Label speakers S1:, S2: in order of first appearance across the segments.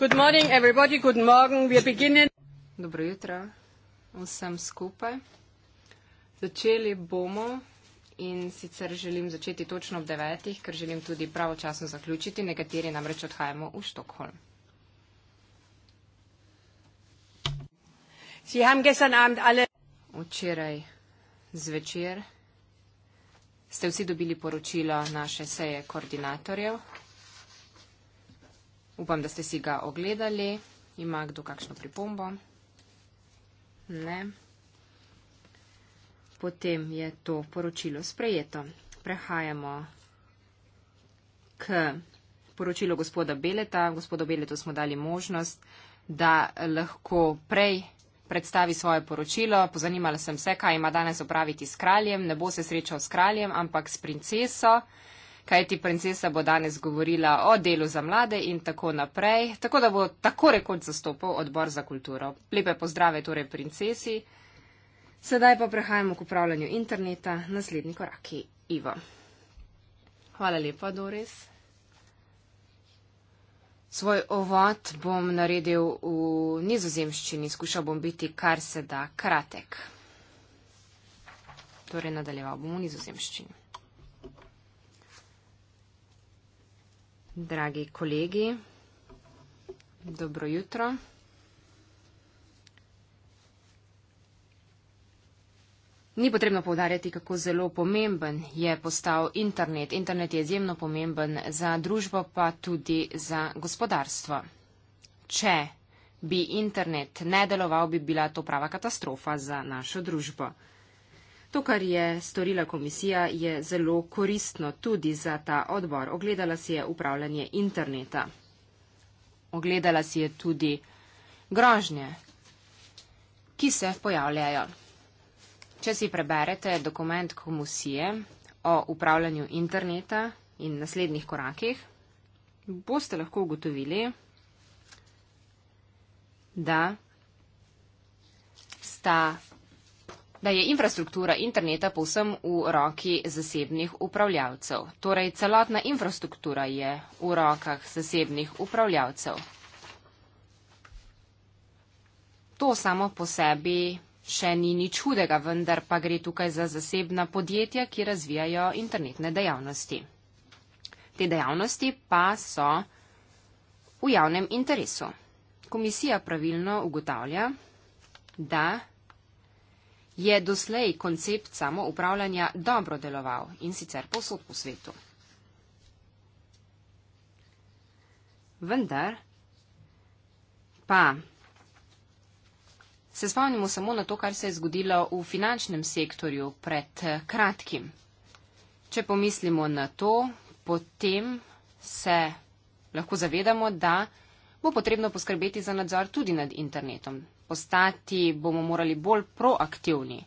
S1: Good morning, everybody. Good morning. We are beginning. Dobro jutro vsem skupaj. Začeli bomo in sicer želim začeti točno ob devetih, ker želim tudi pravočasno zaključiti. Nekateri namreč odhajamo v Štokholm. Sie haben gestern Abend alle Včeraj zvečer ste vsi dobili poročilo naše seje koordinatorjev. Upam, da ste si ga ogledali. Ima kdo kakšno pripombo? Ne. Potem je to poročilo sprejeto. Prehajamo k poročilu gospoda Beleta. Gospodu Beletu smo dali možnost, da lahko prej predstavi svoje poročilo. Pozanimala sem se, kaj ima danes opraviti s kraljem. Ne bo se srečal s kraljem, ampak s princeso kajti princesa bo danes govorila o delu za mlade in tako naprej, tako da bo tako rekoč zastopal odbor za kulturo. Lepe pozdrave torej princesi. Sedaj pa prehajamo k upravljanju interneta, naslednji korak je Ivo. Hvala lepa, Doris. Svoj ovod bom naredil v nizozemščini, skušal bom biti kar se da kratek. Torej nadaljeval bom v nizozemščini. Dragi kolegi, dobro jutro. Ni potrebno povdarjati, kako zelo pomemben je postal internet. Internet je izjemno pomemben za družbo, pa tudi za gospodarstvo. Če bi internet ne deloval, bi bila to prava katastrofa za našo družbo. To, kar je storila komisija, je zelo koristno tudi za ta odbor. Ogledala si je upravljanje interneta. Ogledala si je tudi grožnje, ki se pojavljajo. Če si preberete dokument komisije o upravljanju interneta in naslednjih korakih, boste lahko ugotovili, da sta da je infrastruktura interneta povsem v roki zasebnih upravljavcev. Torej, celotna infrastruktura je v rokah zasebnih upravljavcev. To samo po sebi še ni nič hudega, vendar pa gre tukaj za zasebna podjetja, ki razvijajo internetne dejavnosti. Te dejavnosti pa so v javnem interesu. Komisija pravilno ugotavlja, da je doslej koncept samoupravljanja dobro deloval in sicer posod po svetu. Vendar pa se spomnimo samo na to, kar se je zgodilo v finančnem sektorju pred kratkim. Če pomislimo na to, potem se lahko zavedamo, da bo potrebno poskrbeti za nadzor tudi nad internetom postati, bomo morali bolj proaktivni.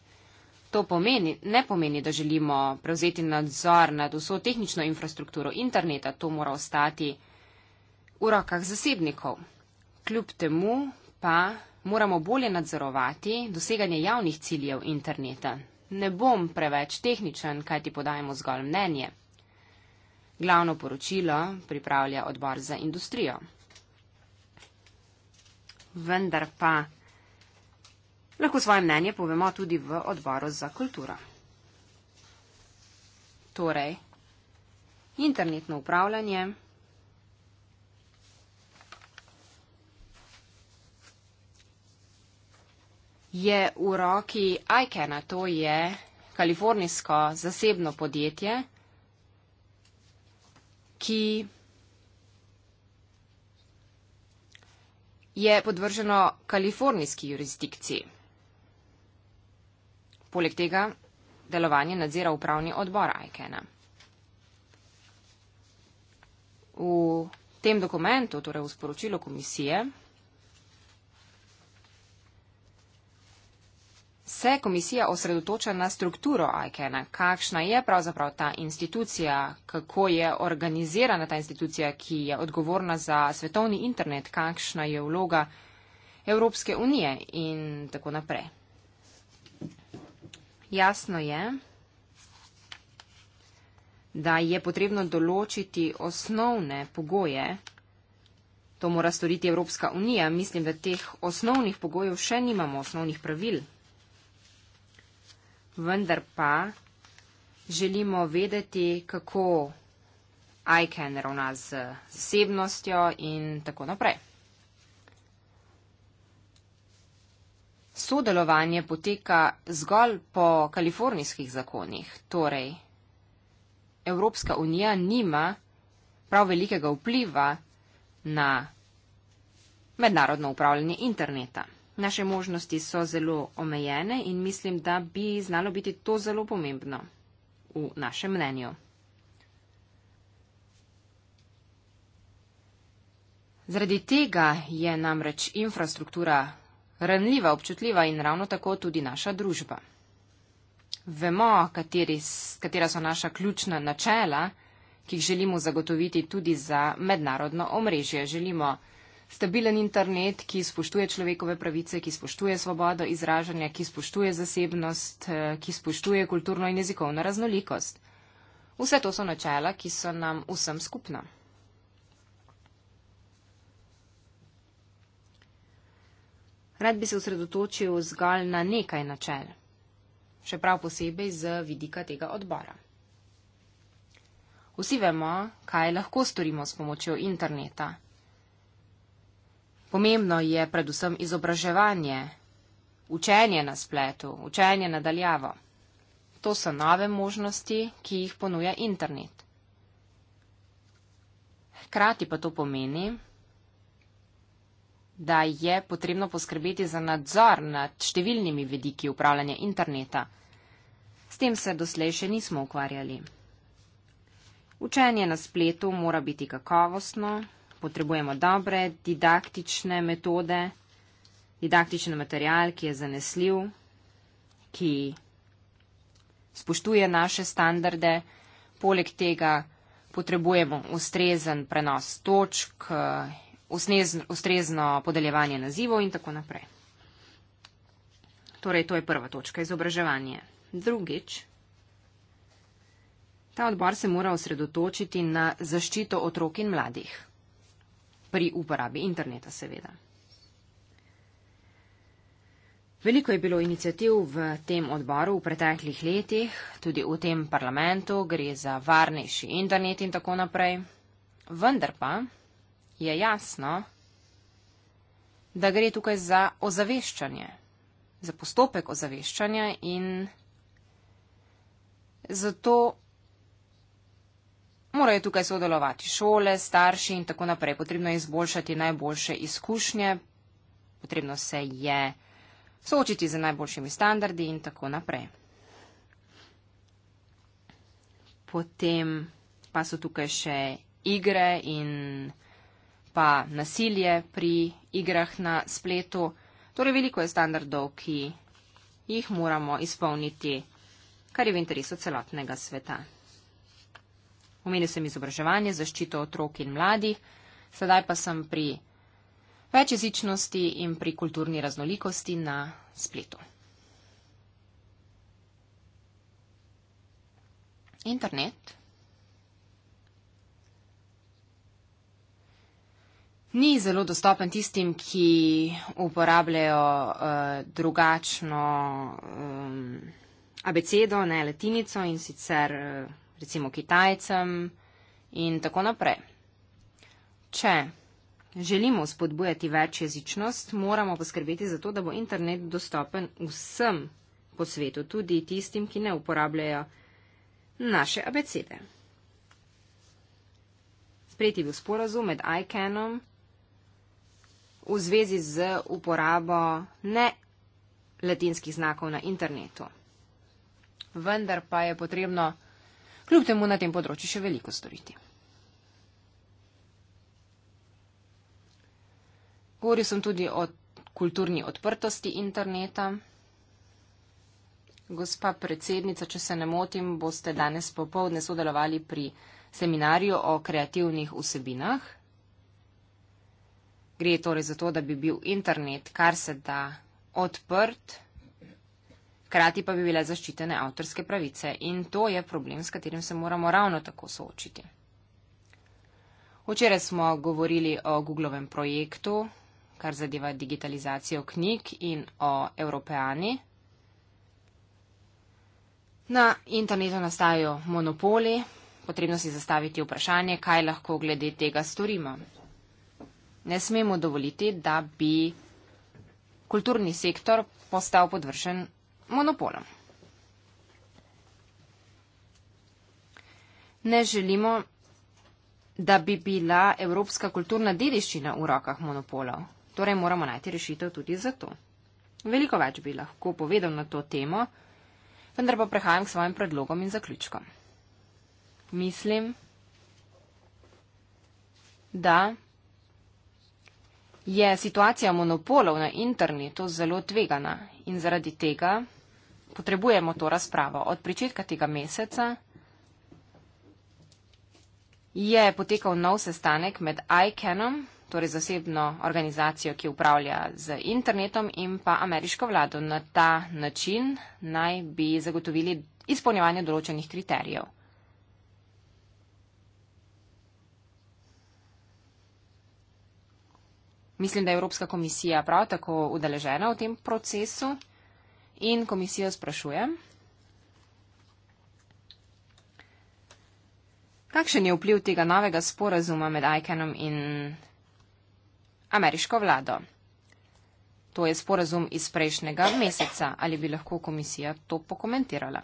S1: To pomeni, ne pomeni, da želimo prevzeti nadzor nad vso tehnično infrastrukturo interneta, to mora ostati v rokah zasebnikov. Kljub temu pa moramo bolje nadzorovati doseganje javnih ciljev interneta. Ne bom preveč tehničen, kaj ti podajemo zgolj mnenje. Glavno poročilo pripravlja odbor za industrijo. Vendar pa. Lahko svoje mnenje povemo tudi v odboru za kulturo. Torej, internetno upravljanje. Je v roki ICANN-a, to je kalifornijsko zasebno podjetje, ki je podvrženo kalifornijski jurisdikciji. Poleg tega delovanje nadzira upravni odbor ICANN. E v tem dokumentu, torej v sporočilu komisije, se komisija osredotoča na strukturo ICANN, e kakšna je pravzaprav ta institucija, kako je organizirana ta institucija, ki je odgovorna za svetovni internet, kakšna je vloga Evropske unije in tako naprej. Jasno je, da je potrebno določiti osnovne pogoje. To mora storiti Evropska unija. Mislim, da teh osnovnih pogojev še nimamo, osnovnih pravil. Vendar pa želimo vedeti, kako ICANN ravna z zasebnostjo in tako naprej. sodelovanje poteka zgolj po kalifornijskih zakonih. Torej, Evropska unija nima prav velikega vpliva na mednarodno upravljanje interneta. Naše možnosti so zelo omejene in mislim, da bi znalo biti to zelo pomembno v našem mnenju. Zaradi tega je namreč infrastruktura ranljiva, občutljiva in ravno tako tudi naša družba. Vemo, kateri, katera so naša ključna načela, ki jih želimo zagotoviti tudi za mednarodno omrežje. Želimo stabilen internet, ki spoštuje človekove pravice, ki spoštuje svobodo izražanja, ki spoštuje zasebnost, eh, ki spoštuje kulturno in jezikovno raznolikost. Vse to so načela, ki so nam vsem skupna. Rad bi se osredotočil zgolj na nekaj načel, še prav posebej z vidika tega odbora. Vsi vemo, kaj lahko storimo s pomočjo interneta. Pomembno je predvsem izobraževanje, učenje na spletu, učenje nadaljavo. To so nove možnosti, ki jih ponuja internet. Hkrati pa to pomeni, da je potrebno poskrbeti za nadzor nad številnimi vediki upravljanja interneta. S tem se doslej še nismo ukvarjali. Učenje na spletu mora biti kakovostno, potrebujemo dobre didaktične metode, didaktičen material, ki je zanesljiv, ki spoštuje naše standarde, poleg tega potrebujemo ustrezen prenos točk usnez, ustrezno podeljevanje nazivov in tako naprej. Torej, to je prva točka izobraževanje. Drugič, ta odbor se mora osredotočiti na zaščito otrok in mladih pri uporabi interneta, seveda. Veliko je bilo inicijativ v tem odboru v preteklih letih, tudi v tem parlamentu, gre za varnejši internet in tako naprej. Vendar pa je jasno, da gre tukaj za ozaveščanje, za postopek ozaveščanja in zato morajo tukaj sodelovati šole, starši in tako naprej. Potrebno je izboljšati najboljše izkušnje, potrebno se je soočiti z najboljšimi standardi in tako naprej. Potem pa so tukaj še igre in pa nasilje pri igrah na spletu. Torej, veliko je standardov, ki jih moramo izpolniti, kar je v interesu celotnega sveta. Omenil sem izobraževanje, zaščito otrok in mladih, sedaj pa sem pri večjezičnosti in pri kulturni raznolikosti na spletu. Internet. ni zelo dostopen tistim, ki uporabljajo uh, drugačno um, abecedo, ne latinico in sicer uh, recimo kitajcem in tako naprej. Če želimo spodbujati večjezičnost, moramo poskrbeti za to, da bo internet dostopen vsem po svetu, tudi tistim, ki ne uporabljajo naše abecede. Sprejeti bil sporazum med ICANN-om v zvezi z uporabo ne latinskih znakov na internetu. Vendar pa je potrebno kljub temu na tem področju še veliko storiti. Govoril sem tudi o kulturni odprtosti interneta. Gospa predsednica, če se ne motim, boste danes popovdne sodelovali pri seminarju o kreativnih vsebinah Gre torej za to, da bi bil internet kar se da odprt, krati pa bi bile zaščitene avtorske pravice in to je problem, s katerim se moramo ravno tako soočiti. Včeraj smo govorili o Googlovem projektu, kar zadeva digitalizacijo knjig in o Evropejani. Na internetu nastajajo monopoli, potrebno si zastaviti vprašanje, kaj lahko glede tega storimo ne smemo dovoliti, da bi kulturni sektor postal podvršen monopolom. Ne želimo, da bi bila evropska kulturna dediščina v rokah monopolov. Torej moramo najti rešitev tudi za to. Veliko več bi lahko povedal na to temo, vendar pa prehajam k svojim predlogom in zaključkom. Mislim, da je situacija monopolov na internetu zelo tvegana in zaradi tega potrebujemo to razpravo. Od pričetka tega meseca je potekal nov sestanek med ICANN-om, torej zasebno organizacijo, ki upravlja z internetom in pa ameriško vlado. Na ta način naj bi zagotovili izpolnjevanje določenih kriterijev. Mislim, da je Evropska komisija prav tako udeležena v tem procesu in komisijo sprašujem. Kakšen je vpliv tega novega sporazuma med ICANom in ameriško vlado? To je sporazum iz prejšnjega meseca. Ali bi lahko komisija to pokomentirala?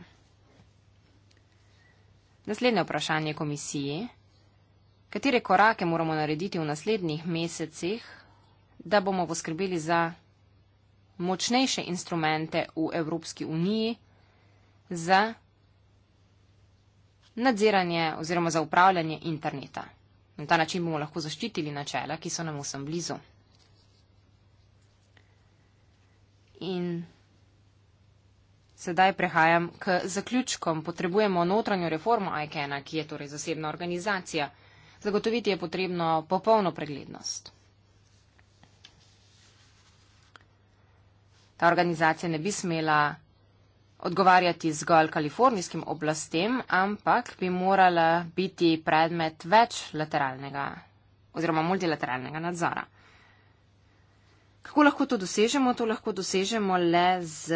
S1: Naslednje vprašanje komisiji. Katere korake moramo narediti v naslednjih mesecih, da bomo poskrbeli za močnejše instrumente v Evropski uniji za nadziranje oziroma za upravljanje interneta. Na ta način bomo lahko zaščitili načela, ki so nam vsem blizu. In sedaj prehajam k zaključkom. Potrebujemo notranjo reformo ICANN-a, e ki je torej zasebna organizacija. Zagotoviti je potrebno popolno preglednost. Ta organizacija ne bi smela odgovarjati zgolj kalifornijskim oblastem, ampak bi morala biti predmet večlateralnega oziroma multilateralnega nadzora. Kako lahko to dosežemo? To lahko dosežemo le z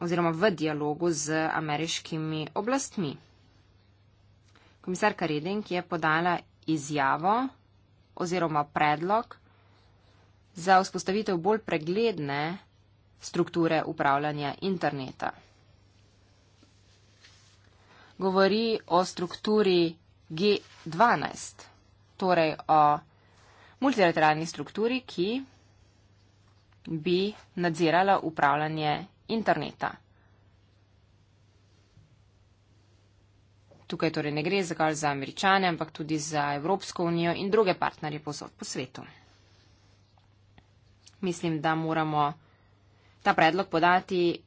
S1: oziroma v dialogu z ameriškimi oblastmi. Komisarka Reding je podala izjavo oziroma predlog za vzpostavitev bolj pregledne strukture upravljanja interneta. Govori o strukturi G12, torej o multilateralni strukturi, ki bi nadzirala upravljanje interneta. Tukaj torej ne gre zgolj za američane, ampak tudi za Evropsko unijo in druge partnerje posod po svetu. Mislim, da moramo ta predlog podati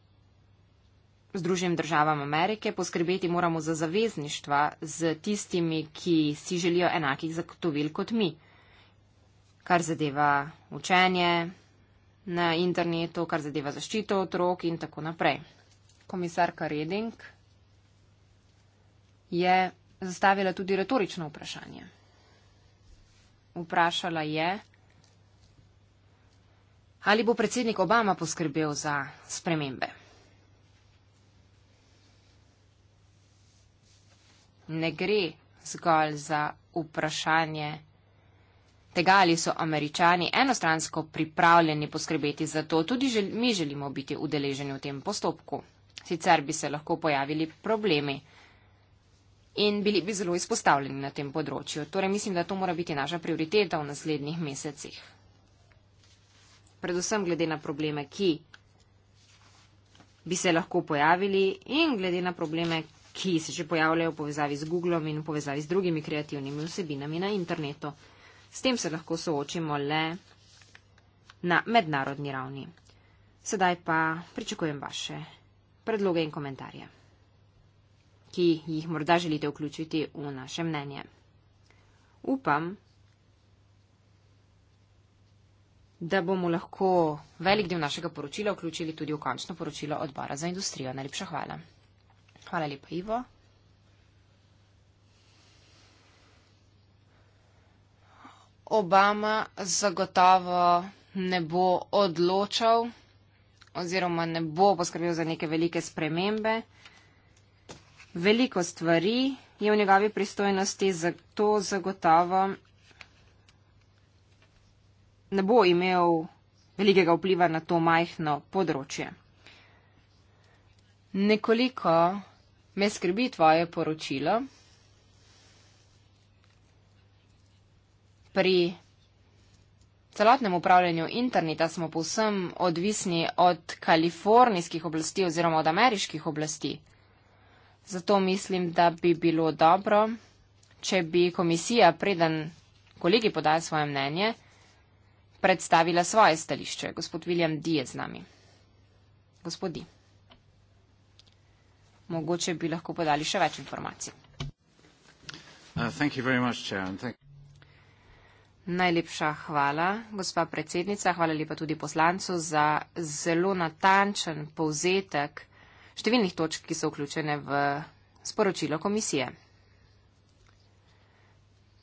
S1: Združenim državam Amerike, poskrbeti moramo za zavezništva z tistimi, ki si želijo enakih zagotovil kot mi. Kar zadeva učenje na internetu, kar zadeva zaščito otrok in tako naprej. Komisarka Reding je zastavila tudi retorično vprašanje. Vprašala je, Ali bo predsednik Obama poskrbel za spremembe? Ne gre zgolj za vprašanje tega, ali so američani enostransko pripravljeni poskrbeti za to. Tudi žel, mi želimo biti udeleženi v tem postopku. Sicer bi se lahko pojavili problemi in bili bi zelo izpostavljeni na tem področju. Torej mislim, da to mora biti naša prioriteta v naslednjih mesecih predvsem glede na probleme, ki bi se lahko pojavili in glede na probleme, ki se že pojavljajo v povezavi z Googlom in v povezavi z drugimi kreativnimi vsebinami na internetu. S tem se lahko soočimo le na mednarodni ravni. Sedaj pa pričakujem vaše predloge in komentarje, ki jih morda želite vključiti v naše mnenje. Upam, da bomo lahko velik del našega poročila vključili tudi v končno poročilo odbora za industrijo. Najlepša hvala. Hvala lepa, Ivo. Obama zagotovo ne bo odločal oziroma ne bo poskrbel za neke velike spremembe. Veliko stvari je v njegovi pristojnosti, zato zagotovo ne bo imel velikega vpliva na to majhno področje. Nekoliko me skrbi tvoje poročilo pri celotnem upravljanju interneta smo povsem odvisni od kalifornijskih oblasti oziroma od ameriških oblasti. Zato mislim, da bi bilo dobro, če bi komisija, preden kolegi podajo svoje mnenje, predstavila svoje stališče. Gospod William D. je z nami. Gospod D. Mogoče bi lahko podali še več informacij.
S2: Uh,
S1: Najlepša hvala, gospa predsednica. Hvala lepa tudi poslancu za zelo natančen povzetek številnih točk, ki so vključene v sporočilo komisije.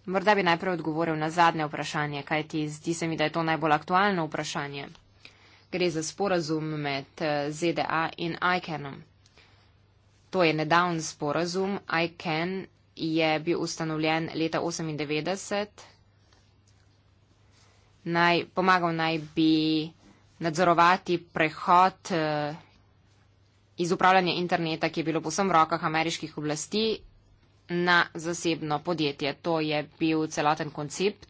S1: Morda bi najprej odgovoril na zadnje vprašanje, kajti zdi se mi, da je to najbolj aktualno vprašanje. Gre za sporazum med eh, ZDA in ICANN-om. To je nedavn sporazum. ICANN je bil ustanovljen leta 1998. Naj, pomagal naj bi nadzorovati prehod eh, iz upravljanja interneta, ki je bilo posem v rokah ameriških oblasti, na zasebno podjetje. To je bil celoten koncept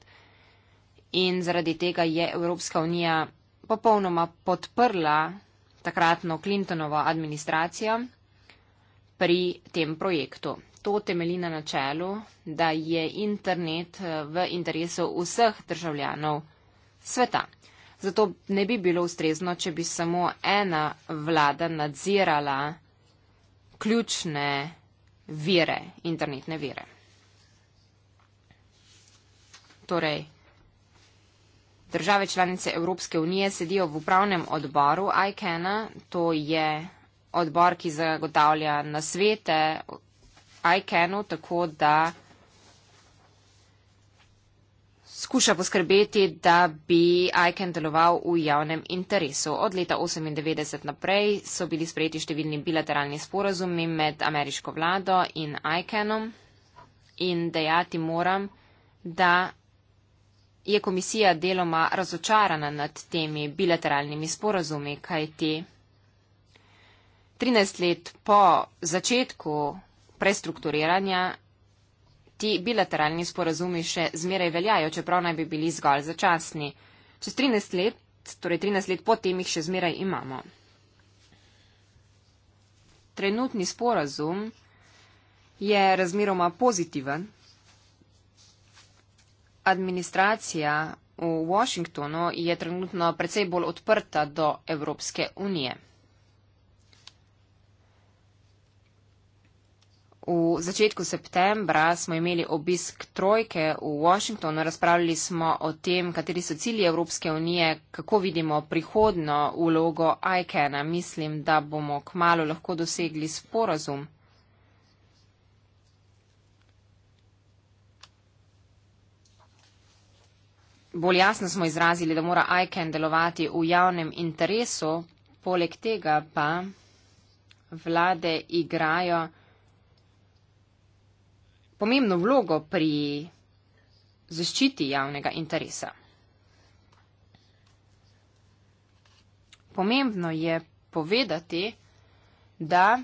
S1: in zaradi tega je Evropska unija popolnoma podprla takratno Clintonovo administracijo pri tem projektu. To temelji na načelu, da je internet eh, v interesu vseh državljanov sveta. Zato ne bi bilo ustrezno, če bi samo ena vlada nadzirala ključne vire, internetne vire. Torej, države članice Evropske unije sedijo v upravnem odboru ICANN-a, to je odbor, ki zagotavlja nasvete ICANN-u, tako da skuša poskrbeti, da bi ICAN deloval v javnem interesu. Od leta 1998 naprej so bili sprejeti številni bilateralni sporazumi med ameriško vlado in ICANom in dejati moram, da je komisija deloma razočarana nad temi bilateralnimi sporazumi, kajti 13 let po začetku prestrukturiranja ti bilateralni sporazumi še zmeraj veljajo, čeprav naj bi bili zgolj začasni. Čez 13 let, torej 13 let potem jih še zmeraj imamo. Trenutni sporazum je razmeroma pozitiven. Administracija v Washingtonu je trenutno precej bolj odprta do Evropske unije. V začetku septembra smo imeli obisk trojke v Washingtonu, razpravljali smo o tem, kateri so cilji Evropske unije, kako vidimo prihodno vlogo ICANN-a. Mislim, da bomo k malu lahko dosegli sporazum. Bolj jasno smo izrazili, da mora ICANN delovati v javnem interesu, poleg tega pa vlade igrajo pomembno vlogo pri zaščiti javnega interesa. Pomembno je povedati, da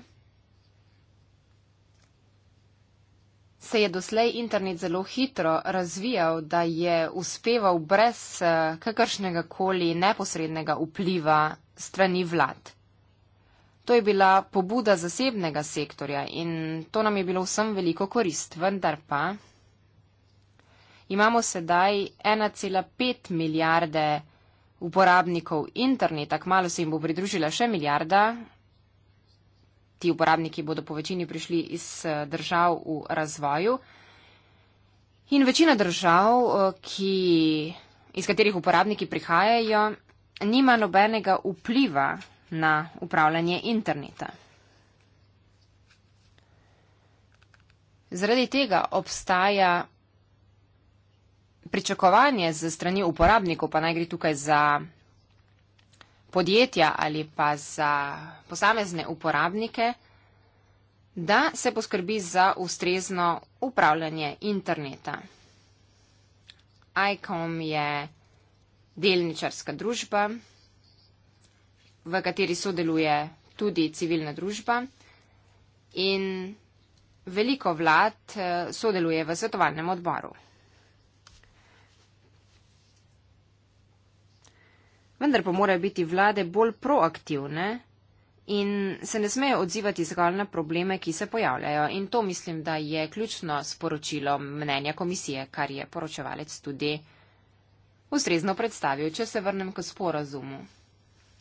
S1: se je doslej internet zelo hitro razvijal, da je uspeval brez eh, kakršnega koli neposrednega vpliva strani vlad. To je bila pobuda zasebnega sektorja in to nam je bilo vsem veliko korist, vendar pa imamo sedaj 1,5 milijarde uporabnikov interneta, kmalo se jim bo pridružila še milijarda. Ti uporabniki bodo po večini prišli iz eh, držav v razvoju. In večina držav, eh, ki, iz katerih uporabniki prihajajo, nima nobenega vpliva na upravljanje interneta. Zaradi tega obstaja pričakovanje z strani uporabnikov, pa naj gre tukaj za podjetja ali pa za posamezne uporabnike, da se poskrbi za ustrezno upravljanje interneta. ICOM je delničarska družba, v kateri sodeluje tudi civilna družba in veliko vlad eh, sodeluje v svetovalnem odboru. Vendar pa morajo biti vlade bolj proaktivne in se ne smejo odzivati zgolj na probleme, ki se pojavljajo. In to mislim, da je ključno sporočilo mnenja komisije, kar je poročevalec tudi ustrezno predstavil, če se vrnem k sporazumu.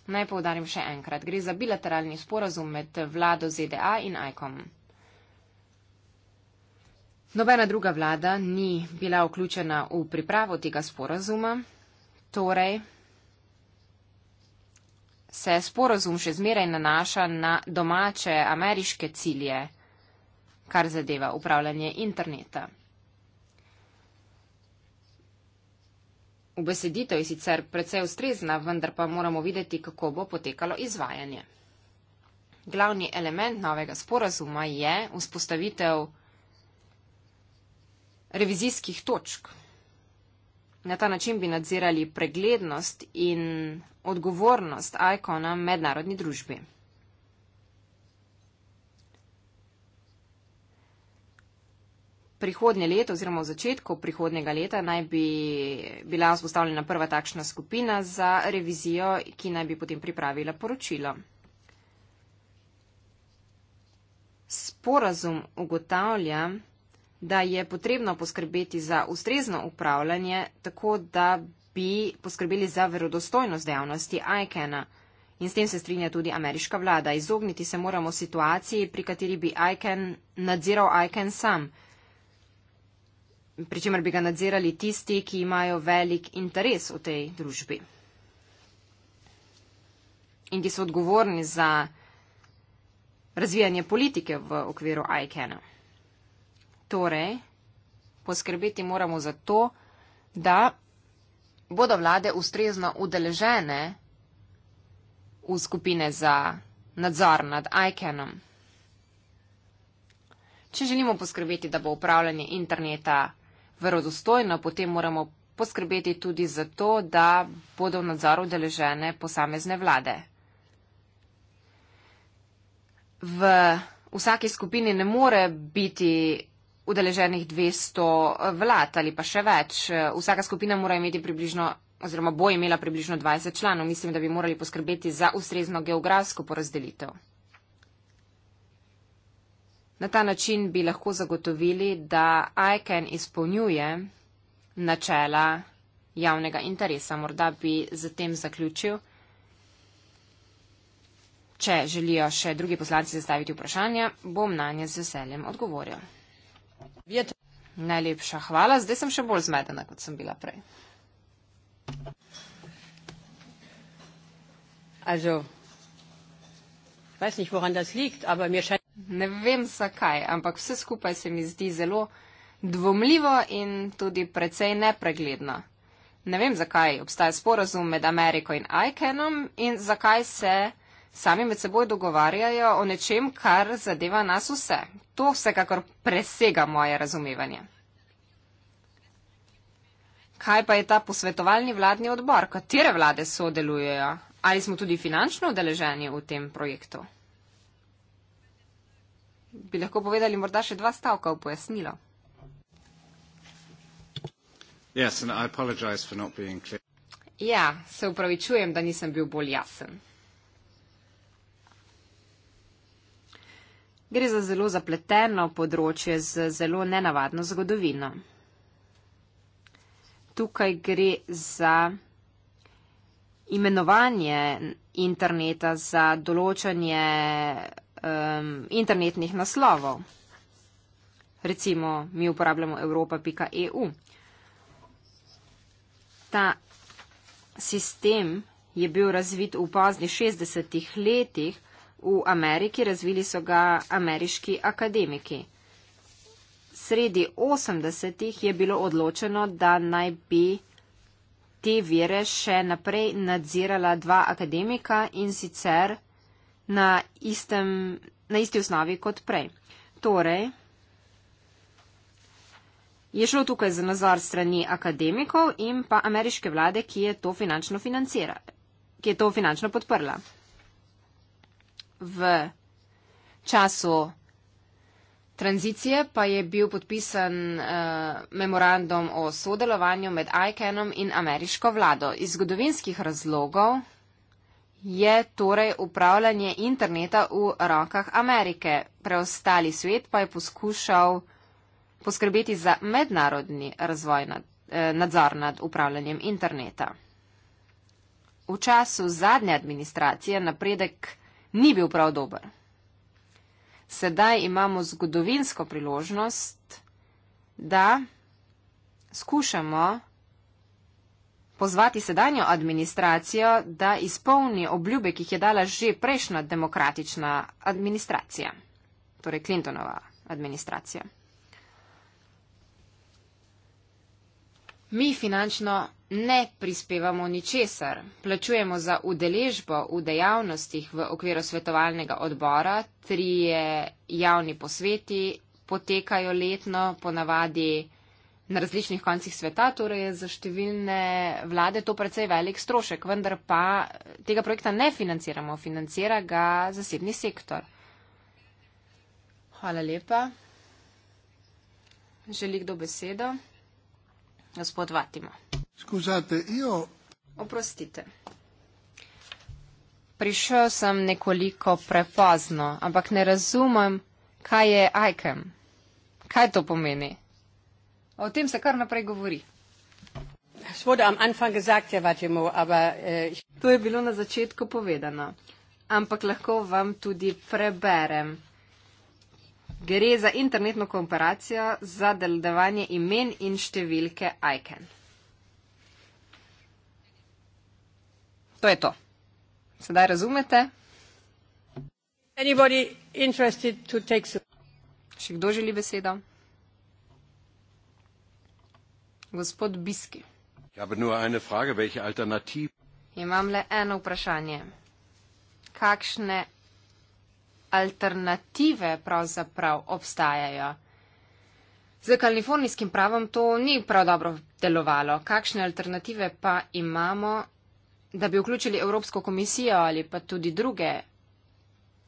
S1: Naj povdarim še enkrat, gre za bilateralni sporazum med vlado ZDA in ICOM. Nobena druga vlada ni bila vključena v pripravo tega sporazuma, torej se sporazum še zmeraj nanaša na domače ameriške cilje, kar zadeva upravljanje interneta. Ubeseditev je sicer precej ustrezna, vendar pa moramo videti, kako bo potekalo izvajanje. Glavni element novega sporazuma je vzpostavitev revizijskih točk. Na ta način bi nadzirali preglednost in odgovornost ICON-a mednarodni družbi. prihodnje leto oziroma v začetku prihodnega leta naj bi bila vzpostavljena prva takšna skupina za revizijo, ki naj bi potem pripravila poročilo. Sporazum ugotavlja, da je potrebno poskrbeti za ustrezno upravljanje, tako da bi poskrbeli za verodostojnost dejavnosti ICANN-a. In s tem se strinja tudi ameriška vlada. Izogniti se moramo situaciji, pri kateri bi ICANN nadziral ICANN sam pri čemer bi ga nadzirali tisti, ki imajo velik interes v tej družbi in ki so odgovorni za razvijanje politike v okviru ICANN. Torej, poskrbeti moramo za to, da bodo vlade ustrezno udeležene v skupine za nadzor nad ICANN. Če želimo poskrbeti, da bo upravljanje interneta verodostojno, potem moramo poskrbeti tudi za to, da bodo v nadzoru deležene posamezne vlade. V vsaki skupini ne more biti udeleženih 200 vlad ali pa še več. Vsaka skupina mora imeti približno oziroma bo imela približno 20 članov. Mislim, da bi morali poskrbeti za ustrezno geografsko porazdelitev. Na ta način bi lahko zagotovili, da ICANN izpolnjuje načela javnega interesa. Morda bi zatem zaključil, če želijo še drugi poslanci zastaviti vprašanja, bom na nje z veseljem odgovoril. Najlepša hvala, zdaj sem še bolj zmedena, kot sem bila prej. Also, weiß nicht, woran das liegt, aber mir scheint ne vem zakaj, ampak vse skupaj se mi zdi zelo dvomljivo in tudi precej nepregledno. Ne vem, zakaj obstaja sporazum med Ameriko in ICANN-om in zakaj se sami med seboj dogovarjajo o nečem, kar zadeva nas vse. To vsekakor presega moje razumevanje. Kaj pa je ta posvetovalni vladni odbor? Katere vlade sodelujejo? Ali smo tudi finančno udeleženi v tem projektu? bi lahko povedali morda še dva stavka v pojasnilo.
S2: Yes, and I apologize for not being clear.
S1: Ja, se upravičujem, da nisem bil bolj jasen. Gre za zelo zapleteno področje z zelo nenavadno zgodovino. Tukaj gre za imenovanje interneta za določanje um, internetnih naslovov. Recimo, mi uporabljamo Evropa.eu. Ta sistem je bil razvit v pozni 60-ih letih v Ameriki, razvili so ga ameriški akademiki. Sredi 80-ih je bilo odločeno, da naj bi te vire še naprej nadzirala dva akademika in sicer na, istem, na isti osnovi kot prej. Torej, je šlo tukaj za nazor strani akademikov in pa ameriške vlade, ki je to finančno, ki je to finančno podprla. V času tranzicije pa je bil podpisan uh, memorandum o sodelovanju med ICANN-om in ameriško vlado. Iz zgodovinskih razlogov je torej upravljanje interneta v rokah Amerike. Preostali svet pa je poskušal poskrbeti za mednarodni razvoj nad, eh, nadzor nad upravljanjem interneta. V času zadnje administracije napredek ni bil prav dober. Sedaj imamo zgodovinsko priložnost, da skušamo pozvati sedanjo administracijo, da izpolni obljube, ki jih je dala že prejšnja demokratična administracija, torej Clintonova administracija. Mi finančno ne prispevamo ničesar, plačujemo za udeležbo v dejavnostih v okviru svetovalnega odbora, trije javni posveti potekajo letno, ponavadi na različnih koncih sveta, torej je za številne vlade to precej velik strošek, vendar pa tega projekta ne financiramo, financira ga zasebni sektor. Hvala lepa. Želi kdo besedo? Gospod Vatimo.
S2: Skušate, jo.
S1: Oprostite. Prišel sem nekoliko prepozno, ampak ne razumem, kaj je ajkem. Kaj to pomeni? O tem se kar naprej govori. Äh, to je bilo na začetku povedano, ampak lahko vam tudi preberem. Gre za internetno komparacijo za delovanje imen in številke ICANN. To je to. Sedaj razumete? Še kdo želi besedo? Gospod Biski. Imam le eno vprašanje. Kakšne alternative pravzaprav obstajajo? Za kalifornijskim pravom to ni prav dobro delovalo. Kakšne alternative pa imamo, da bi vključili Evropsko komisijo ali pa tudi druge,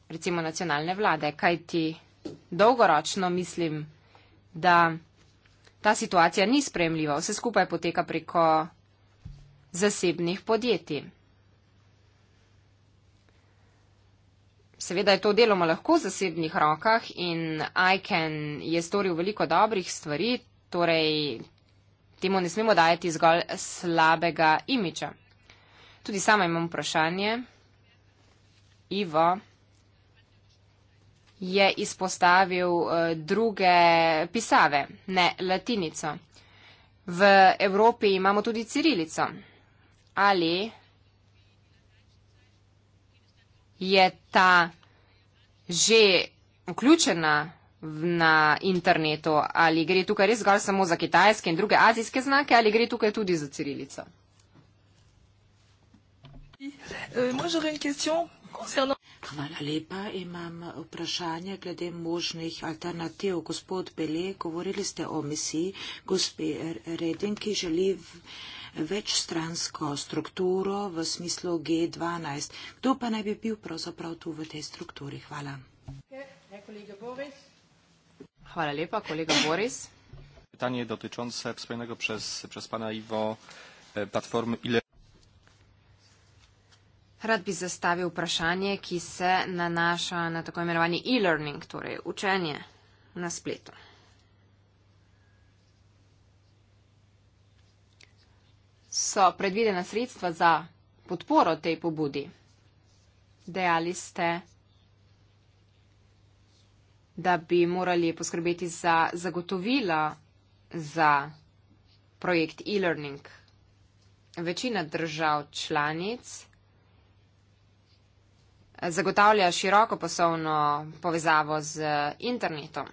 S1: recimo nacionalne vlade? Kaj ti dolgoročno mislim, da ta situacija ni spremljiva, vse skupaj poteka preko zasebnih podjetij. Seveda je to deloma lahko v zasebnih rokah in ICANN je storil veliko dobrih stvari, torej temu ne smemo dajati zgolj slabega imiča. Tudi sama imam vprašanje. Ivo je izpostavil eh, druge pisave, ne latinico. V Evropi imamo tudi cirilico. Ali je ta že vključena na internetu, ali gre tukaj res zgolj samo za kitajske in druge azijske znake, ali gre tukaj tudi za cirilico?
S3: Euh, moi j'aurais une question concernant. Hvala lepa. Imam vprašanje glede možnih alternativ. Gospod Bele, govorili ste o misiji gospe Reding, ki želi večstransko strukturo v smislu G12. Kdo pa naj bi bil pravzaprav tu v tej strukturi? Hvala. Hvala lepa, kolega Boris.
S2: Pitanje dotyčące spojenega prez pana Ivo e, platformy. Ile...
S1: Rad bi zastavil vprašanje, ki se nanaša na tako imenovani e-learning, torej učenje na spletu. So predvidena sredstva za podporo tej pobudi? Dejali ste, da bi morali poskrbeti za zagotovila za projekt e-learning. Večina držav članic je zagotavlja široko poslovno povezavo z internetom.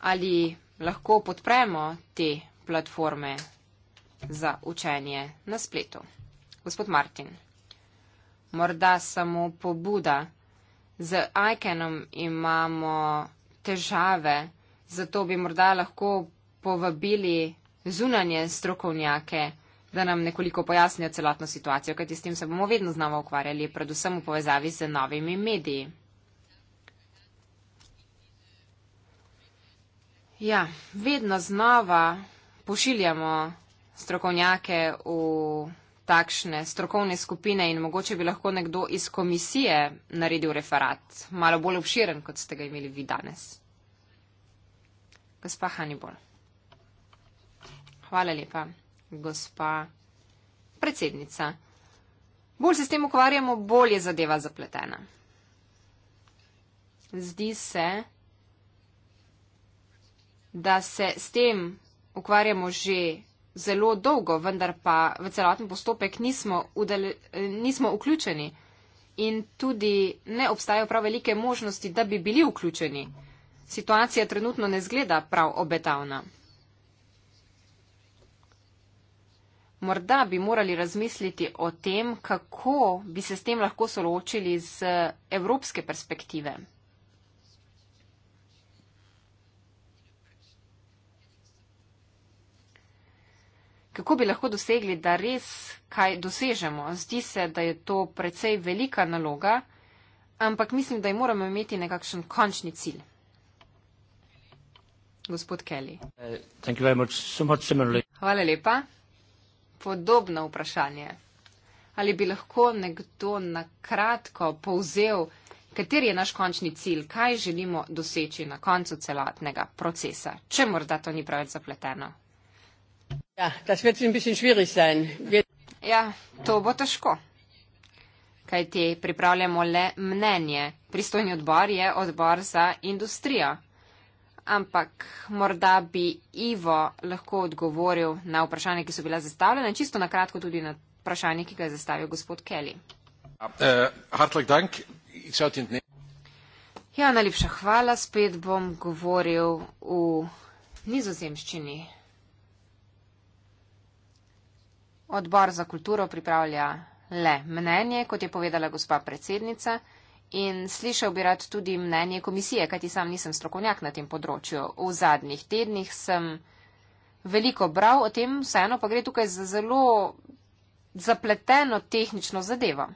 S1: Ali lahko podpremo te platforme za učenje na spletu? Gospod Martin, morda samo pobuda. Z iCanom imamo težave, zato bi morda lahko povabili zunanje strokovnjake da nam nekoliko pojasnijo celotno situacijo, kajti s tem se bomo vedno znova ukvarjali, predvsem v povezavi z novimi mediji. Ja, vedno znova pošiljamo strokovnjake v takšne strokovne skupine in mogoče bi lahko nekdo iz komisije naredil referat, malo bolj obširen, kot ste ga imeli vi danes. Gospa Hannibal. Hvala lepa gospa predsednica. Bolj se s tem ukvarjamo, bolj je zadeva zapletena. Zdi se, da se s tem ukvarjamo že zelo dolgo, vendar pa v celoten postopek nismo, udele, nismo vključeni in tudi ne obstajajo prav velike možnosti, da bi bili vključeni. Situacija trenutno ne zgleda prav obetavna. morda bi morali razmisliti o tem, kako bi se s tem lahko soločili z evropske perspektive. Kako bi lahko dosegli, da res kaj dosežemo? Zdi se, da je to precej velika naloga, ampak mislim, da moramo imeti nekakšen končni cilj. Gospod Kelly. Hvala lepa podobno vprašanje. Ali bi lahko nekdo na kratko povzel, kater je naš končni cilj, kaj želimo doseči na koncu celotnega procesa, če morda to ni preveč zapleteno? Ja, ja to bo težko. Kajti pripravljamo le mnenje. Pristojni odbor je odbor za industrijo ampak morda bi Ivo lahko odgovoril na vprašanje, ki so bila zastavljena, čisto na kratko tudi na vprašanje, ki ga je zastavil gospod Kelly. Eh, ja, najlepša hvala. Spet bom govoril v nizozemščini. Odbor za kulturo pripravlja le mnenje, kot je povedala gospa predsednica. In slišal bi rad tudi mnenje komisije, kajti sam nisem strokovnjak na tem področju. V zadnjih tednih sem veliko bral o tem, vseeno pa gre tukaj za zelo zapleteno tehnično zadevo.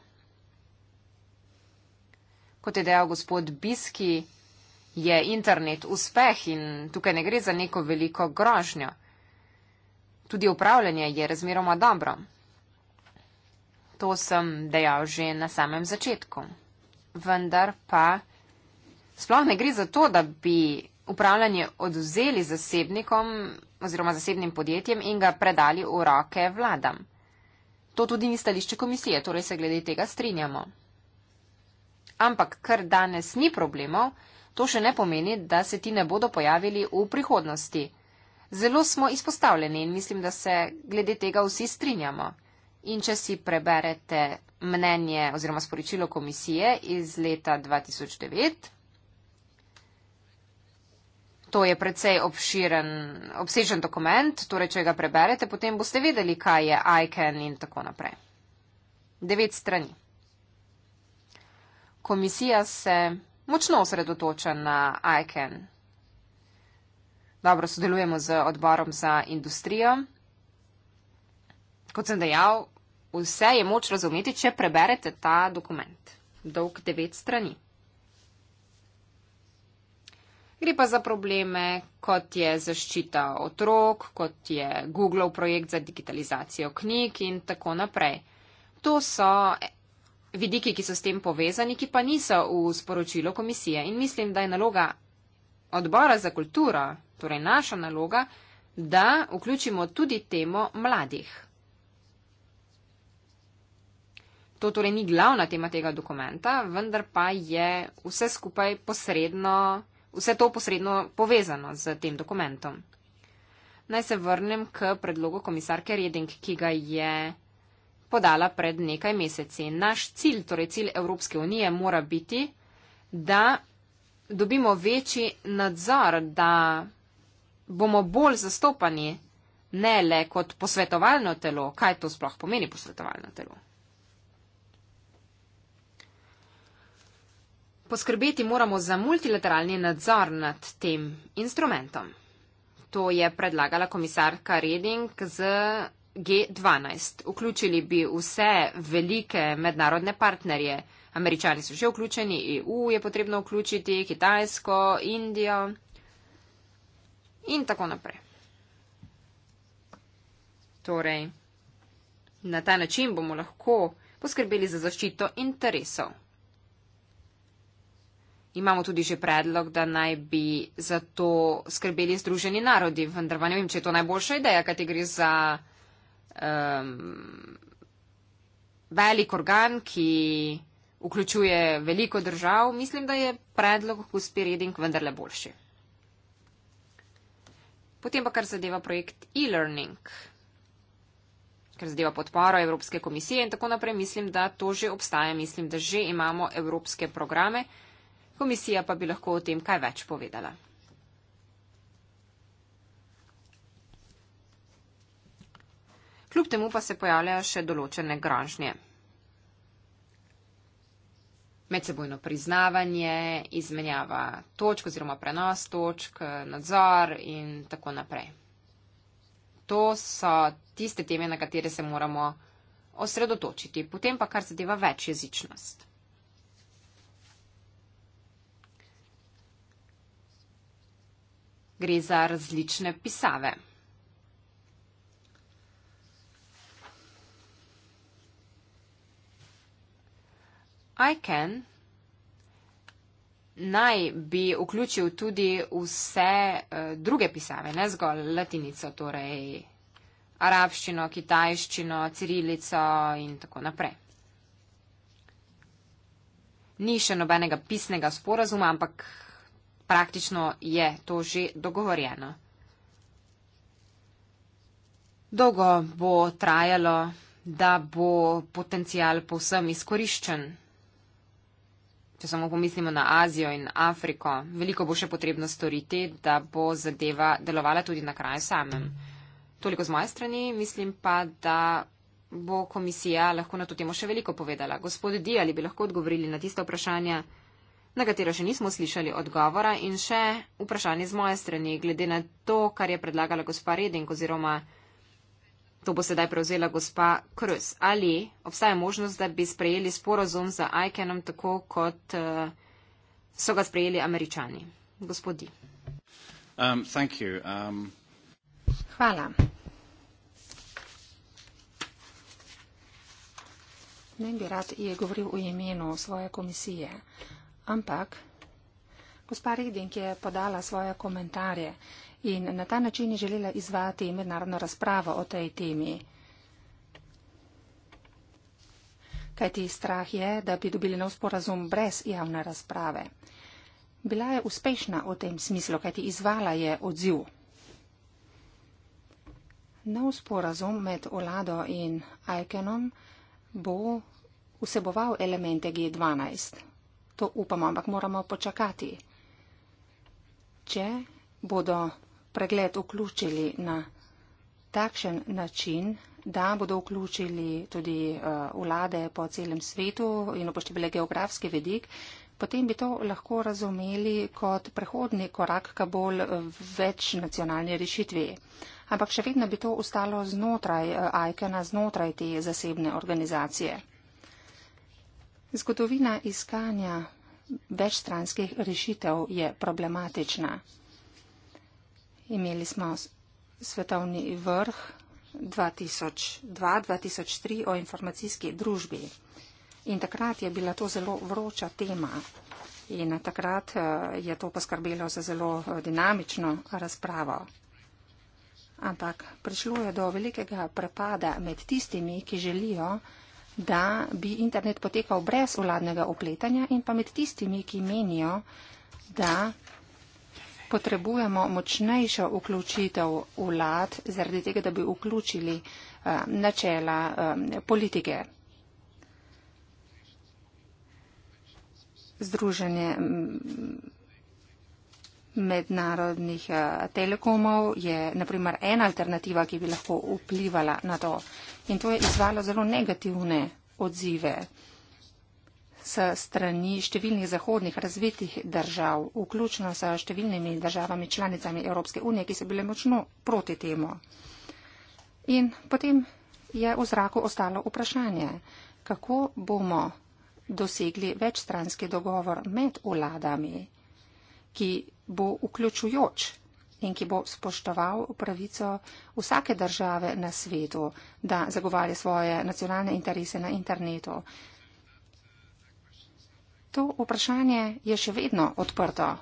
S1: Kot je dejal gospod Biski, je internet uspeh in tukaj ne gre za neko veliko grožnjo. Tudi upravljanje je razmeroma dobro. To sem dejal že na samem začetku vendar pa sploh ne gre za to, da bi upravljanje oduzeli zasebnikom oziroma zasebnim podjetjem in ga predali v roke vladam. To tudi ni stališče komisije, torej se glede tega strinjamo. Ampak, ker danes ni problemov, to še ne pomeni, da se ti ne bodo pojavili v prihodnosti. Zelo smo izpostavljeni in mislim, da se glede tega vsi strinjamo. In če si preberete mnenje oziroma sporočilo komisije iz leta 2009. To je precej obširen, obsežen dokument, torej če ga preberete, potem boste vedeli, kaj je ICANN in tako naprej. Devet strani. Komisija se močno osredotoča na ICANN. Dobro sodelujemo z odborom za industrijo. Kot sem dejal, vse je moč razumeti, če preberete ta dokument, dolg devet strani. Gre pa za probleme, kot je zaščita otrok, kot je Google projekt za digitalizacijo knjig in tako naprej. To so vidiki, ki so s tem povezani, ki pa niso v sporočilo komisije. In mislim, da je naloga odbora za kulturo, torej naša naloga, da vključimo tudi temo mladih. to torej ni glavna tema tega dokumenta, vendar pa je vse skupaj posredno, vse to posredno povezano z tem dokumentom. Naj se vrnem k predlogu komisarke Reding, ki ga je podala pred nekaj meseci. Naš cilj, torej cilj Evropske unije, mora biti, da dobimo večji nadzor, da bomo bolj zastopani ne le kot posvetovalno telo. Kaj to sploh pomeni posvetovalno telo? Poskrbeti moramo za multilateralni nadzor nad tem instrumentom. To je predlagala komisarka Reding z G12. Vključili bi vse velike mednarodne partnerje. Američani so že vključeni, EU je potrebno vključiti, Kitajsko, Indijo in tako naprej. Torej, na ta način bomo lahko poskrbeli za zaščito interesov Imamo tudi že predlog, da naj bi za to skrbeli Združeni narodi, vendar pa ne vem, če je to najboljša ideja, kaj ti gre za um, velik organ, ki vključuje veliko držav. Mislim, da je predlog gospe Reding vendarle boljši. Potem pa kar zadeva projekt e-learning, kar zadeva podporo Evropske komisije in tako naprej, mislim, da to že obstaja, mislim, da že imamo evropske programe. Komisija pa bi lahko o tem kaj več povedala. Kljub temu pa se pojavljajo še določene grožnje. Medsebojno priznavanje, izmenjava točk oziroma prenos točk, nadzor in tako naprej. To so tiste teme, na katere se moramo osredotočiti. Potem pa kar zadeva večjezičnost. Gre za različne pisave. I can naj bi vključil tudi vse eh, druge pisave, ne zgolj latinico, torej arabščino, kitajščino, cirilico in tako naprej. Ni še nobenega pisnega sporazuma, ampak praktično je to že dogovorjeno. Dolgo bo trajalo, da bo potencial povsem izkoriščen. Če samo pomislimo na Azijo in Afriko, veliko bo še potrebno storiti, da bo zadeva delovala tudi na kraju samem. Toliko z moje strani, mislim pa, da bo komisija lahko na to temo še veliko povedala. Gospod Di, ali bi lahko odgovorili na tiste vprašanja? na katero še nismo slišali odgovora in še vprašanje z moje strani, glede na to, kar je predlagala gospa Reding oziroma to bo sedaj prevzela gospa Krus. Ali obstaja možnost, da bi sprejeli sporozum z ICANom tako, kot eh, so ga sprejeli američani? Gospodi.
S2: Um, thank you. Um...
S1: Hvala.
S4: Ne bi rad je govoril v imenu svoje komisije. Uh, ampak gospa Reding je podala svoje komentarje in na ta način je želela izvati mednarodno razpravo o tej temi. Kajti strah je, da bi dobili nov sporazum brez javne razprave. Bila je uspešna v tem smislu, kajti izvala je odziv. Nov sporazum med Olado in Aikenom bo vseboval elemente G12. To upamo, ampak moramo počakati. Če bodo pregled vključili na takšen način, da bodo vključili tudi eh, vlade po celem svetu in upoštevali geografski vedik, potem bi to lahko razumeli kot prehodni korak k bolj eh, večnacionalni rešitvi. Ampak še vedno bi to ostalo znotraj eh, Aikena, znotraj te zasebne organizacije. Zgodovina iskanja večstranskih rešitev je problematična. Imeli smo svetovni vrh 2002-2003 o informacijski družbi in takrat je bila to zelo vroča tema in takrat eh, je to poskrbelo za zelo eh, dinamično razpravo. Ampak prišlo je do velikega prepada med tistimi, ki želijo, da bi internet potekal brez vladnega opletanja in pa med tistimi, ki menijo, da potrebujemo močnejšo vključitev vlad zaradi tega, da bi vključili uh, načela um, politike. Združenje mm, mednarodnih uh, telekomov je naprimer ena alternativa, ki bi lahko vplivala na to. In to je izvalo zelo negativne odzive s strani številnih zahodnih razvitih držav, vključno s številnimi državami članicami Evropske unije, ki so bile močno proti temu. In potem je v zraku ostalo vprašanje, kako bomo dosegli večstranski dogovor med vladami, ki bo vključujoč in ki bo spoštoval pravico vsake države na svetu, da zagovarja svoje nacionalne interese na internetu. To vprašanje je še vedno odprto.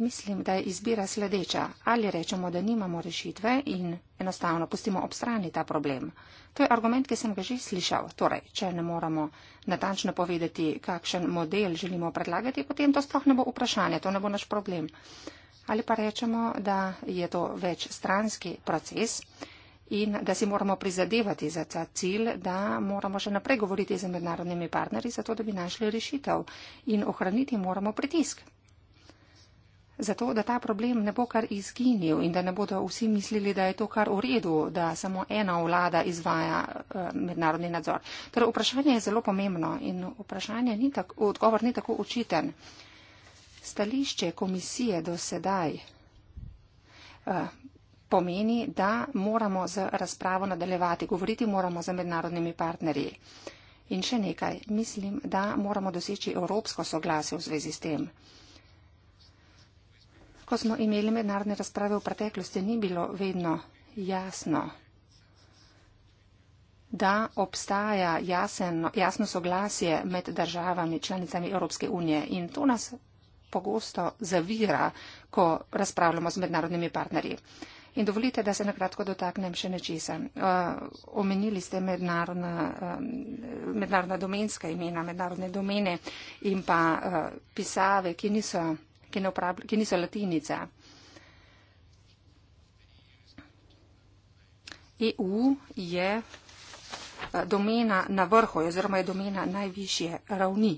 S4: Mislim, da je izbira sledeča. Ali rečemo, da nimamo rešitve in enostavno pustimo ob strani ta problem. To je argument, ki sem ga že slišal. Torej, če ne moramo natančno povedati, kakšen model želimo predlagati, potem to sploh ne bo vprašanje, to ne bo naš problem ali pa rečemo, da je to večstranski proces in da si moramo prizadevati za ta cilj, da moramo še naprej govoriti z mednarodnimi partnerji, zato da bi našli rešitev in ohraniti moramo pritisk. Zato, da ta problem ne bo kar izginil in da ne bodo vsi mislili, da je to kar v redu, da samo ena vlada izvaja uh, mednarodni nadzor. Torej, vprašanje je zelo pomembno in ni tako, odgovor ni tako očiten. Uh, stališče komisije do sedaj eh, pomeni, da moramo z razpravo nadaljevati, govoriti moramo z mednarodnimi partnerji. In še nekaj, mislim, da moramo doseči evropsko soglasje v zvezi s tem. Ko smo imeli mednarodne razprave v preteklosti, ni bilo vedno jasno, da obstaja jasen, jasno soglasje med državami, članicami Evropske unije. In to nas pogosto zavira, ko razpravljamo z mednarodnimi partnerji. In dovolite, da se nakratko dotaknem še nečesa. Uh, omenili ste mednarodna, uh, mednarodna domenska imena, mednarodne domene in pa uh, pisave, ki niso, ki, ki niso latinica. EU je uh, domena na vrhu oziroma je domena najvišje ravni.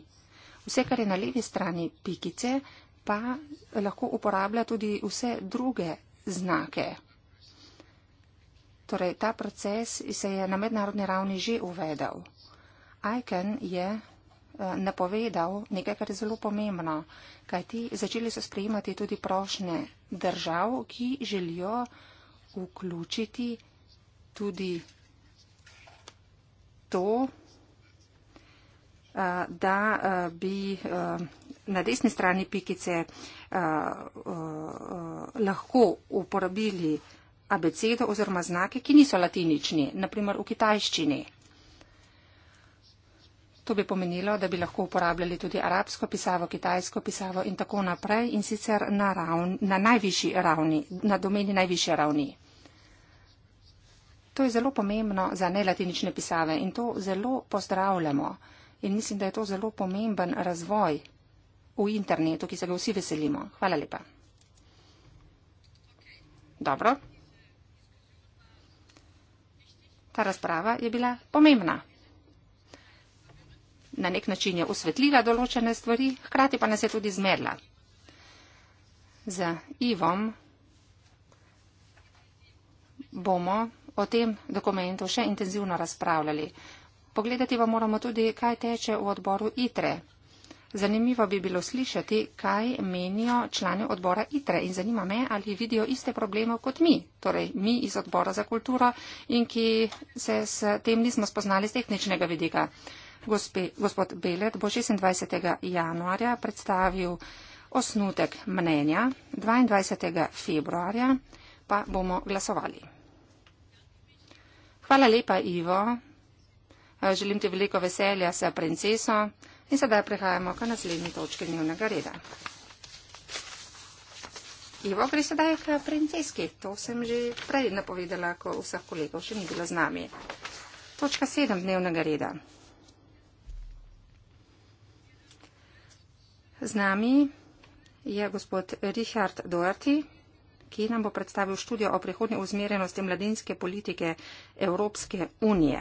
S4: Vse, kar je na levi strani pikice, pa lahko uporablja tudi vse druge znake. Torej, ta proces se je na mednarodni ravni že uvedel. ICAN je eh, napovedal nekaj, kar je zelo pomembno, kajti začeli so sprejemati tudi prošnje držav, ki želijo vključiti tudi to, Eh, da eh, bi eh, na desni strani pikice lahko uporabili abecedo oziroma znake, ki niso latinični, naprimer v kitajščini. To bi pomenilo, da bi lahko uporabljali tudi arabsko pisavo, kitajsko pisavo in tako naprej in sicer na, ravni, na najvišji ravni, na domeni najvišje ravni. To je zelo pomembno za nelatinične pisave in to zelo pozdravljamo. Uh, in mislim, da je to zelo pomemben razvoj v internetu, ki se ga vsi veselimo. Hvala lepa. Dobro. Ta razprava je bila pomembna. Na nek način je osvetlila določene stvari, hkrati pa nas je tudi zmedla. Za Ivom bomo o tem dokumentu še intenzivno razpravljali. Pogledati pa moramo tudi, kaj teče v odboru ITRE. Zanimivo bi bilo slišati, kaj menijo člani odbora ITRE in zanima me, ali vidijo iste probleme kot mi, torej mi iz odbora za kulturo in ki se s tem nismo spoznali z tehničnega vidika. Gospe, gospod Belet bo 26. januarja predstavil osnutek mnenja, 22. februarja pa bomo glasovali. Hvala lepa, Ivo. Eh, želim ti veliko veselja s princeso in sedaj prehajamo k naslednji točki dnevnega reda. Ivo gre sedaj k princeski. To sem že prej napovedala, ko vseh kolegov še ni bilo z nami. Točka sedem dnevnega reda. Z nami je gospod Richard Doherty, ki nam bo predstavil študijo o prihodnji usmerjenosti mladinske politike Evropske unije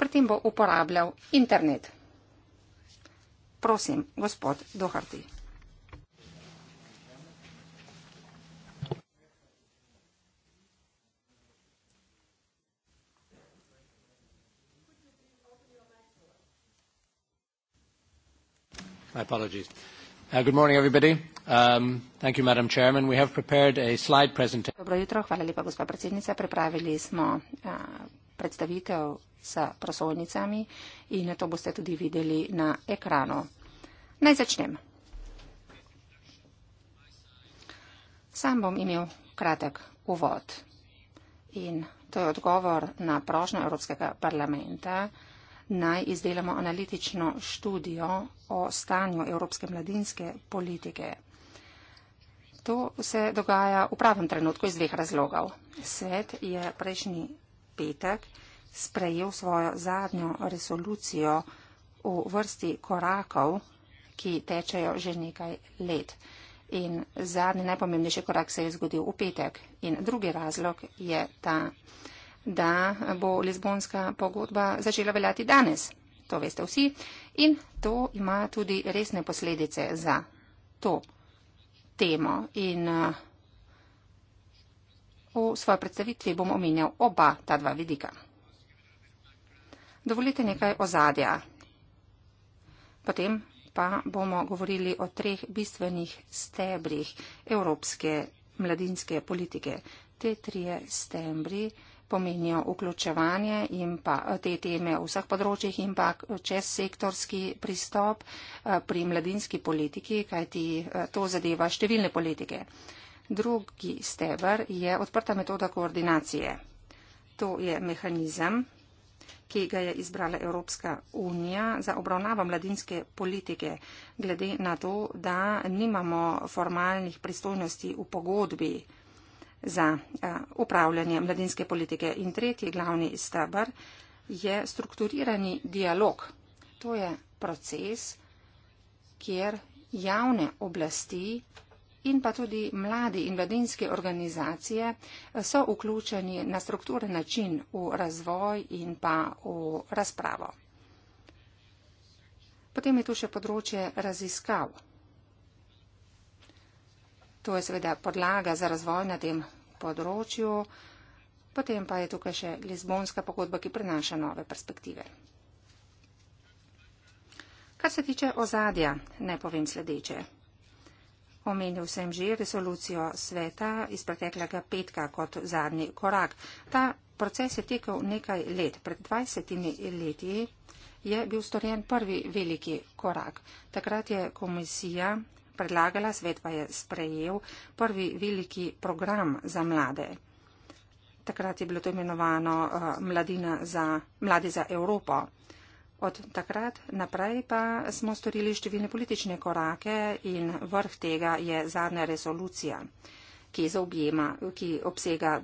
S4: pri tem bo uporabljal internet. Prosim, gospod Doharti.
S2: My apologies. Uh, good morning, everybody. Um,
S1: thank you, Madam Chairman. We have prepared a slide presentation.
S4: Dobro jutro, hvala lepa, gospa predsednica. Pripravili smo uh, predstavitev s prosojnicami in to boste tudi videli na ekranu. Naj začnem. Sam bom imel kratek uvod in to je odgovor na prošnjo Evropskega parlamenta naj izdelamo analitično študijo o stanju evropske mladinske politike. To se dogaja v pravem trenutku iz dveh razlogov. Svet je prejšnji petek sprejel svojo zadnjo resolucijo v vrsti korakov, ki tečejo že nekaj let. In zadnji najpomembnejši korak se je zgodil v petek. In drugi razlog je ta, da bo Lizbonska pogodba začela veljati danes. To veste vsi. In to ima tudi resne posledice za to temo. In eh, v svoji predstavitvi bom omenjal oba ta dva vidika dovolite nekaj ozadja. Potem pa bomo govorili o treh bistvenih stebrih evropske mladinske politike. Te trije stebri pomenijo vključevanje in pa te teme v vseh področjih in pa čez sektorski pristop eh, pri mladinski politiki, kajti eh, to zadeva številne politike. Drugi stebr je odprta metoda koordinacije. To je mehanizem, ki ga je izbrala Evropska unija za obravnavo mladinske politike, glede na to, da nimamo formalnih pristojnosti v pogodbi za eh, upravljanje mladinske politike. In tretji glavni stebr je strukturirani dialog. To je proces, kjer javne oblasti in pa tudi mladi in mladinske organizacije eh, so vključeni na strukturen način v razvoj in pa v razpravo. Potem je tu še področje raziskav. To je seveda podlaga za razvoj na tem področju. Potem pa je tukaj še Lizbonska pogodba, ki prenaša nove perspektive. Kar se tiče ozadja, naj povem sledeče. Omenil sem že resolucijo sveta iz preteklega petka kot zadnji korak. Ta proces je tekel nekaj let. Pred 20 leti je bil storjen prvi veliki korak. Takrat je komisija predlagala, svet pa je sprejel prvi veliki program za mlade. Takrat je bilo to imenovano uh, za, Mladi za Evropo. Uh, Od takrat naprej pa smo storili številne politične korake in vrh tega je zadnja resolucija, ki zaobjema, ki obsega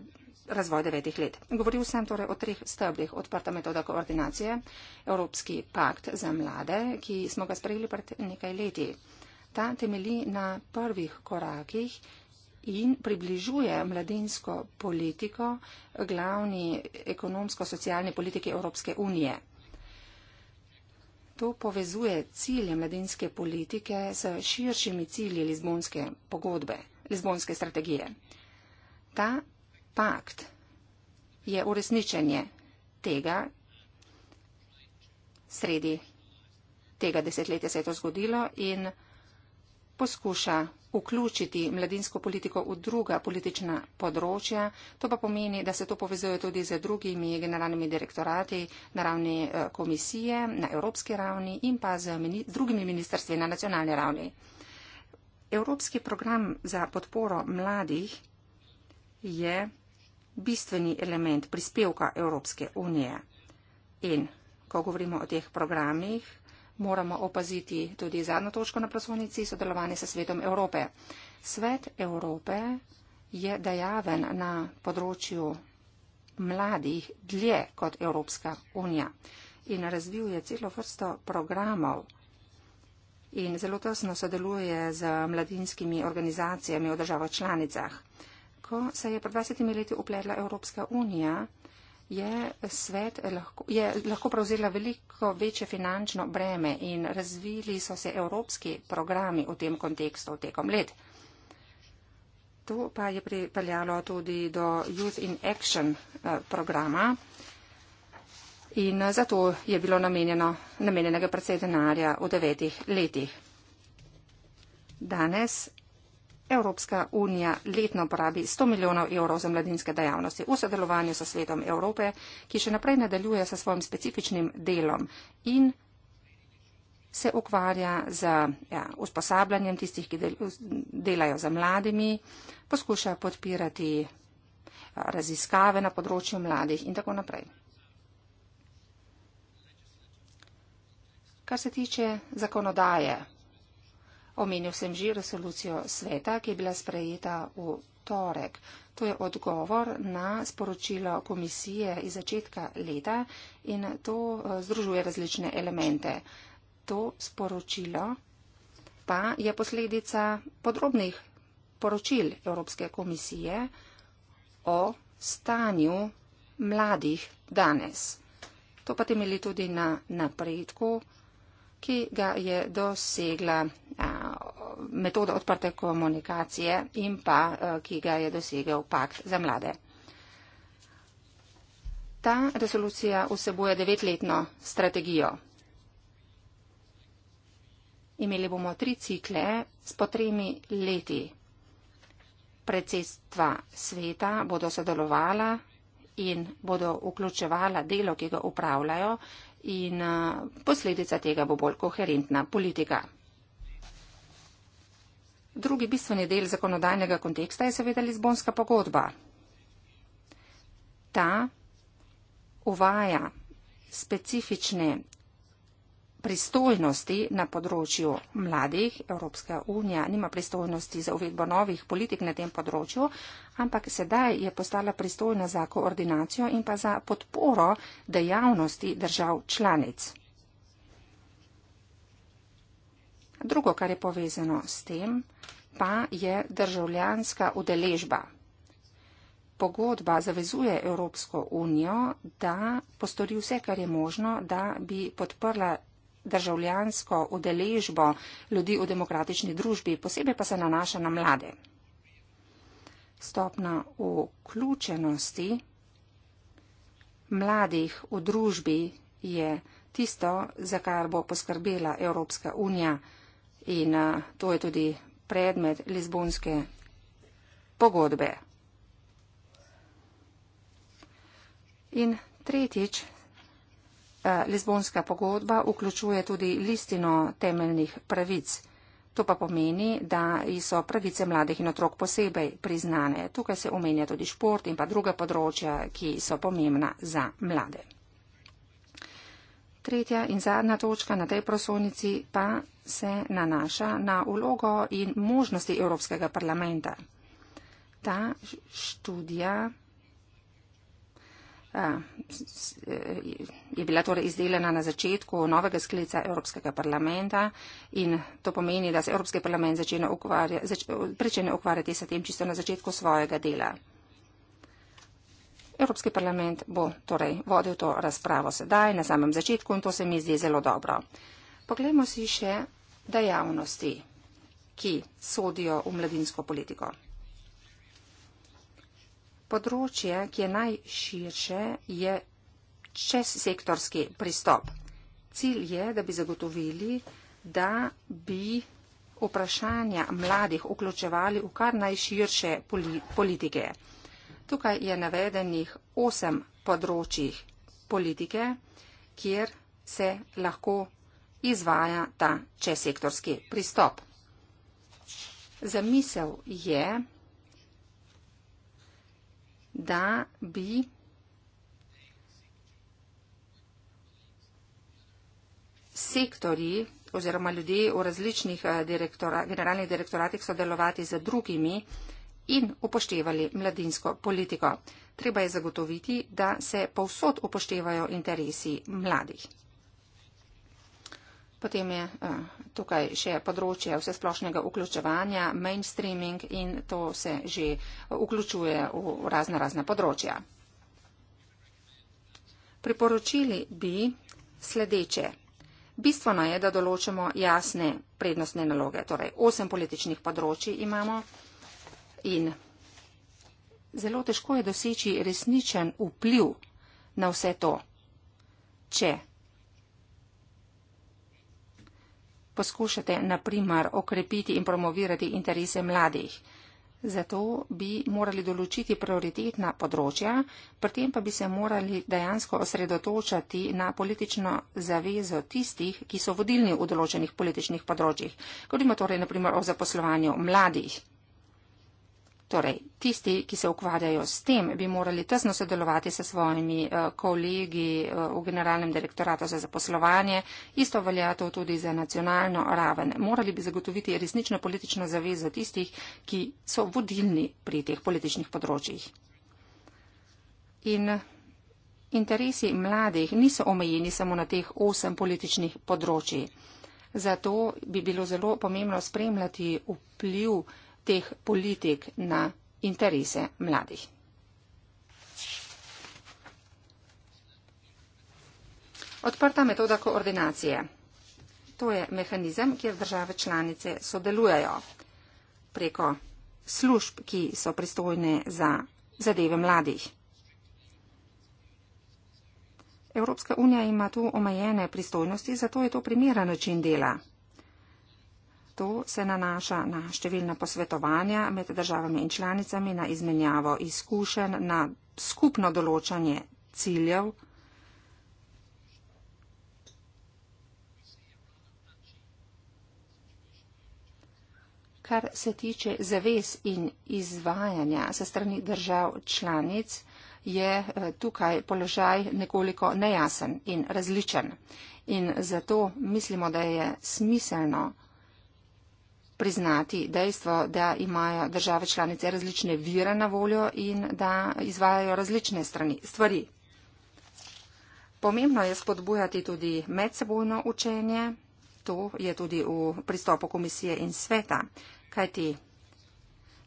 S4: razvoj devetih let. Govoril sem torej o treh stebrih odprta metoda koordinacije, Evropski pakt za mlade, ki smo ga sprejeli pred nekaj leti. Ta temeli na prvih korakih in približuje mladinsko politiko glavni ekonomsko-socialni politiki Evropske unije. To povezuje cilje mladinske politike s širšimi cilji Lizbonske pogodbe, Lizbonske strategije. Ta pakt je uresničenje tega, sredi tega desetletja se je to zgodilo in poskuša vključiti mladinsko politiko v druga politična področja. To pa pomeni, da se to povezuje tudi z drugimi generalnimi direktorati na ravni eh, komisije, na evropski ravni in pa z drugimi ministrstvi na nacionalni ravni. Evropski program za podporo mladih je bistveni element prispevka Evropske unije. In ko govorimo o teh programih, moramo opaziti tudi zadnjo točko na prosvojnici sodelovanje s svetom Evrope. Svet Evrope je dejaven na področju mladih dlje kot Evropska unija in razvil je celo vrsto programov in zelo tesno sodeluje z mladinskimi organizacijami v državah članicah. Ko se je pred 20 leti upletla Evropska unija, je svet lahko, je lahko prevzela veliko večje finančno breme in razvili so se evropski programi v tem kontekstu v tekom let. To pa je pripeljalo tudi do Youth in Action eh, programa in eh, zato je bilo namenjenega precej denarja v devetih letih. Danes Evropska unija letno porabi 100 milijonov evrov za mladinske dejavnosti v sodelovanju s svetom Evrope, ki še naprej nadaljuje sa svojim specifičnim delom in se ukvarja z ja, usposabljanjem tistih, ki del, delajo za mladimi, poskuša podpirati raziskave na področju mladih in tako naprej. Kar se tiče zakonodaje, Omenil sem že resolucijo sveta, ki je bila sprejeta v torek. To je odgovor na sporočilo komisije iz začetka leta in to eh, združuje različne elemente. To sporočilo pa je posledica podrobnih poročil Evropske komisije o stanju mladih danes. To pa temeli tudi na napredku ki ga je dosegla metoda odprte komunikacije in pa ki ga je dosegel pakt za mlade. Ta resolucija vsebuje devetletno strategijo. Imeli bomo tri cikle s potremi leti. Predsedstva sveta bodo sodelovala in bodo vključevala delo, ki ga upravljajo, in eh, posledica tega bo bolj koherentna politika. Drugi bistveni del zakonodajnega konteksta je seveda Lizbonska pogodba. Ta uvaja specifične pristojnosti na področju mladih. Evropska unija nima pristojnosti za uvedbo novih politik na tem področju, ampak sedaj je postala pristojna za koordinacijo in pa za podporo dejavnosti držav članic. Drugo, kar je povezano s tem, pa je državljanska udeležba. Pogodba zavezuje Evropsko unijo, da postori vse, kar je možno, da bi podprla državljansko udeležbo ljudi v demokratični družbi, posebej pa se nanaša na mlade. Stopna vključenosti mladih v družbi je tisto, za kar bo poskrbela Evropska unija in eh, to je tudi predmet Lizbonske pogodbe. In tretjič, Eh, Lizbonska pogodba vključuje tudi listino temeljnih pravic. To pa pomeni, da so pravice mladih in otrok posebej priznane. Tukaj se omenja tudi šport in pa druga področja, ki so pomembna za mlade. Tretja in zadnja točka na tej prosonici pa se nanaša na ulogo in možnosti Evropskega parlamenta. Ta študija je bila torej izdelana na začetku novega sklica Evropskega parlamenta in to pomeni, da se Evropski parlament začne ukvarja, ukvarjati s tem čisto na začetku svojega dela. Evropski parlament bo torej vodil to razpravo sedaj na samem začetku in to se mi zdi zelo dobro. Poglejmo si še dejavnosti, ki sodijo v mladinsko politiko. Področje, ki je najširše, je čezsektorski pristop. Cilj je, da bi zagotovili, da bi vprašanja mladih vključevali v kar najširše politike. Tukaj je navedenih osem področjih politike, kjer se lahko izvaja ta čezsektorski pristop. Zamisel je, da bi sektori oziroma ljudje v različnih eh, direktora, generalnih direktoratih sodelovati z drugimi in upoštevali mladinsko politiko. Treba je zagotoviti, da se povsod upoštevajo interesi mladih. Potem je eh, tukaj še področje vse splošnega vključevanja, mainstreaming in to se že vključuje v razna razna področja. Priporočili bi sledeče. Bistveno je, da določimo jasne prednostne naloge, torej osem političnih področji imamo in zelo težko je doseči resničen vpliv na vse to, če poskušate na primar okrepiti in promovirati interese mladih. Zato bi morali določiti prioritetna področja, pri tem pa bi se morali dejansko osredotočati na politično zavezo tistih, ki so vodilni v določenih političnih področjih. Govorimo torej naprimer o zaposlovanju mladih. Torej, tisti, ki se ukvarjajo s tem, bi morali tesno sodelovati sa svojimi eh, kolegi eh, v Generalnem direktoratu za zaposlovanje. Isto velja to tudi za nacionalno raven. Morali bi zagotoviti resnično politično zavezo tistih, ki so vodilni pri teh političnih področjih. In interesi mladih niso omejeni samo na teh osem političnih področji. Zato bi bilo zelo pomembno spremljati vpliv teh politik na interese mladih. Odprta metoda koordinacije. To je mehanizem, kjer države članice sodelujejo preko služb, ki so pristojne za zadeve mladih. Evropska unija ima tu omejene pristojnosti, zato je to primeren način dela. To se nanaša na številna posvetovanja med državami in članicami, na izmenjavo izkušenj, na skupno določanje ciljev. Kar se tiče zavez in izvajanja se strani držav članic, je eh, tukaj položaj nekoliko nejasen in različen. In zato mislimo, da je smiselno, priznati dejstvo, da imajo države članice različne vire na voljo in da izvajajo različne strani, stvari. Pomembno je spodbujati tudi medsebojno učenje, to je tudi v pristopu komisije in sveta, kajti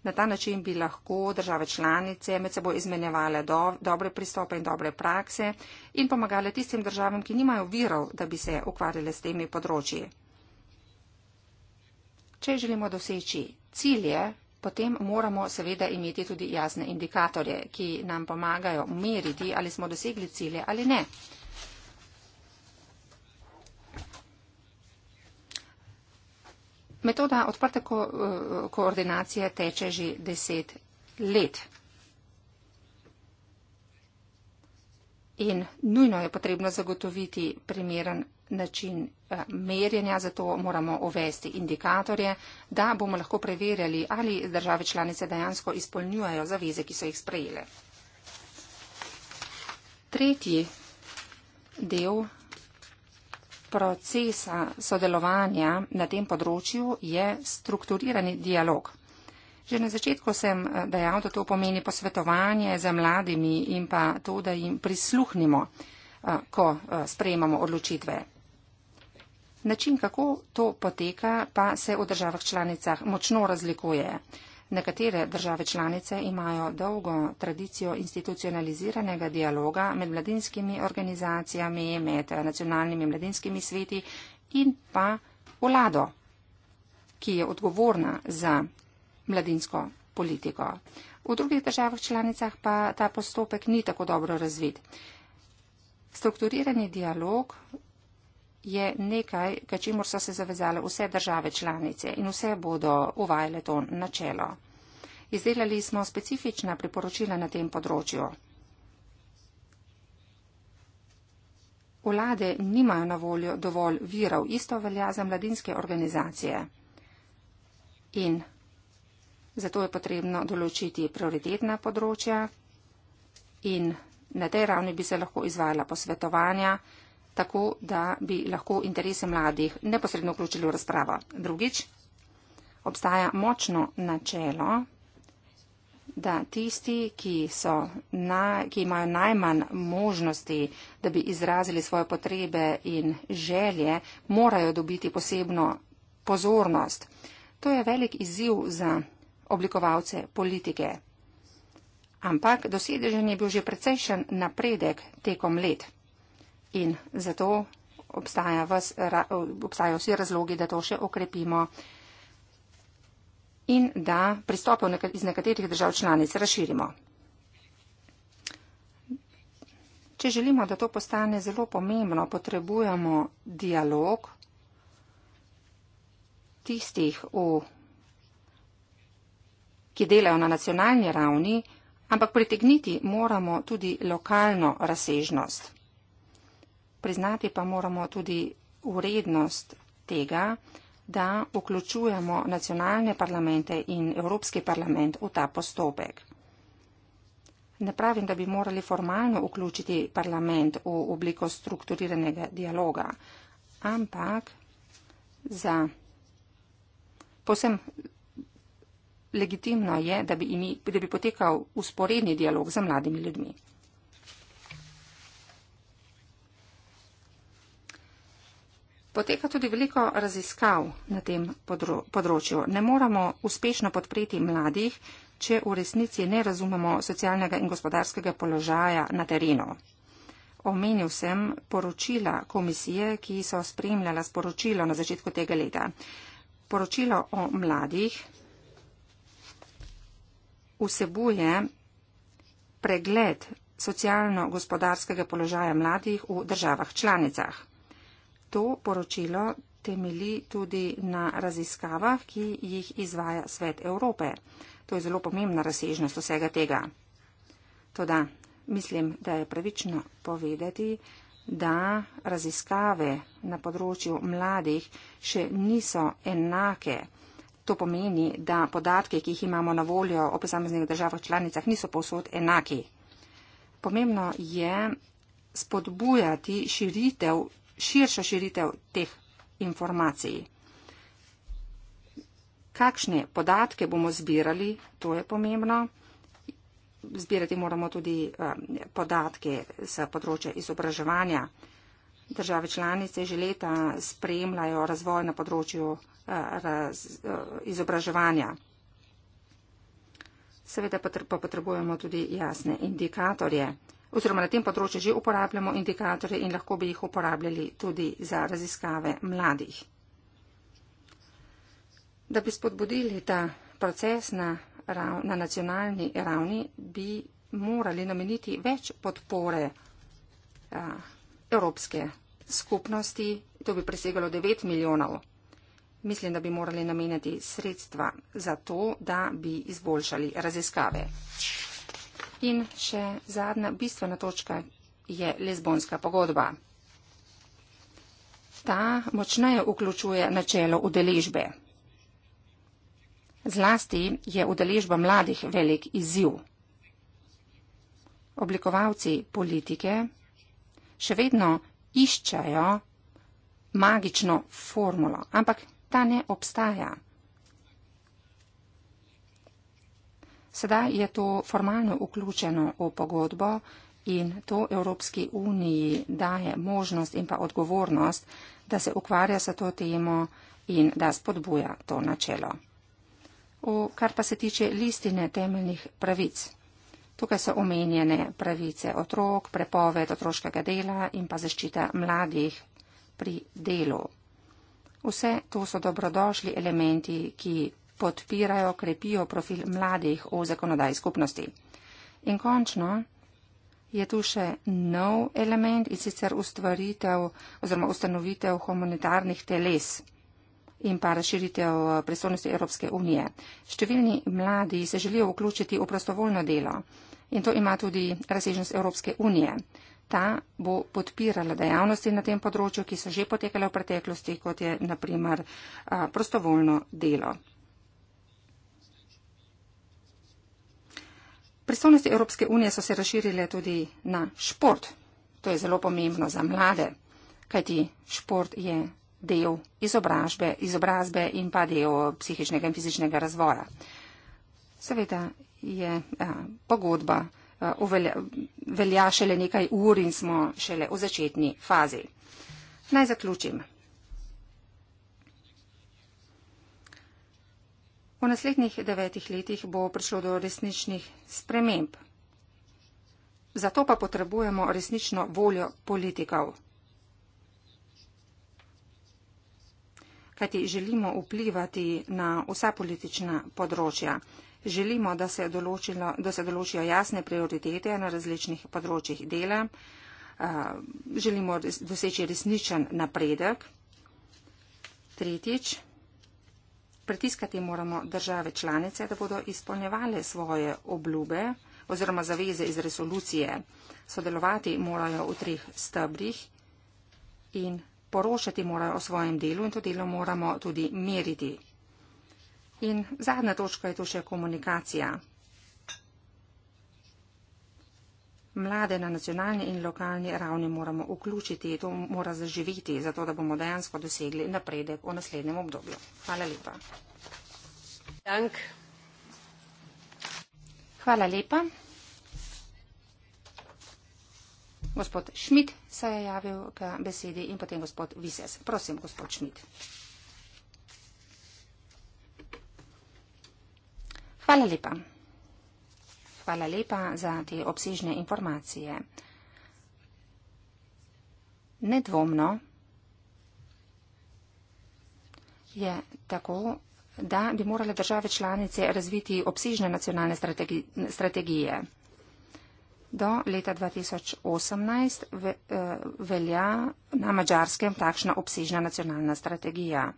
S4: na ta način bi lahko države članice med seboj izmenjevale do, dobre pristope in dobre prakse in pomagale tistim državam, ki nimajo virov, da bi se ukvarjale s temi področji. Če želimo doseči cilje, potem moramo seveda imeti tudi jasne indikatorje, ki nam pomagajo meriti, ali smo dosegli cilje ali ne. Metoda odprte ko eh, koordinacije teče že deset let. In nujno je potrebno zagotoviti primeren način eh, merjenja, zato moramo uvesti indikatorje, da bomo lahko preverjali, ali države članice dejansko izpolnjujejo zaveze, ki so jih sprejele. Tretji del procesa sodelovanja na tem področju je strukturirani dialog. Že na začetku sem eh, dejal, da to pomeni posvetovanje z mladimi in pa to, da jim prisluhnimo, eh, ko sprejemamo odločitve. Način, kako to poteka, pa se v državah članicah močno razlikuje. Nekatere države članice imajo dolgo tradicijo institucionaliziranega dialoga med mladinskimi organizacijami, med nacionalnimi mladinskimi sveti in pa vlado, ki je odgovorna za mladinsko politiko. V drugih državah članicah pa ta postopek ni tako dobro razvit. Strukturirani dialog je nekaj, ka čimor so se zavezale vse države članice in vse bodo uvajale to načelo. Izdelali smo specifična priporočila na tem področju. Vlade nimajo na voljo dovolj virov, isto velja za mladinske organizacije. In zato je potrebno določiti prioritetna področja in na tej ravni bi se lahko izvajala posvetovanja, tako da bi lahko interese mladih neposredno vključili v razpravo. Drugič, obstaja močno načelo, da tisti, ki, so na, ki imajo najmanj možnosti, da bi izrazili svoje potrebe in želje, morajo dobiti posebno pozornost. To je velik izziv za oblikovalce politike. Ampak doseden je bil že precejšen napredek tekom let. In zato obstaja vas, obstajajo vsi razlogi, da to še okrepimo in da pristope iz nekaterih držav članic razširimo. Če želimo, da to postane zelo pomembno, potrebujemo dialog tistih, v, ki delajo na nacionalni ravni, ampak pritegniti moramo tudi lokalno razsežnost. Priznati pa moramo tudi urednost tega, da vključujemo nacionalne parlamente in Evropski parlament v ta postopek. Ne pravim, da bi morali formalno vključiti parlament v obliko strukturiranega dialoga, ampak za posem legitimno je, da bi, imi, da bi potekal usporedni dialog za mladimi ljudmi. Poteka tudi veliko raziskav na tem podro področju. Ne moramo uspešno podpreti mladih, če v resnici ne razumemo socialnega in gospodarskega položaja na terenu. Omenil sem poročila komisije, ki so spremljala sporočilo na začetku tega leta. Poročilo o mladih vsebuje pregled socialno-gospodarskega položaja mladih v državah članicah. To poročilo temeli tudi na raziskavah, ki jih izvaja Svet Evrope. To je zelo pomembna razsežnost vsega tega. Toda mislim, da je pravično povedati, da raziskave na področju mladih še niso enake. To pomeni, da podatke, ki jih imamo na voljo o posameznih državah članicah, niso povsod enaki. Pomembno je spodbujati širitev širša širitev teh informacij. Kakšne podatke bomo zbirali, to je pomembno. Zbirati moramo tudi um, podatke z področja izobraževanja. Države članice že leta spremljajo razvoj na področju uh, raz, uh, izobraževanja. Seveda pa potrebujemo tudi jasne indikatorje oziroma na tem področju že uporabljamo indikatorje in lahko bi jih uporabljali tudi za raziskave mladih. Da bi spodbudili ta proces na, rav, na nacionalni ravni, bi morali nameniti več podpore a, Evropske skupnosti, to bi presegalo 9 milijonov. Mislim, da bi morali nameniti sredstva za to, da bi izboljšali raziskave. In še zadnja bistvena točka je lezbonska pogodba. Ta močneje vključuje načelo udeležbe. Zlasti je udeležba mladih velik izziv. Oblikovalci politike še vedno iščajo magično formulo, ampak ta ne obstaja. Sedaj je to formalno vključeno v pogodbo in to Evropski uniji daje možnost in pa odgovornost, da se ukvarja sa to temo in da spodbuja to načelo. O, kar pa se tiče listine temeljnih pravic. Tukaj so omenjene pravice otrok, prepoved otroškega dela in pa zaščita mladih pri delu. Vse to so dobrodošli elementi, ki podpirajo, krepijo profil mladih v zakonodaji skupnosti. In končno je tu še nov element in sicer ustvaritev oziroma ustanovitev humanitarnih teles in pa razširitev eh, predstavnosti Evropske unije. Številni mladi se želijo vključiti v prostovoljno delo in to ima tudi razsežnost Evropske unije. Ta bo podpirala dejavnosti na tem področju, ki so že potekale v preteklosti, kot je naprimer eh, prostovoljno delo. Pristojnosti Evropske unije so se razširile tudi na šport. To je zelo pomembno za mlade, kajti šport je del izobražbe, izobrazbe in pa del psihičnega in fizičnega razvoja. Seveda je a, pogodba a, uvelja, velja šele nekaj ur in smo šele v začetni fazi. Naj zaključim. V naslednjih devetih letih bo prišlo do resničnih sprememb. Zato pa potrebujemo resnično voljo politikov. Kajti želimo vplivati na vsa politična področja. Želimo, da se, določilo, da se določijo jasne prioritete na različnih področjih dela. Eh, želimo res, doseči resničen napredek. Tretjič pritiskati moramo države članice, da bodo izpolnjevale svoje obljube oziroma zaveze iz resolucije. Sodelovati morajo v treh stebrih in poročati morajo o svojem delu in to delo moramo tudi meriti. In zadnja točka je to še komunikacija. mlade na nacionalni in lokalni ravni moramo vključiti, to mora zaživiti, zato da bomo dejansko dosegli napredek v naslednjem obdobju. Hvala lepa. Dank. Hvala lepa. Gospod Šmit se je javil k besedi in potem gospod Vises. Prosim, gospod Šmit. Hvala lepa. Hvala lepa za te obsežne informacije. Nedvomno je tako, da bi morale države članice razviti obsežne nacionalne strategi strategije. Do leta 2018 ve eh, velja na mačarskem takšna obsežna nacionalna strategija.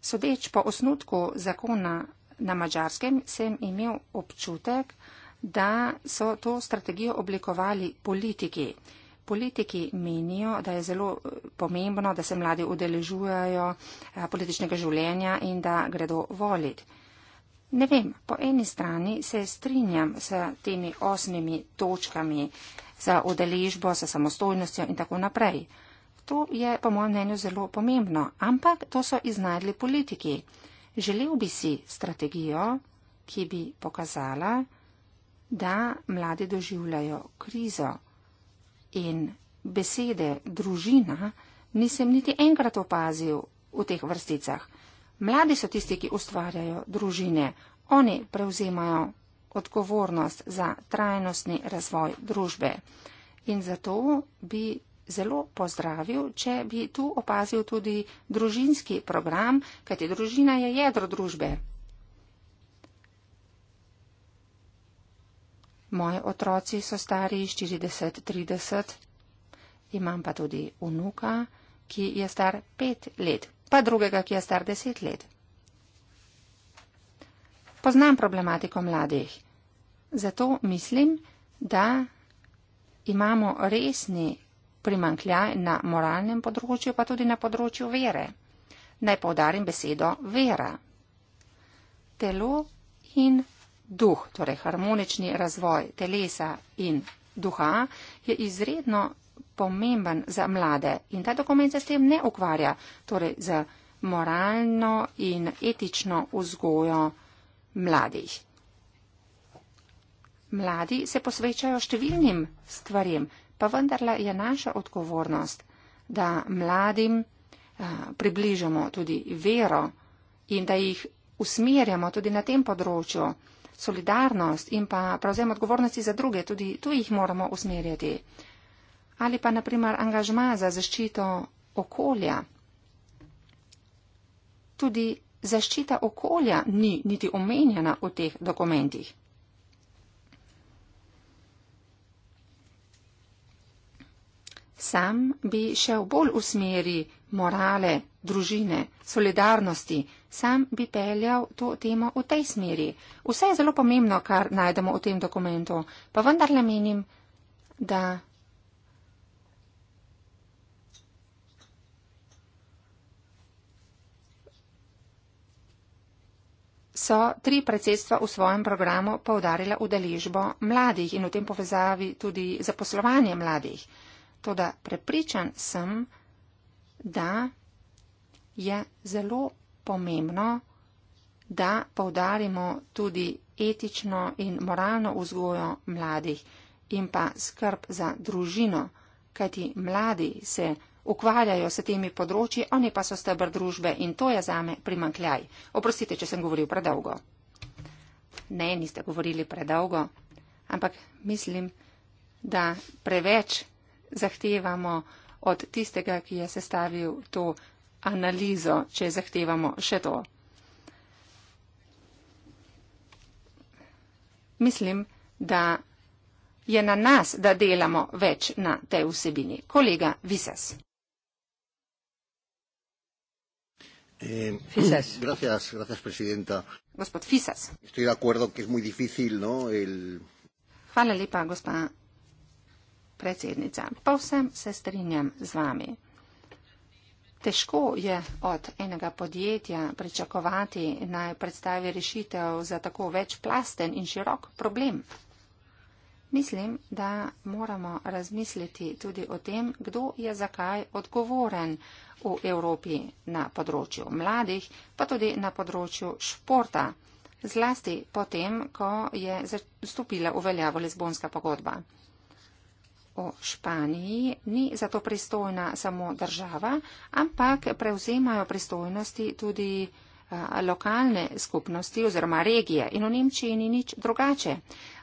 S4: Sodeč po osnutku zakona na mačarskem sem imel občutek, da so to strategijo oblikovali politiki. Politiki menijo, da je zelo eh, pomembno, da se mladi udeležujejo eh, političnega življenja in da gredo voliti. Ne vem, po eni strani se strinjam s temi osmimi točkami za udeležbo, za samostojnostjo in tako naprej. To je po mojem mnenju zelo pomembno, ampak to so iznajdli politiki. Želel bi si strategijo, ki bi pokazala, da mlade doživljajo krizo in besede družina nisem niti enkrat opazil v teh vrsticah. Mladi so tisti, ki ustvarjajo družine. Oni prevzemajo odgovornost za trajnostni razvoj družbe. In zato bi zelo pozdravil, če bi tu opazil tudi družinski program, kajti družina je jedro družbe. Moji otroci so stari 40-30, imam pa tudi unuka, ki je star 5 let, pa drugega, ki je star 10 let. Poznam problematiko mladih, zato mislim, da imamo resni primankljaj na moralnem področju, pa tudi na področju vere. Naj povdarim besedo vera. Telo in duh, torej harmonični razvoj telesa in duha, je izredno pomemben za mlade in ta dokument se s tem ne ukvarja, torej z moralno in etično vzgojo mladih. Mladi se posvečajo številnim stvarem, pa vendarle je naša odgovornost, da mladim eh, približamo tudi vero in da jih usmerjamo tudi na tem področju solidarnost in pa pravzem odgovornosti za druge, tudi tu jih moramo usmerjati. Ali pa naprimer angažma za zaščito okolja. Tudi zaščita okolja ni niti omenjena v teh dokumentih. Sam bi šel bolj v smeri morale, družine, solidarnosti, sam bi peljal to temo v tej smeri. Vse je zelo pomembno, kar najdemo v tem dokumentu, pa vendar le menim, da so tri predsedstva v svojem programu povdarila udeležbo mladih in v tem povezavi tudi zaposlovanje mladih. Toda prepričan sem, da je zelo pomembno, da povdarimo tudi etično in moralno vzgojo mladih in pa skrb za družino, kajti mladi se ukvarjajo s temi področji, oni pa so stebr družbe in to je zame primankljaj. Oprostite, če sem govoril predolgo. Ne, niste govorili predolgo, ampak mislim, da preveč zahtevamo od tistega, ki je sestavil to analizo, če zahtevamo še to. Mislim, da je na nas, da delamo več na tej vsebini. Kolega Vises.
S1: Fisas. Eh,
S4: gospod Fisas. ¿no? Hvala lepa, gospod predsednica. Pa vsem se strinjam z vami. Težko je od enega podjetja pričakovati naj predstavi rešitev za tako večplasten in širok problem. Mislim, da moramo razmisliti tudi o tem, kdo je zakaj odgovoren v Evropi na področju mladih, pa tudi na področju športa, zlasti potem, ko je stopila v veljavo Lizbonska pogodba o Španiji ni zato pristojna samo država, ampak prevzemajo pristojnosti tudi lokalne skupnosti oziroma regije in v Nemčiji ni nič drugače.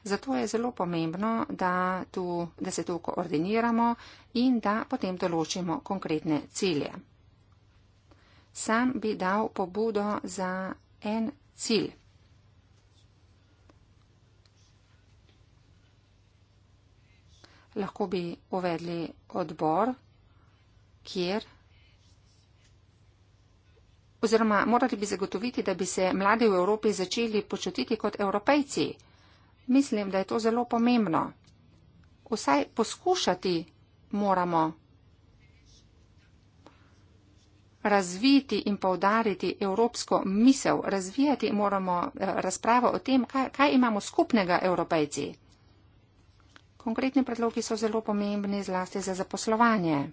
S4: Zato je zelo pomembno, da, tu, da se tu koordiniramo in da potem določimo konkretne cilje. Sam bi dal pobudo za en cilj. lahko bi uvedli odbor, kjer oziroma morali bi zagotoviti, da bi se mladi v Evropi začeli počutiti kot evropejci. Mislim, da je to zelo pomembno. Vsaj poskušati moramo razviti in povdariti evropsko misel, razvijati moramo eh, razpravo o tem, kaj, kaj imamo skupnega evropejci konkretni predlogi so zelo pomembni zlasti za zaposlovanje,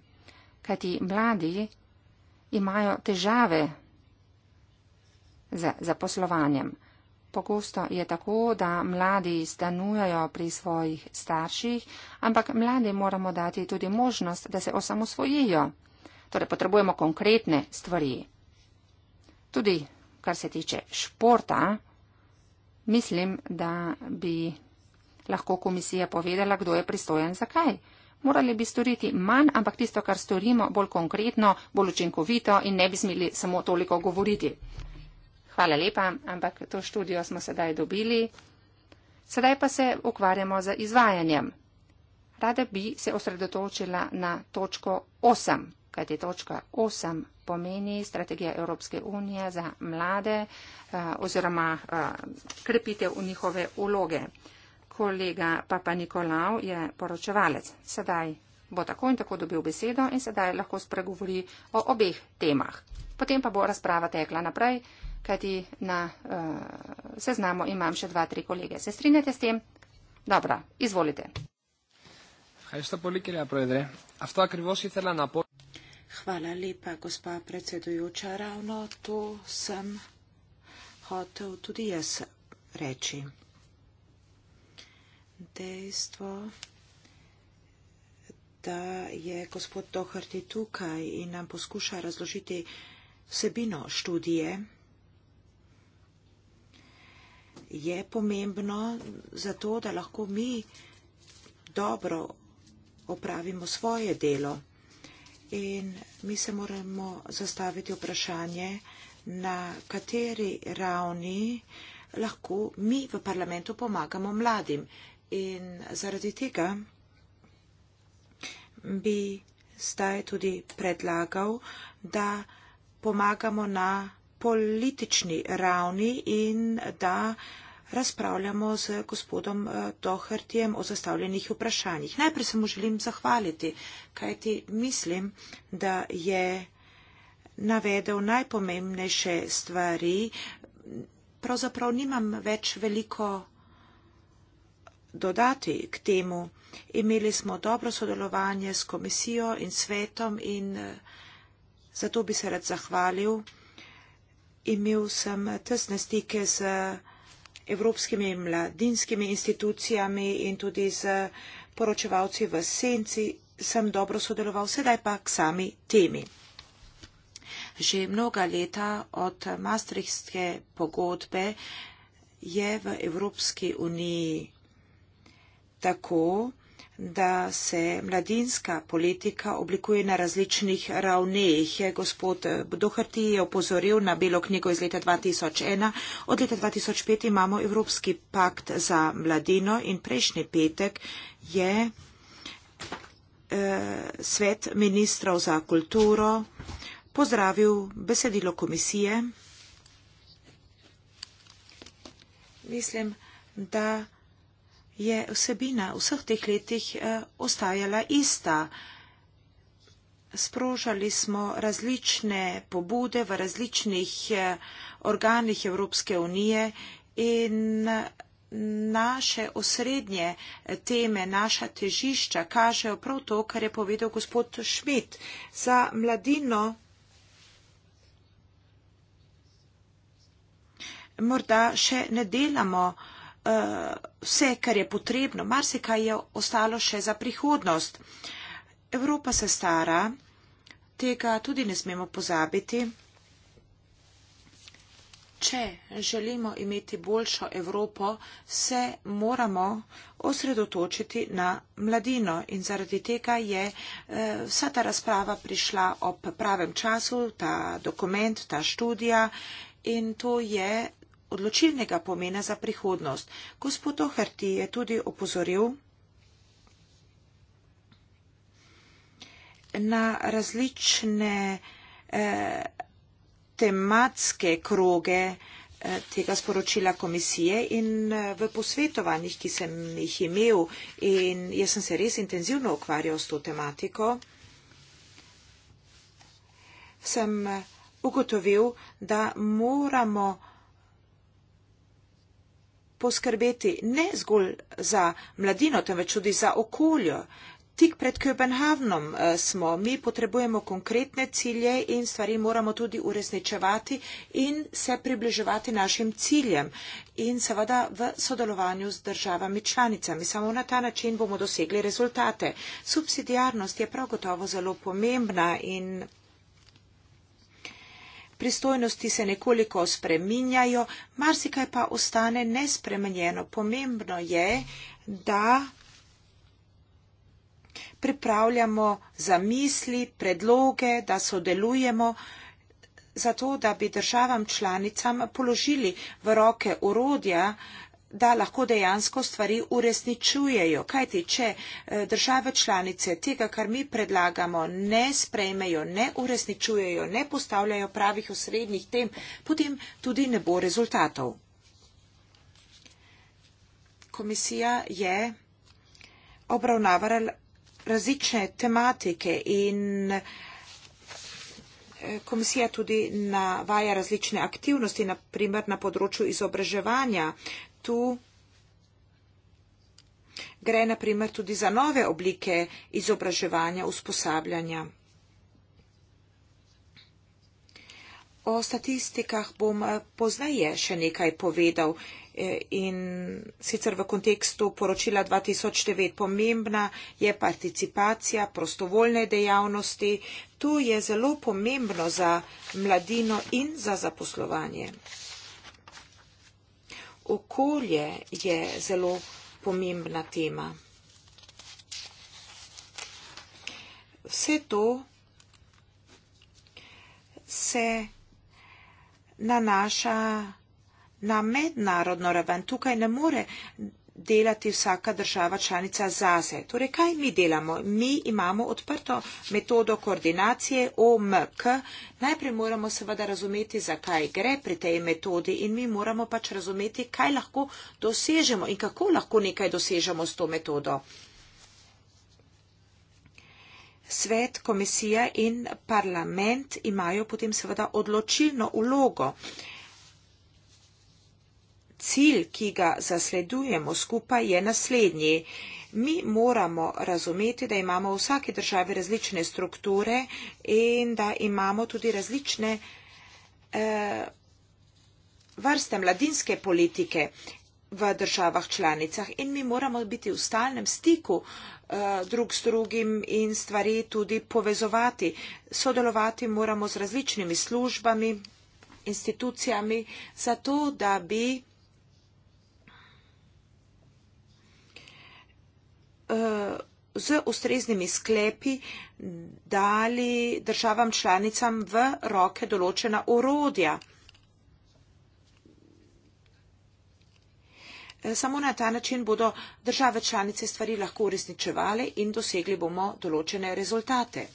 S4: kajti mladi imajo težave z zaposlovanjem. Pogosto je tako, da mladi stanujajo pri svojih starših, ampak mladi moramo dati tudi možnost, da se osamosvojijo. Torej potrebujemo konkretne stvari. Tudi kar se tiče športa, mislim, da bi lahko komisija povedala, kdo je pristojen za kaj. Morali bi storiti manj, ampak tisto, kar storimo, bolj konkretno, bolj učinkovito in ne bi smeli samo toliko govoriti. Hvala lepa, ampak to študijo smo sedaj dobili. Sedaj pa se ukvarjamo z izvajanjem. Rada bi se osredotočila na točko 8, kajti točka 8 pomeni strategija Evropske unije za mlade eh, oziroma eh, krepitev njihove uloge kolega Papa Nikolau je poročevalec. Sedaj bo tako in tako dobil besedo in sedaj lahko spregovori o obeh temah. Potem pa bo razprava tekla naprej, kajti na uh, seznamu imam še dva, tri kolege. Se strinjate s tem? Dobro,
S3: izvolite. Hvala lepa, gospa predsedujoča. Ravno to sem hotel tudi jaz reči dejstvo, da je gospod Doherty tukaj in nam poskuša razložiti vsebino študije, je pomembno zato, da lahko mi dobro opravimo svoje delo. In mi se moramo zastaviti vprašanje, na kateri ravni lahko mi v parlamentu pomagamo mladim in zaradi tega bi zdaj tudi predlagal, da pomagamo na politični ravni in da razpravljamo z gospodom eh, Dohertjem o zastavljenih vprašanjih. Najprej se mu želim zahvaliti, kajti mislim, da je navedel najpomembnejše stvari. Pravzaprav nimam več veliko dodati k temu. Imeli smo dobro sodelovanje s komisijo in svetom in eh, zato bi se rad zahvalil. Imel sem tesne stike z evropskimi mladinskimi institucijami in tudi z poročevalci v senci. Sem dobro sodeloval, sedaj pa k sami temi. Že mnoga leta od Maastrichtske pogodbe je v Evropski uniji tako, da se mladinska politika oblikuje na različnih ravneh. Gospod Doherty je opozoril na belo knjigo iz leta 2001. Od leta 2005 imamo Evropski pakt za mladino in prejšnji petek je eh, svet ministrov za kulturo pozdravil besedilo komisije. Mislim, da je vsebina vseh teh letih eh, ostajala ista. Sprožali smo različne pobude v različnih eh, organih Evropske unije in naše osrednje eh, teme, naša težišča kažejo prav to, kar je povedal gospod Šmit. Za mladino morda še ne delamo uh, uh, vse, kar je potrebno, marsikaj je ostalo še za prihodnost. Evropa se stara, tega tudi ne smemo pozabiti. Če želimo imeti boljšo Evropo, se moramo osredotočiti na mladino in zaradi tega je eh, vsa ta razprava prišla ob pravem času, ta dokument, ta študija in to je odločilnega pomena za prihodnost. Gospod Oherty je tudi opozoril na različne eh, tematske kroge eh, tega sporočila komisije in eh, v posvetovanjih, ki sem jih imel in jaz sem se res intenzivno ukvarjal s to tematiko, sem ugotovil, da moramo poskrbeti ne zgolj za mladino, temveč tudi za okoljo. Tik pred Köbenhavnom eh, smo, mi potrebujemo konkretne cilje in stvari moramo tudi uresničevati in se približevati našim ciljem in seveda v sodelovanju z državami članicami. Samo na ta način bomo dosegli rezultate. Subsidijarnost je prav gotovo zelo pomembna in pristojnosti se nekoliko spreminjajo, marsikaj pa ostane nespremenjeno. Pomembno je, da pripravljamo zamisli, predloge, da sodelujemo, zato da bi državam članicam položili v roke urodja, da lahko dejansko stvari uresničujejo. Kajti, če eh, države članice tega, kar mi predlagamo, ne sprejmejo, ne uresničujejo, ne postavljajo pravih osrednjih tem, potem tudi ne bo rezultatov. Komisija je obravnavala različne tematike in eh, komisija tudi navaja različne aktivnosti, naprimer na področju izobraževanja tu gre naprimer tudi za nove oblike izobraževanja, usposabljanja. O statistikah bom eh, poznaje še nekaj povedal eh, in sicer v kontekstu poročila 2009 pomembna je participacija prostovoljne dejavnosti. Tu je zelo pomembno za mladino in za zaposlovanje okolje je zelo pomembna tema. Vse to se nanaša na mednarodno raven. Tukaj ne more delati vsaka država članica zase. Torej, kaj mi delamo? Mi imamo odprto metodo koordinacije OMK. Najprej moramo seveda razumeti, zakaj gre pri tej metodi in mi moramo pač razumeti, kaj lahko dosežemo in kako lahko nekaj dosežemo s to metodo. Svet, komisija in parlament imajo potem seveda odločilno ulogo. Uh, cilj, ki ga zasledujemo skupaj, je naslednji. Mi moramo razumeti, da imamo v vsaki državi različne strukture in da imamo tudi različne eh, vrste mladinske politike v državah članicah in mi moramo biti v stalnem stiku eh, drug s drugim in stvari tudi povezovati. Sodelovati moramo z različnimi službami, institucijami, zato da bi Eh, z ustreznimi sklepi dali državam članicam v roke določena urodja. Eh, samo na ta način bodo države članice stvari lahko uresničevali in dosegli bomo določene rezultate.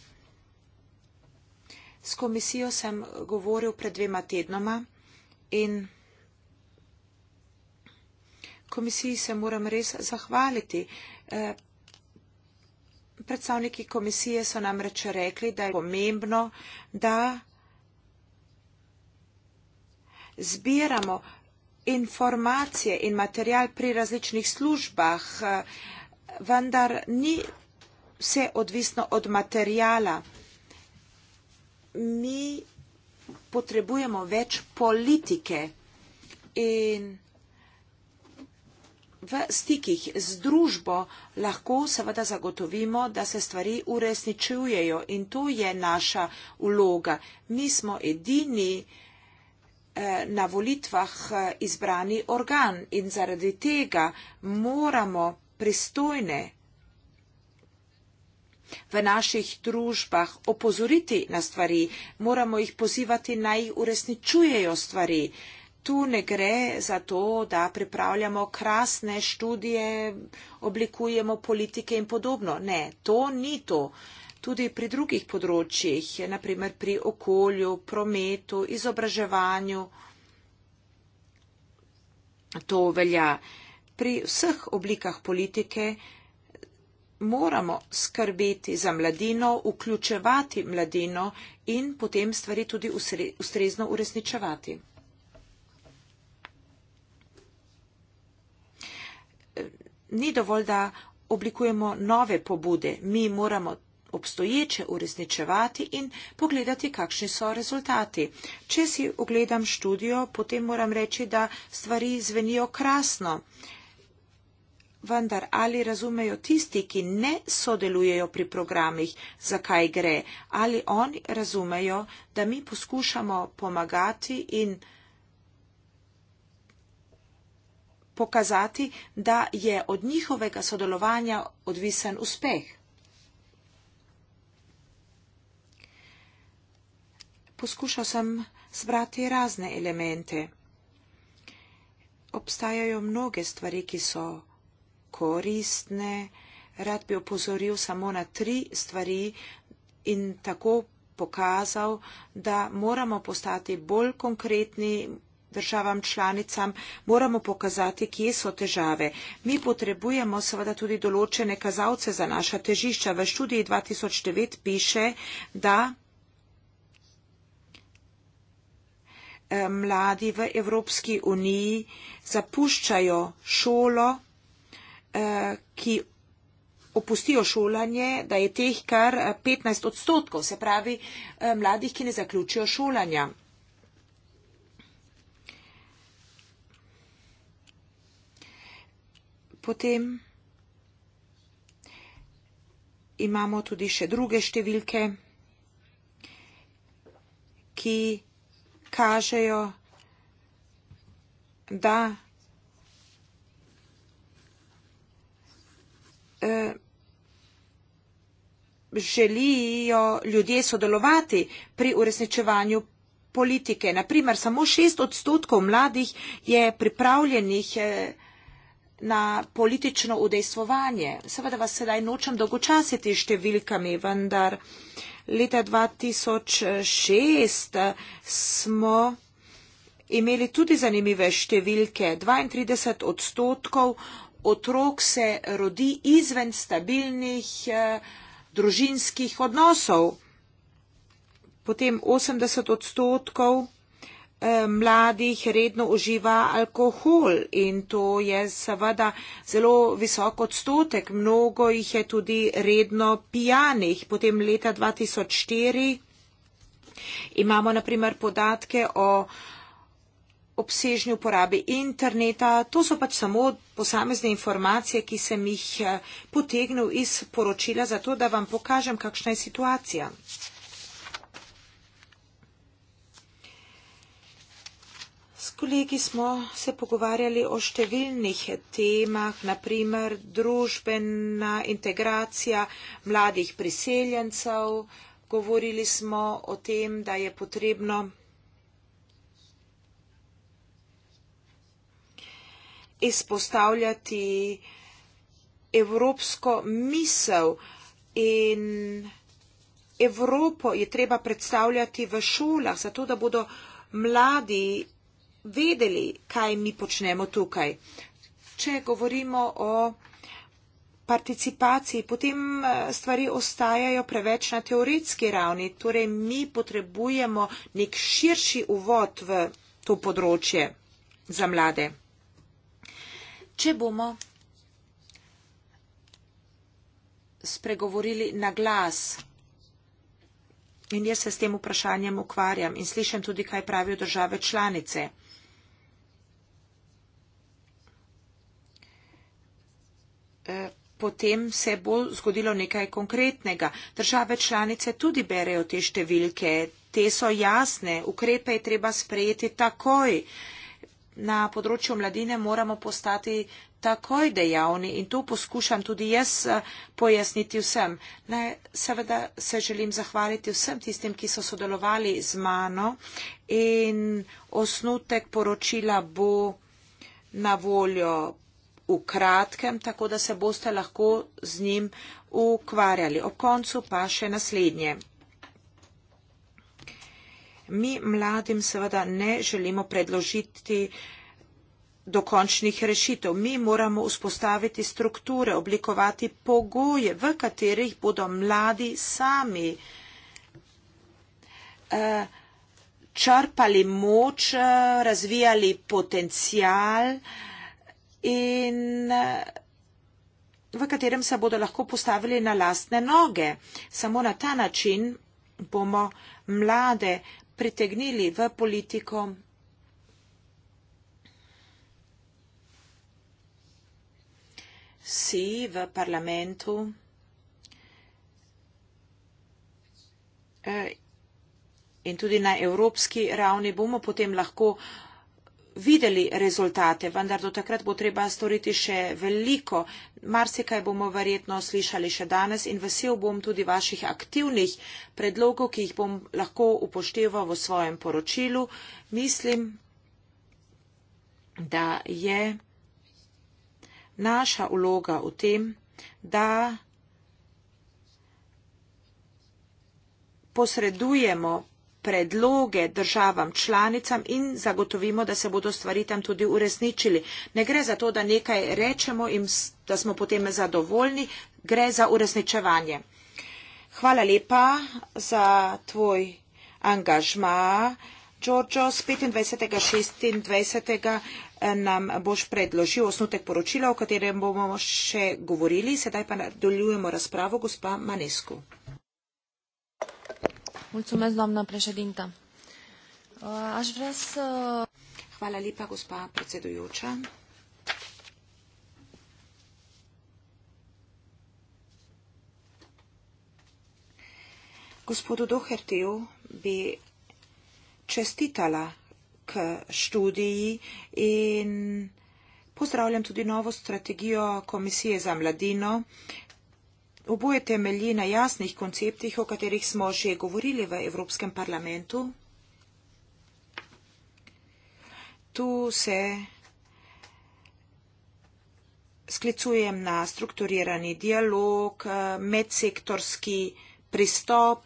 S3: S komisijo sem govoril pred dvema tednoma in komisiji se moram res zahvaliti. Eh, predstavniki komisije so nam reče rekli, da je pomembno, da zbiramo informacije in material pri različnih službah, eh, vendar ni vse odvisno od materijala. Mi potrebujemo več politike in v stikih z družbo lahko seveda zagotovimo, da se stvari uresničujejo in to je naša vloga. Mi smo edini eh, na volitvah eh, izbrani organ in zaradi tega moramo pristojne v naših družbah opozoriti na stvari, moramo jih pozivati, naj jih uresničujejo stvari tu ne gre za to, da pripravljamo krasne študije, oblikujemo politike in podobno. Ne, to ni to. Tudi pri drugih področjih, naprimer pri okolju, prometu, izobraževanju, to velja. Pri vseh oblikah politike moramo skrbeti za mladino, vključevati mladino in potem stvari tudi ustrezno uresničevati. ni dovolj, da oblikujemo nove pobude, mi moramo obstoječe uresničevati in pogledati, kakšni so rezultati. Če si ogledam študijo, potem moram reči, da stvari zvenijo krasno. Vendar ali razumejo tisti, ki ne sodelujejo pri programih, zakaj gre, ali oni razumejo, da mi poskušamo pomagati in pomagati. pokazati, da je od njihovega sodelovanja odvisen uspeh. Poskušal sem zbrati razne elemente. Obstajajo mnoge stvari, ki so koristne. Rad bi opozoril samo na tri stvari in tako pokazal, da moramo postati bolj konkretni, državam članicam, moramo pokazati, kje so težave. Mi potrebujemo seveda tudi določene kazalce za naša težišča. V študiji 2009 piše, da eh, mladi v Evropski uniji zapuščajo šolo, eh, ki opustijo šolanje, da je teh kar 15 odstotkov, se pravi eh, mladih, ki ne zaključijo šolanja. potem imamo tudi še druge številke, ki kažejo, da eh, želijo ljudje sodelovati pri uresničevanju politike. Naprimer, samo šest odstotkov mladih je pripravljenih eh, na politično udejstvovanje. Seveda vas sedaj nočem dolgočasiti številkami, vendar leta 2006 smo imeli tudi zanimive številke. 32 odstotkov otrok se rodi izven stabilnih eh, družinskih odnosov. Potem 80 odstotkov Eh, mladih redno uživa alkohol in to je seveda zelo visok odstotek. Mnogo jih je tudi redno pijanih. Potem leta 2004 imamo naprimer podatke o obsežni uporabi interneta. To so pač samo posamezne informacije, ki sem jih eh, potegnil iz poročila, zato da vam pokažem, kakšna je situacija. kolegi smo se pogovarjali o številnih temah, naprimer družbena integracija mladih priseljencev. Govorili smo o tem, da je potrebno izpostavljati evropsko misel in Evropo je treba predstavljati v šolah, zato da bodo mladi vedeli, kaj mi počnemo tukaj. Če govorimo o participaciji, potem eh, stvari ostajajo preveč na teoretski ravni, torej mi potrebujemo nek širši uvod v to področje za mlade. Če bomo spregovorili na glas, in jaz se s tem vprašanjem ukvarjam in slišim tudi, kaj pravijo države članice. potem se bo zgodilo nekaj konkretnega. Države članice tudi berejo te številke, te so jasne, ukrepe je treba sprejeti takoj. Na področju mladine moramo postati takoj dejavni in to poskušam tudi jaz eh, pojasniti vsem. Ne, seveda se želim zahvaliti vsem tistim, ki so sodelovali z mano in osnutek poročila bo na voljo v kratkem, tako da se boste lahko z njim ukvarjali. Ob koncu pa še naslednje. Mi mladim seveda ne želimo predložiti dokončnih rešitev. Mi moramo vzpostaviti strukture, oblikovati pogoje, v katerih bodo mladi sami eh, črpali moč, eh, razvijali potencial, in eh, v katerem se bodo lahko postavili na lastne noge. Samo na ta način bomo mlade pritegnili v politiko. Vsi v parlamentu eh, in tudi na evropski ravni bomo potem lahko videli rezultate, vendar do takrat bo treba storiti še veliko. Marsikaj bomo verjetno slišali še danes in vesel bom tudi vaših aktivnih predlogov, ki jih bom lahko upošteval v svojem poročilu. Mislim, da je naša vloga v tem, da posredujemo predloge državam članicam in zagotovimo, da se bodo stvari tam tudi uresničili. Ne gre za to, da nekaj rečemo in da smo potem zadovoljni, gre za uresničevanje. Hvala lepa za tvoj angažma. Đorđo, z 25. 26. nam boš predložil osnutek poročila, o katerem bomo še govorili. Sedaj pa nadaljujemo razpravo, gospa Manesku. Mulțumesc, doamnă președintă. Uh, aș vrea să... Hvala lepa, gospa predsedujoča. Gospodu Doherteju bi čestitala k študiji in pozdravljam tudi novo strategijo Komisije za mladino, oboje temelji na jasnih konceptih, o katerih smo že govorili v Evropskem parlamentu. Tu se sklicujem na strukturirani dialog, medsektorski pristop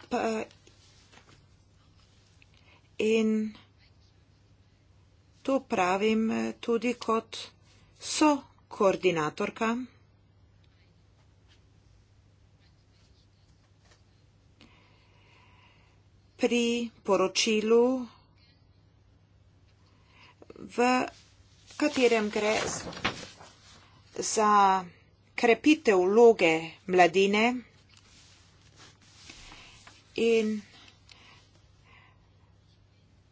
S3: in to pravim tudi kot so koordinatorka. pri poročilu, v katerem gre za krepitev vloge mladine in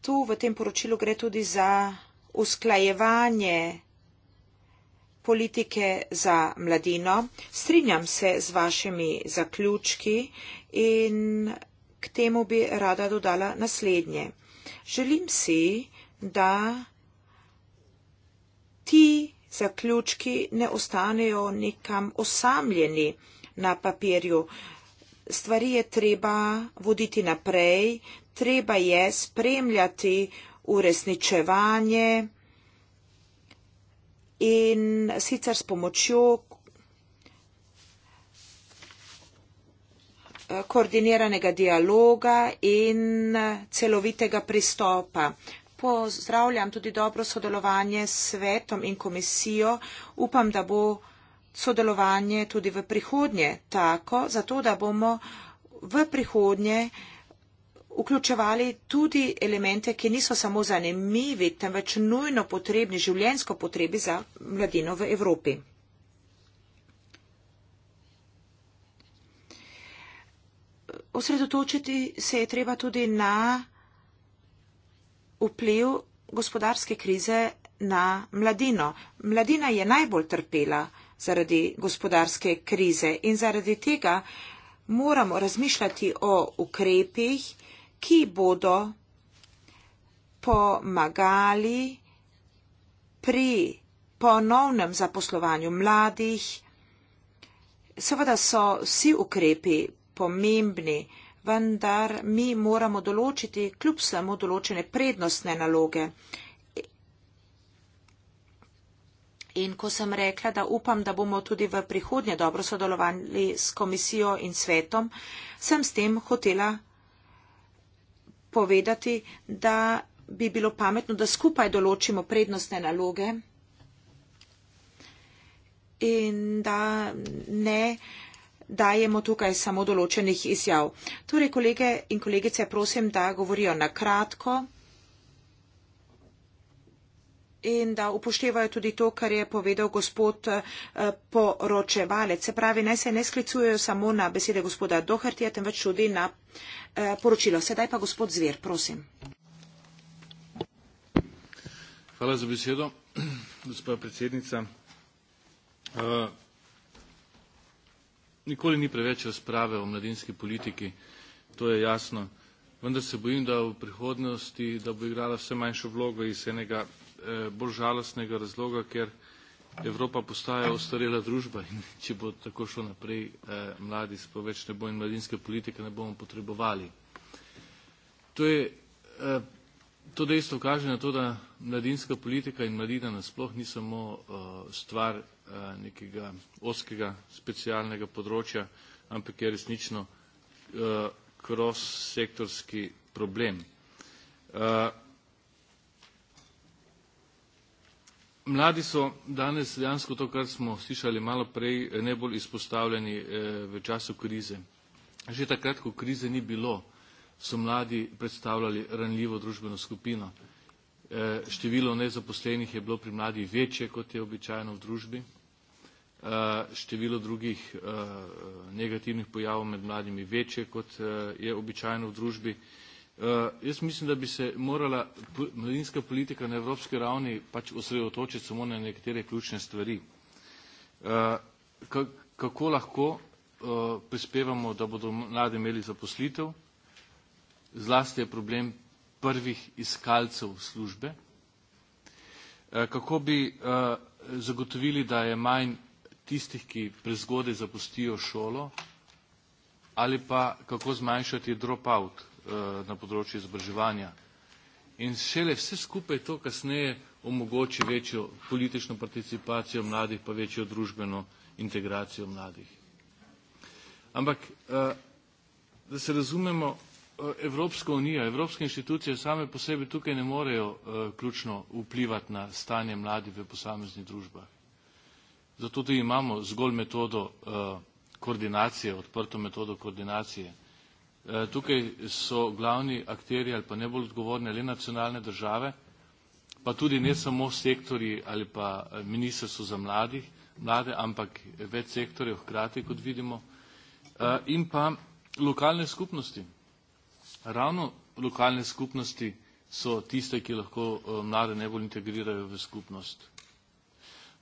S3: tu v tem poročilu gre tudi za usklajevanje politike za mladino. Strinjam se z vašimi zaključki in K temu bi rada dodala naslednje. Želim si, da ti zaključki ne ostanejo nekam osamljeni na papirju. Stvari je treba voditi naprej, treba je spremljati uresničevanje in sicer s pomočjo koordiniranega dialoga in celovitega pristopa. Pozdravljam tudi dobro sodelovanje s svetom in komisijo. Upam, da bo sodelovanje tudi v prihodnje tako, zato da bomo v prihodnje vključevali tudi elemente, ki niso samo zanimivi, temveč nujno potrebni, življensko potrebi za mladino v Evropi. osredotočiti se je treba tudi na vpliv gospodarske krize na mladino. Mladina je najbolj trpela zaradi gospodarske krize in zaradi tega moramo razmišljati o ukrepih, ki bodo pomagali pri ponovnem zaposlovanju mladih. Seveda so vsi ukrepi pomembni, vendar mi moramo določiti kljub samo določene prednostne naloge. In ko sem rekla, da upam, da bomo tudi v prihodnje dobro sodelovali s komisijo in svetom, sem s tem hotela povedati, da bi bilo pametno, da skupaj določimo prednostne naloge in da ne dajemo tukaj samo določenih izjav. Torej, kolege in kolegice, prosim, da govorijo na kratko in da upoštevajo tudi to, kar je povedal gospod eh, poročevalec. Se pravi, naj se ne sklicujejo samo na besede gospoda Dohrtija, temveč tudi na eh, poročilo. Sedaj pa gospod Zver, prosim.
S2: Hvala za besedo, gospod predsednica. Eh, Nikoli ni preveč razprave o mladinski politiki, to je jasno, vendar se bojim, da v prihodnosti, da bo igrala vse manjšo vlogo iz enega eh, bolj žalostnega razloga, ker Evropa postaja ostarela družba in če bo tako šlo naprej, eh, mladi spoveč ne bo in mladinske politike ne bomo potrebovali. To je eh, To dejstvo kaže na to, da mladinska politika in mladina nasploh ni samo uh, stvar uh, nekega oskega specialnega področja, ampak je resnično uh, cross-sektorski problem. Uh, mladi so danes dejansko to, kar smo slišali malo prej, najbolj izpostavljeni uh, v času krize. Že takrat, ko krize ni bilo, so mladi predstavljali ranljivo družbeno skupino. E, število nezaposlenih je bilo pri mladih večje, kot je običajno v družbi. E, število drugih e, negativnih pojavov med mladimi večje, kot je običajno v družbi. Jaz mislim, da bi se morala mladinska politika na evropski ravni pač osredotočiti samo na nekatere ključne stvari. Kako lahko prispevamo, da bodo mladi imeli zaposlitev, zlasti je problem prvih iskalcev službe, eh, kako bi eh, zagotovili, da je manj tistih, ki prezgodaj zapustijo šolo, ali pa kako zmanjšati drop-out eh, na področju izobraževanja. In šele vse skupaj to kasneje omogoči večjo politično participacijo mladih, pa večjo družbeno integracijo mladih. Ampak, da se razumemo, Eh, Evropska unija, evropske institucije same po sebi tukaj ne morejo uh, ključno vplivati na stanje mladih v posameznih družbah. Zato tudi imamo zgolj metodo uh, koordinacije, odprto metodo koordinacije. Tukaj so glavni akteri ali pa najbolj odgovorne le nacionalne države, pa tudi ne samo sektori ali pa ministrstvo za mladih, mlade, ampak več sektorjev hkrati, kot vidimo, in pa lokalne skupnosti ravno lokalne skupnosti so tiste, ki lahko uh, mlade najbolj integrirajo v skupnost.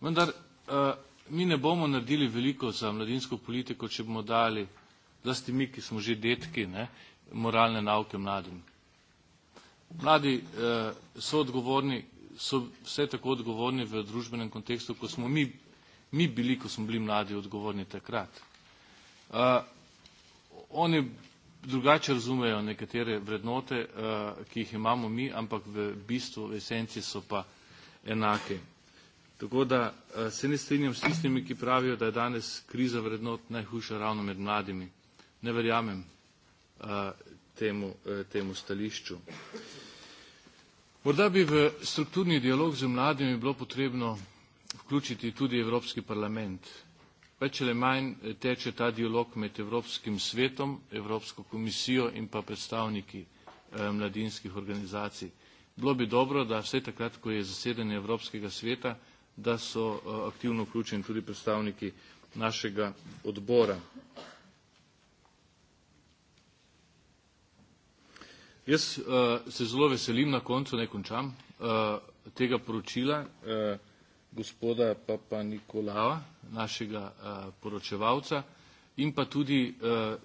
S2: Vendar uh, mi ne bomo naredili veliko za mladinsko politiko, če bomo dali, zlasti mi, ki smo že detki, ne, moralne nauke mladim. Mladi uh, so odgovorni, so vse tako odgovorni v družbenem kontekstu, kot smo mi, mi bili, ko smo bili mladi odgovorni takrat. Uh, oni drugače razumejo nekatere vrednote, eh, ki jih imamo mi, ampak v bistvu, v esenci so pa enake. Tako da eh, se ne strinjam s tistimi, ki pravijo, da je danes kriza vrednot najhujša ravno med mladimi. Ne verjamem eh, temu, temu stališču. Morda bi v strukturni dialog z mladimi bilo potrebno vključiti tudi Evropski parlament več ali manj eh, teče ta dialog med Evropskim svetom, Evropsko komisijo in pa predstavniki eh, mladinskih organizacij. Bilo bi dobro, da vse takrat, ko je zasedanje Evropskega sveta, da so eh, aktivno vključeni tudi predstavniki našega odbora. Jaz se zelo veselim na koncu, ne končam, tega poročila, ki je gospoda Papa Nikolava, našega eh, poročevalca, in pa tudi eh,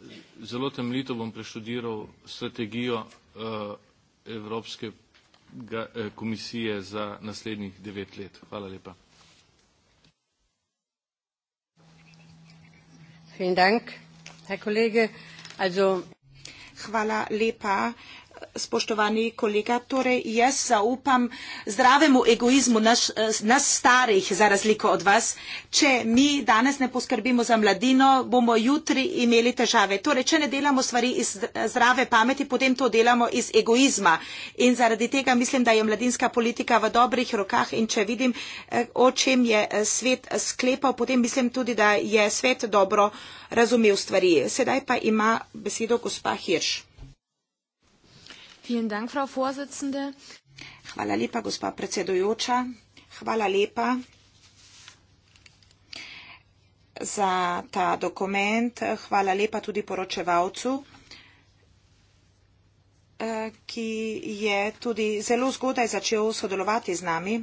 S2: zelo temeljito bom preštudiral strategijo eh, Evropske komisije za naslednjih devet let. Hvala lepa.
S3: Hvala lepa spoštovani kolega, torej jaz zaupam zdravemu egoizmu naš, nas starih, za razliko od vas. Če mi danes ne poskrbimo za mladino, bomo jutri imeli težave. Torej, če ne delamo stvari iz zdrave pameti, potem to delamo iz egoizma. In zaradi tega mislim, da je mladinska politika v dobrih rokah in če vidim, eh, o čem je eh, svet eh, sklepal, potem mislim tudi, da je svet dobro razumel stvari. Sedaj pa ima besedo gospa Hirš. Vielen Dank, Frau Vorsitzende. Hvala lepa, gospa predsedujoča. Hvala lepa za ta dokument. Hvala lepa tudi poročevalcu, eh, ki je tudi zelo zgodaj začel sodelovati z nami.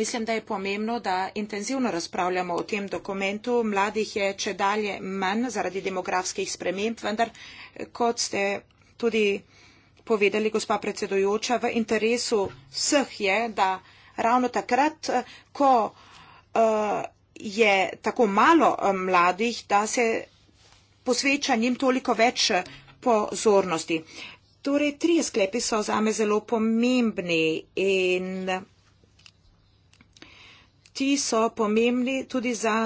S3: Mislim, da je pomembno, da intenzivno razpravljamo o tem dokumentu. Mladih je če dalje manj zaradi demografskih sprememb, vendar kot ste tudi povedali, gospa predsedujoča, v interesu vseh je, da ravno takrat, eh, ko uh, je tako malo uh, mladih, da se posveča njim toliko več pozornosti. Torej, tri sklepi so zame zelo pomembni in ti so pomembni tudi za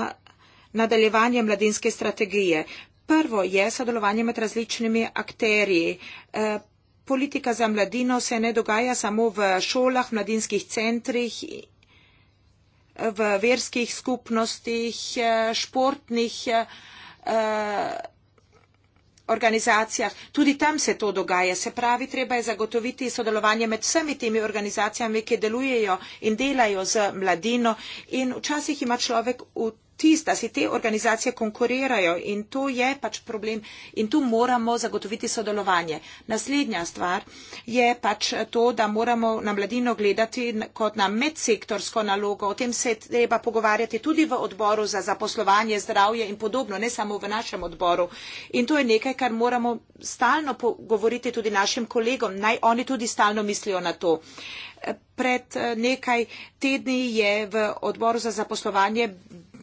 S3: nadaljevanje mladinske strategije. Prvo je sodelovanje med različnimi akterji. Eh, politika za mladino se ne dogaja samo v šolah, mladinskih centrih, v verskih skupnostih, eh, športnih eh, organizacijah. Tudi tam se to dogaja. Se pravi, treba je zagotoviti sodelovanje med vsemi temi organizacijami, ki delujejo in delajo z mladino. In včasih ima človek v tista, si te organizacije konkurirajo in to je pač problem in tu moramo zagotoviti sodelovanje. Naslednja stvar je pač to, da moramo na mladino gledati kot na medsektorsko nalogo. O tem se je treba pogovarjati tudi v odboru za zaposlovanje, zdravje in podobno, ne samo v našem odboru. In to je nekaj, kar moramo stalno govoriti tudi našim kolegom. Naj oni tudi stalno mislijo na to. Pred nekaj tedni je v odboru za zaposlovanje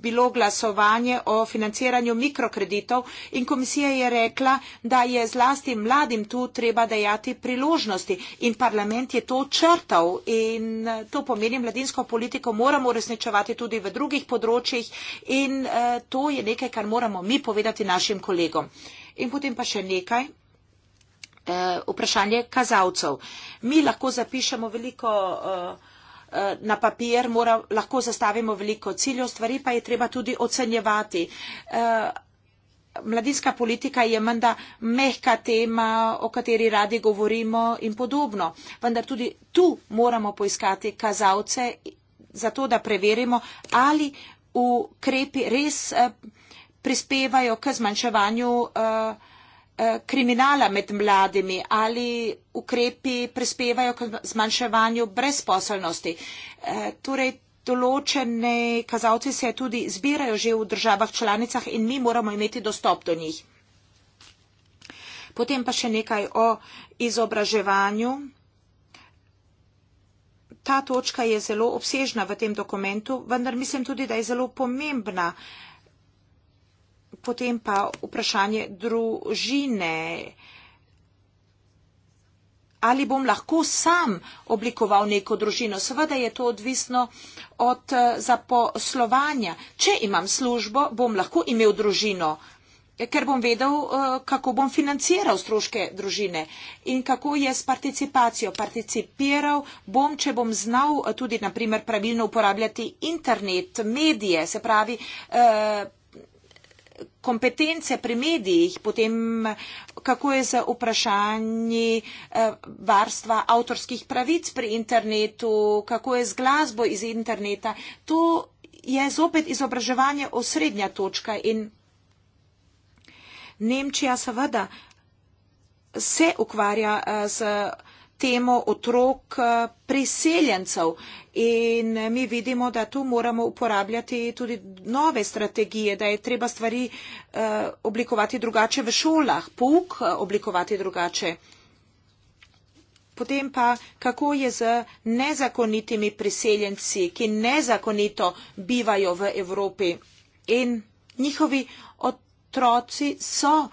S3: bilo glasovanje o financiranju mikrokreditov in komisija je rekla, da je zlasti mladim tu treba dajati priložnosti in parlament je to črtal in to pomeni, mladinsko politiko moramo uresničevati tudi v drugih področjih in eh, to je nekaj, kar moramo mi povedati našim kolegom. In potem pa še nekaj. Uh, vprašanje kazavcev. Mi lahko zapišemo veliko uh Eh, na papir, mora, lahko zastavimo veliko ciljev, stvari pa je treba tudi ocenjevati. Eh, mladinska politika je menda mehka tema, o kateri radi govorimo in podobno, vendar tudi tu moramo poiskati kazalce, zato da preverimo, ali ukrepi res eh, prispevajo k zmanjševanju uh, Eh, kriminala med mladimi ali ukrepi prispevajo k zmanjševanju brezposelnosti. Eh, torej, določene kazalce se tudi zbirajo že v državah članicah in mi moramo imeti dostop do njih. Potem pa še nekaj o izobraževanju. Ta točka je zelo obsežna v tem dokumentu, vendar mislim tudi, da je zelo pomembna potem pa vprašanje družine. Ali bom lahko sam oblikoval neko družino? Seveda je to odvisno od eh, zaposlovanja. Če imam službo, bom lahko imel družino, ker bom vedel, eh, kako bom financiral stroške družine in kako je s participacijo. Participiral bom, če bom znal eh, tudi, naprimer, pravilno uporabljati internet, medije, se pravi, kompetence pri medijih, potem kako je z vprašanji eh, varstva avtorskih pravic pri internetu, kako je z glasbo iz interneta. To je zopet izobraževanje osrednja točka in Nemčija seveda se ukvarja eh, z temo otrok eh, priseljencev in mi vidimo, da tu moramo uporabljati tudi nove strategije, da je treba stvari eh, oblikovati drugače v šolah, pouk eh, oblikovati drugače. Potem pa, kako je z nezakonitimi priseljenci, ki nezakonito bivajo v Evropi in njihovi otroci so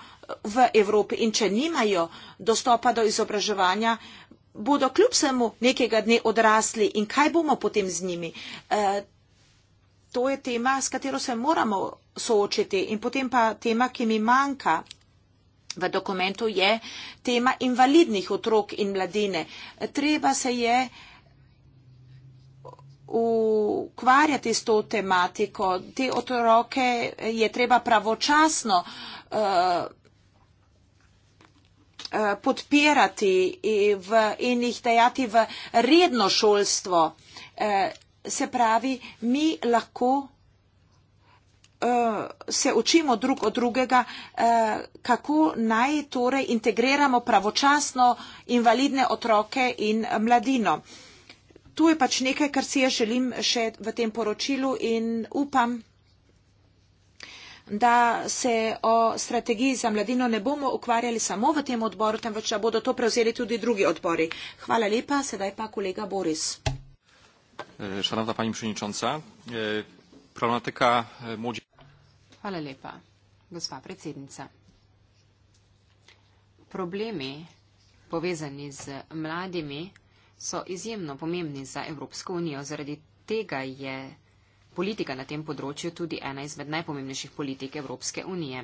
S3: v Evropi in če nimajo dostopa do izobraževanja, bodo kljub vsemu nekega dne odrasli in kaj bomo potem z njimi. E, to je tema, s katero se moramo soočiti in potem pa tema, ki mi manjka v dokumentu, je tema invalidnih otrok in mladine. Treba se je ukvarjati s to tematiko. Te otroke je treba pravočasno uh, Eh, podpirati in jih dajati v redno šolstvo. Eh, se pravi, mi lahko eh, se učimo drug od drugega, kako naj torej integriramo pravočasno invalidne otroke in mladino. To je pač nekaj, kar si jaz želim še v tem poročilu in upam, da se o strategiji za mladino ne bomo ukvarjali samo v tem odboru, temveč da bodo to prevzeli tudi drugi odbori. Hvala lepa, sedaj pa kolega Boris.
S2: Šarada, eh, pani Pšeničonca, eh, problematika eh, mladi.
S3: Hvala
S1: lepa, gospa predsednica. Problemi povezani z mladimi so izjemno pomembni za Evropsko unijo. Zaradi tega je politika na tem področju tudi ena izmed najpomembnejših politik Evropske unije.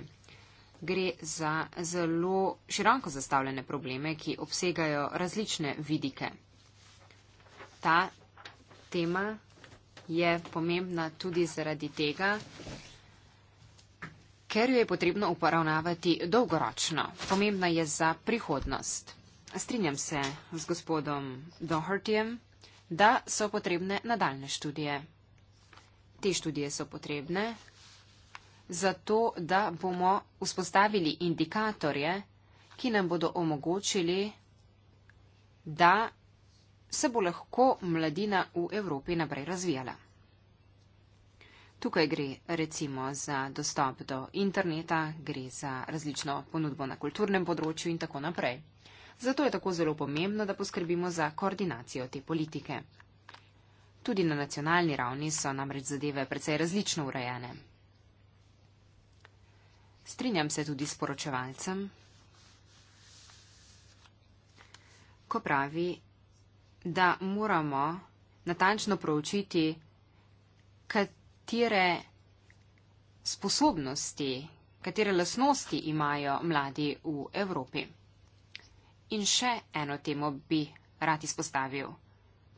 S1: Gre za zelo široko zastavljene probleme, ki obsegajo različne vidike. Ta tema je pomembna tudi zaradi tega, ker jo je potrebno uporavnavati dolgoročno. Pomembna je za prihodnost. Strinjam se z gospodom Dohertjem, da so potrebne nadaljne študije te študije so potrebne, zato da bomo vzpostavili indikatorje, ki nam bodo omogočili, da se bo lahko mladina v Evropi naprej razvijala. Tukaj gre recimo za dostop do interneta, gre za različno ponudbo na kulturnem področju in tako naprej. Zato je tako zelo pomembno, da poskrbimo za koordinacijo te politike. Tudi na nacionalni ravni so namreč zadeve precej različno urejene. Strinjam se tudi s poročevalcem, ko pravi, da moramo natančno proučiti, katere sposobnosti, katere lasnosti imajo mladi v Evropi. In še eno temo bi rad izpostavil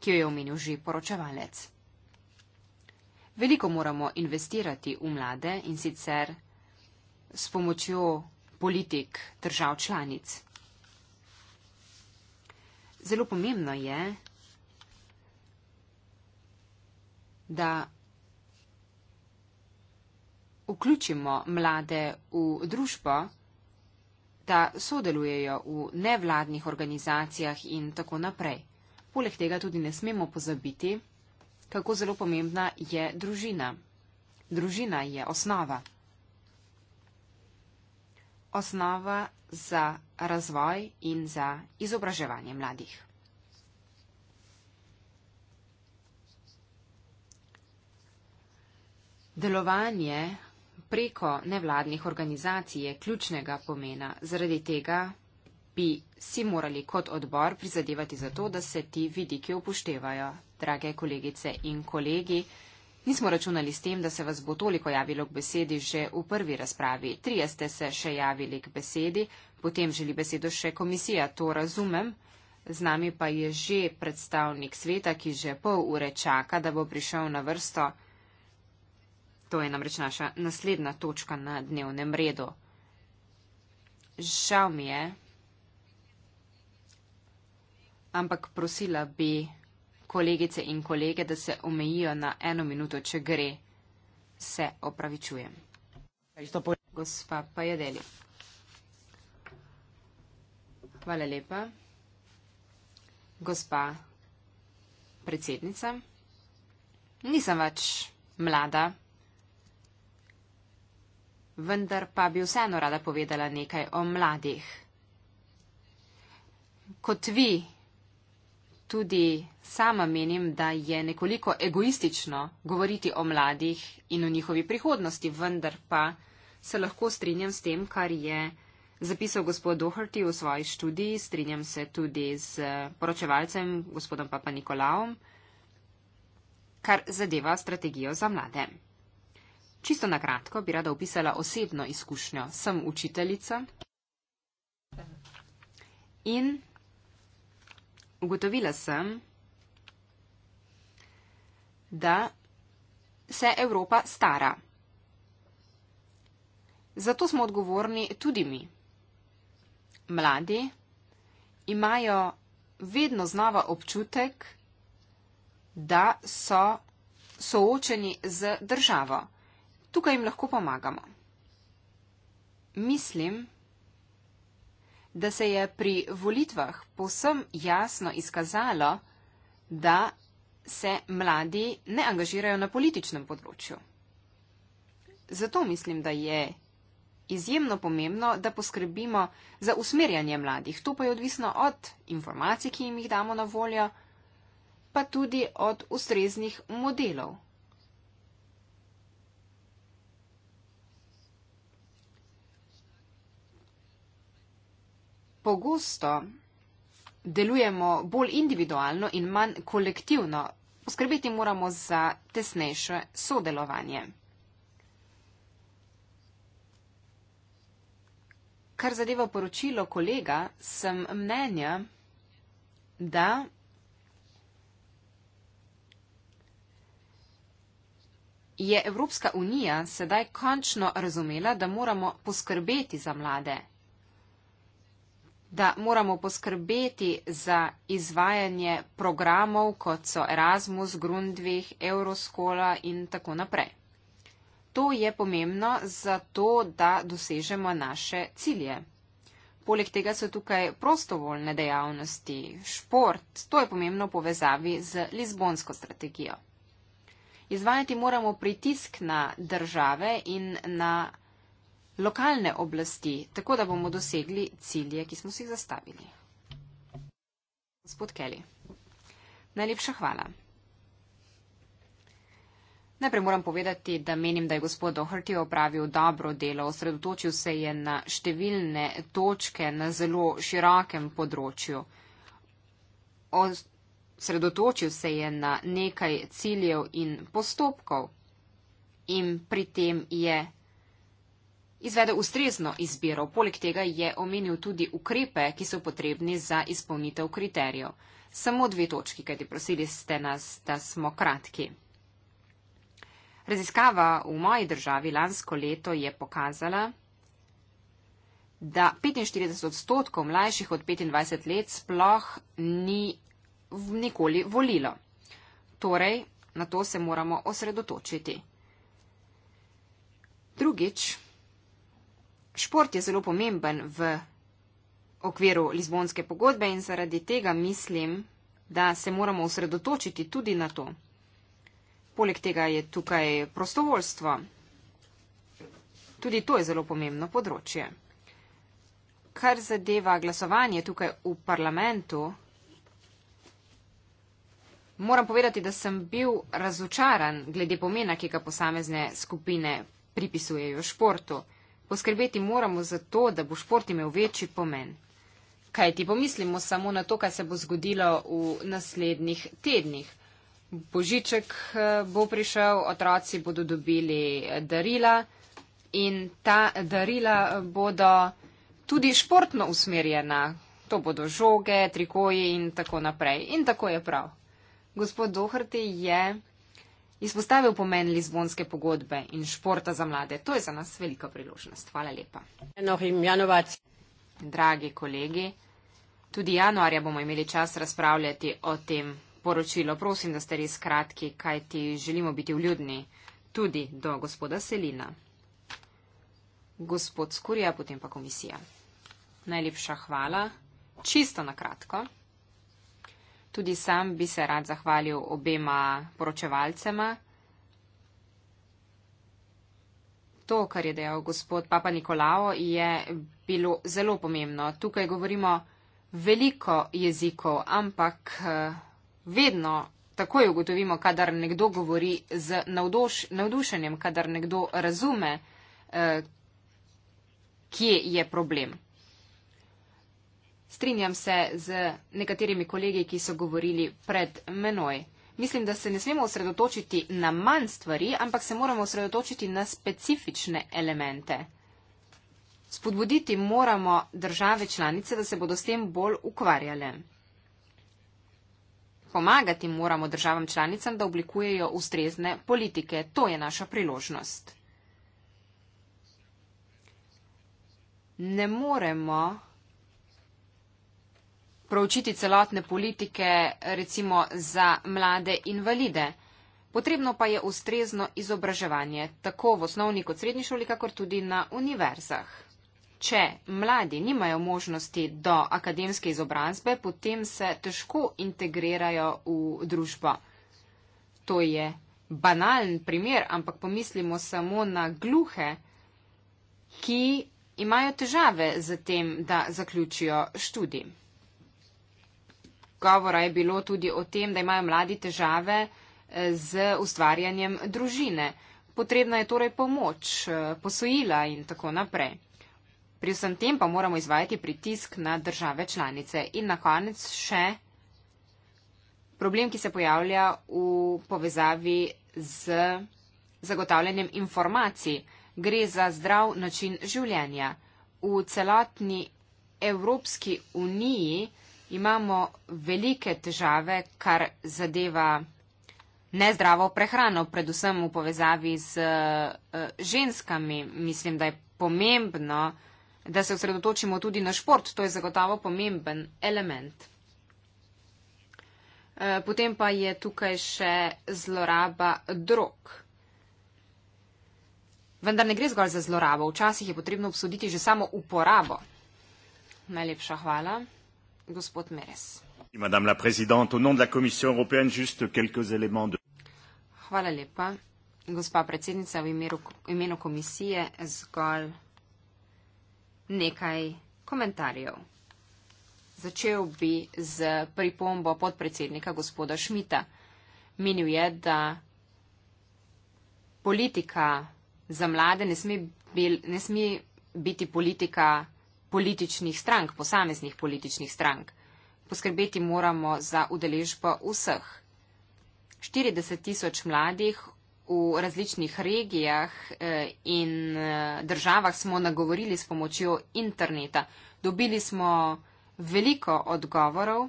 S1: ki jo je omenil že poročevalec. Veliko moramo investirati v mlade in sicer s pomočjo politik držav članic. Zelo pomembno je, da vključimo mlade v družbo, da sodelujejo v nevladnih organizacijah in tako naprej. Poleg tega tudi ne smemo pozabiti, kako zelo pomembna je družina. Družina je osnova. Osnova za razvoj in za izobraževanje mladih. Delovanje preko nevladnih organizacij je ključnega pomena, zaradi tega bi si morali kot odbor prizadevati za to, da se ti vidiki upoštevajo. Drage kolegice in kolegi, nismo računali s tem, da se vas bo toliko javilo k besedi že v prvi razpravi. Trije ste se še javili k besedi, potem želi besedo še komisija, to razumem. Z nami pa je že predstavnik sveta, ki že pol ure čaka, da bo prišel na vrsto. To je namreč naša naslednja točka na dnevnem redu. Žal mi je, ampak prosila bi kolegice in kolege, da se omejijo na eno minuto, če gre. Se opravičujem. Gospa Pajadeli. Hvala lepa. Gospa predsednica, nisem več mlada, vendar pa bi vseeno rada povedala nekaj o mladih. Kot vi, tudi sama menim, da je nekoliko egoistično govoriti o mladih in o njihovi prihodnosti, vendar pa se lahko strinjam s tem, kar je zapisal gospod Doherty v svoji študiji, strinjam se tudi z poročevalcem gospodom Papa Nikolaom, kar zadeva strategijo za mlade. Čisto na kratko bi rada opisala osebno izkušnjo. Sem učiteljica in Ugotovila sem, da se Evropa stara. Zato smo odgovorni tudi mi. Mladi imajo vedno znova občutek, da so soočeni z državo. Tukaj jim lahko pomagamo. Mislim, da se je pri volitvah posem jasno izkazalo, da se mladi ne angažirajo na političnem področju. Zato mislim, da je izjemno pomembno, da poskrbimo za usmerjanje mladih. To pa je odvisno od informacij, ki jim jih damo na voljo, pa tudi od ustreznih modelov. pogosto delujemo bolj individualno in manj kolektivno. Poskrbeti moramo za tesnejše sodelovanje. Kar zadeva poročilo kolega, sem mnenja, da je Evropska unija sedaj končno razumela, da moramo poskrbeti za mlade da moramo poskrbeti za izvajanje programov, kot so Erasmus, Grundvih, Euroskola in tako naprej. To je pomembno zato, da dosežemo naše cilje. Poleg tega so tukaj prostovoljne dejavnosti, šport, to je pomembno v povezavi z Lizbonsko strategijo. Izvajati moramo pritisk na države in na lokalne oblasti, tako da bomo dosegli cilje, ki smo si jih zastavili. Gospod Kelly, najlepša hvala. Najprej moram povedati, da menim, da je gospod Doherty opravil dobro delo, osredotočil se je na številne točke na zelo širokem področju. Osredotočil se je na nekaj ciljev in postopkov in pri tem je izvede ustrezno izbiro. Poleg tega je omenil tudi ukrepe, ki so potrebni za izpolnitev kriterijev. Samo dve točki, kajti prosili ste nas, da smo kratki. Raziskava v moji državi lansko leto je pokazala, da 45 odstotkov mlajših od 25 let sploh ni nikoli volilo. Torej, na to se moramo osredotočiti. Drugič, Šport je zelo pomemben v okviru Lizbonske pogodbe in zaradi tega mislim, da se moramo osredotočiti tudi na to. Poleg tega je tukaj prostovoljstvo. Tudi to je zelo pomembno področje. Kar zadeva glasovanje tukaj v parlamentu, moram povedati, da sem bil razočaran glede pomena, ki ga posamezne skupine pripisujejo športu. Poskrbeti moramo za to, da bo šport imel večji pomen. Kaj ti pomislimo samo na to, kaj se bo zgodilo v naslednjih tednih? Božiček eh, bo prišel, otroci bodo dobili eh, darila in ta darila eh, bodo tudi športno usmerjena. To bodo žoge, trikoji in tako naprej. In tako je prav. Gospod Doherty je. Izpostavil pomen Lizbonske pogodbe in športa za mlade. To je za nas velika priložnost. Hvala lepa. Dragi kolegi, tudi januarja bomo imeli čas razpravljati o tem poročilu. Prosim, da ste res kratki, kaj ti želimo biti vljudni. Tudi do gospoda Selina. Gospod Skurja, potem pa komisija. Najlepša hvala. Čisto na kratko. Tudi sam bi se rad zahvalil obema poročevalcema. To, kar je dejal gospod Papa Nikolao, je bilo zelo pomembno. Tukaj govorimo veliko jezikov, ampak eh, vedno takoj ugotovimo, kadar nekdo govori z navdoš, navdušenjem, kadar nekdo razume, eh, kje je problem. Strinjam se z nekaterimi kolegi, ki so govorili pred menoj. Mislim, da se ne smemo osredotočiti na manj stvari, ampak se moramo osredotočiti na specifične elemente. Spodbuditi moramo države članice, da se bodo s tem bolj ukvarjale. Pomagati moramo državam članicam, da oblikujejo ustrezne politike. To je naša priložnost. Ne moremo proučiti celotne politike, recimo za mlade invalide. Potrebno pa je ustrezno izobraževanje, tako v osnovni kot srednji šoli, kakor tudi na univerzah. Če mladi nimajo možnosti do akademske izobrazbe, potem se težko integrirajo v družbo. To je banalen primer, ampak pomislimo samo na gluhe, ki imajo težave z tem, da zaključijo študij govora je bilo tudi o tem, da imajo mladi težave eh, z ustvarjanjem družine. Potrebna je torej pomoč, eh, posojila in tako naprej. Pri vsem tem pa moramo izvajati pritisk na države članice. In na konec še problem, ki se pojavlja v povezavi z zagotavljanjem informacij. Gre za zdrav način življenja. V celotni Evropski uniji imamo velike težave, kar zadeva nezdravo prehrano, predvsem v povezavi z eh, ženskami. Mislim, da je pomembno, da se osredotočimo tudi na šport. To je zagotovo pomemben element. Eh, potem pa je tukaj še zloraba drog. Vendar ne gre zgolj za zlorabo, včasih je potrebno obsoditi že samo uporabo. Najlepša hvala gospod Meres. Hvala lepa. Gospa predsednica, v imenu komisije zgolj nekaj komentarjev. Začel bi z pripombo podpredsednika gospoda Šmita. Menil je, da politika za mlade ne sme, bil, ne sme biti politika političnih strank, posameznih političnih strank. Poskrbeti moramo za udeležbo vseh. 40 tisoč mladih v različnih regijah eh, in eh, državah smo nagovorili s pomočjo interneta. Dobili smo veliko odgovorov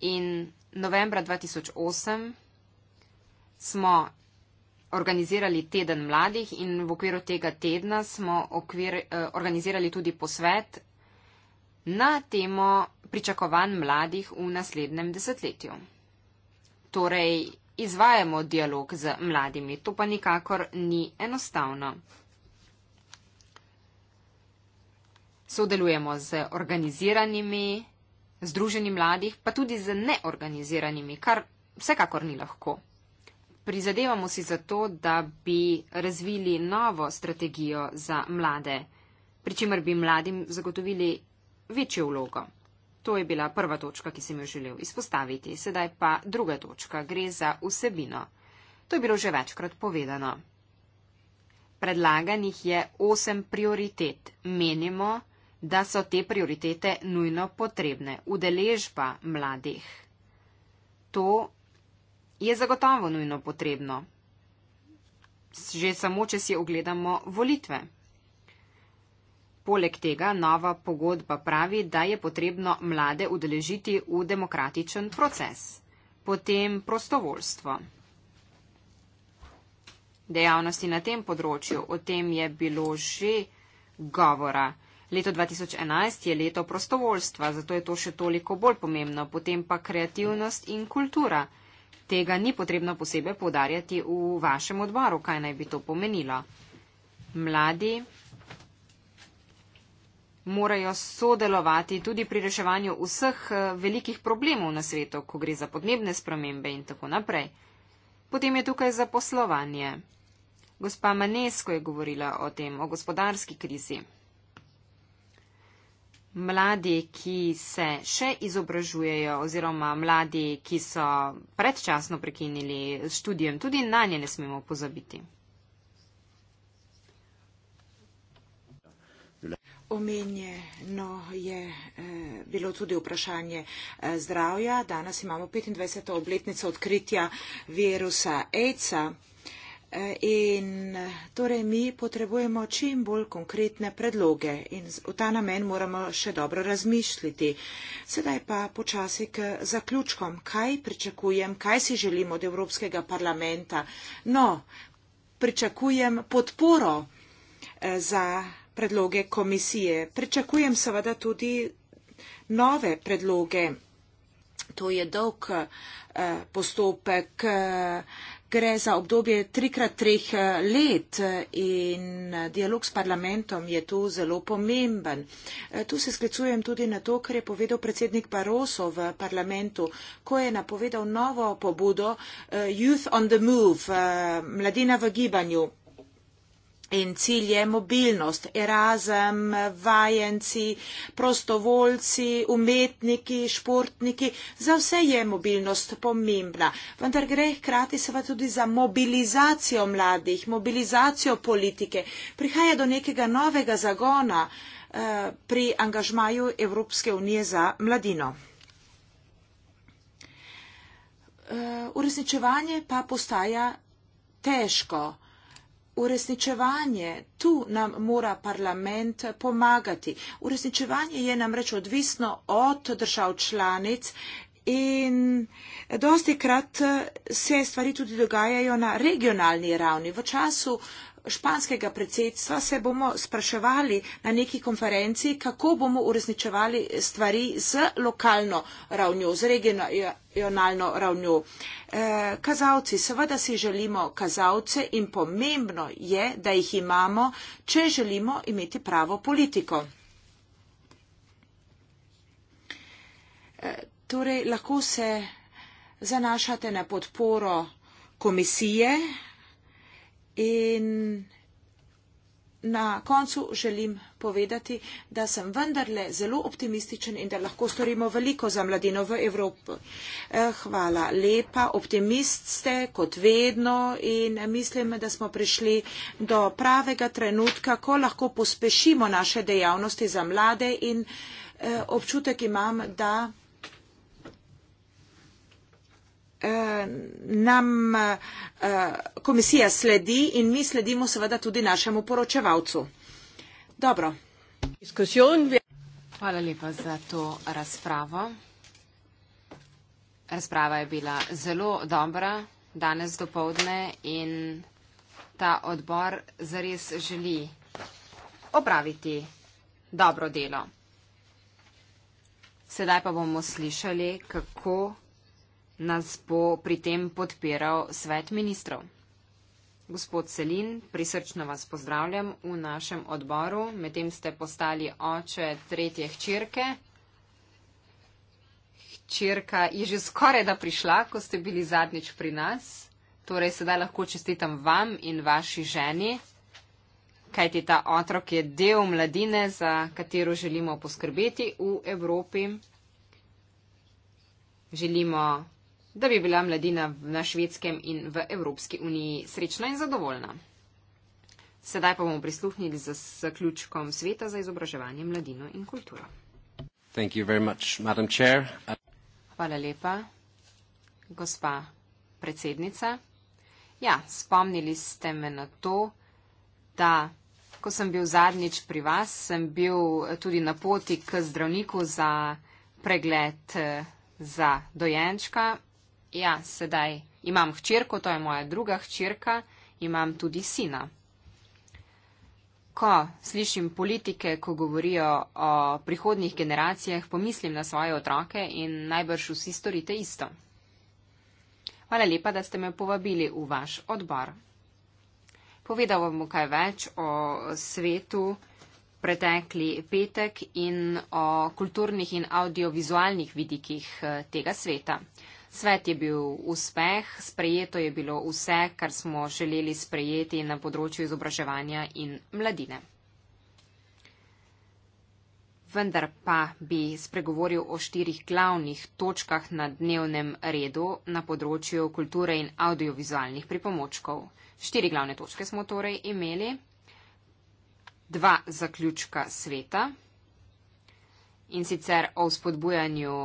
S1: in novembra 2008 smo organizirali teden mladih in v okviru tega tedna smo okvir, eh, organizirali tudi posvet na temo pričakovanj mladih v naslednjem desetletju. Torej, izvajamo dialog z mladimi, to pa nikakor ni enostavno. Sodelujemo z organiziranimi, združenimi mladih, pa tudi z neorganiziranimi, kar vsekakor ni lahko. Prizadevamo si za to, da bi razvili novo strategijo za mlade, pri čemer bi mladim zagotovili večjo vlogo. To je bila prva točka, ki sem jo želel izpostaviti. Sedaj pa druga točka. Gre za vsebino. To je bilo že večkrat povedano. Predlaganih je osem prioritet. Menimo, da so te prioritete nujno potrebne. Udeležba mladih. To je zagotovo nujno potrebno. Že samo, če si ogledamo volitve. Poleg tega nova pogodba pravi, da je potrebno mlade udeležiti v demokratičen proces, potem prostovoljstvo. Dejavnosti na tem področju, o tem je bilo že govora. Leto 2011 je leto prostovoljstva, zato je to še toliko bolj pomembno, potem pa kreativnost in kultura tega ni potrebno posebej povdarjati v vašem odboru, kaj naj bi to pomenilo. Mladi morajo sodelovati tudi pri reševanju vseh eh, velikih problemov na svetu, ko gre za podnebne spremembe in tako naprej. Potem je tukaj zaposlovanje. Gospa Manesko je govorila o tem, o gospodarski krizi mladi, ki se še izobražujejo oziroma mladi, ki so predčasno prekinili študijem, tudi na nje ne smemo pozabiti.
S3: Omenjeno je eh, bilo tudi vprašanje eh, zdravja. Danes imamo 25. obletnico odkritja virusa AIDS-a. In torej mi potrebujemo čim bolj konkretne predloge in v ta namen moramo še dobro razmišljati. Sedaj pa počasi k zaključkom. Kaj pričakujem, kaj si želim od Evropskega parlamenta? No, pričakujem podporo eh, za predloge komisije. Pričakujem seveda tudi nove predloge. To je dolg eh, postopek. Eh, gre za obdobje trikrat treh eh, let eh, in eh, dialog s parlamentom je tu zelo pomemben. Tu se sklicujem tudi na to, kar je povedal predsednik Baroso v parlamentu, ko je napovedal novo pobudo Youth on the Move, mladina v gibanju. In cilj je mobilnost, Erasem, vajenci, prostovoljci, umetniki, športniki, za vse je mobilnost pomembna. Vendar gre hkrati seveda tudi za mobilizacijo mladih, mobilizacijo politike. Prihaja do nekega novega zagona eh, pri angažmaju Evropske unije za mladino. Eh, uresničevanje pa postaja težko uresničevanje, tu nam mora parlament pomagati. Uresničevanje je namreč odvisno od držav članic in dosti krat se stvari tudi dogajajo na regionalni ravni. V času španskega predsedstva se bomo spraševali na neki konferenci, kako bomo uresničevali stvari z lokalno ravnjo, z regionalno ravnjo. Eh, kazalci, seveda si želimo kazalce in pomembno je, da jih imamo, če želimo imeti pravo politiko. Eh, torej, lahko se zanašate na podporo komisije, In na koncu želim povedati, da sem vendarle zelo optimističen in da lahko storimo veliko za mladino v Evropi. Eh, hvala lepa, optimist ste kot vedno in mislim, da smo prišli do pravega trenutka, ko lahko pospešimo naše dejavnosti za mlade in eh, občutek imam, da nam eh, komisija sledi in mi sledimo seveda tudi našemu poročevalcu. Dobro. Hvala lepa za to razpravo.
S1: Razprava je bila zelo dobra danes do povdne in ta odbor zares želi opraviti dobro delo. Sedaj pa bomo slišali, kako nas bo pri tem podpiral svet ministrov. Gospod Selin, prisrčno vas pozdravljam v našem odboru. Medtem ste postali oče tretje hčerke. Hčerka je že skoraj da prišla, ko ste bili zadnjič pri nas. Torej sedaj lahko čestitam vam in vaši ženi, kajti ta otrok je del mladine, za katero želimo poskrbeti v Evropi. Želimo da bi bila mladina na švedskem in v Evropski uniji srečna in zadovoljna. Sedaj pa bomo prisluhnili z zaključkom sveta za izobraževanje mladino in kulturo. Much, Hvala lepa, gospa predsednica. Ja, spomnili ste me na to, da ko sem bil zadnjič pri vas, sem bil tudi na poti k zdravniku za pregled eh, za dojenčka ja, sedaj imam hčerko, to je moja druga hčerka, imam tudi sina. Ko slišim politike, ko govorijo o prihodnih generacijah, pomislim na svoje otroke in najbrž vsi storite isto. Hvala lepa, da ste me povabili v vaš odbor. Povedal vam bom kaj več o svetu pretekli petek in o kulturnih in audiovizualnih vidikih eh, tega sveta. Svet je bil uspeh, sprejeto je bilo vse, kar smo želeli sprejeti na področju izobraževanja in mladine. Vendar pa bi spregovoril o štirih glavnih točkah na dnevnem redu na področju kulture in audiovizualnih pripomočkov. Štiri glavne točke smo torej imeli, dva zaključka sveta in sicer o spodbujanju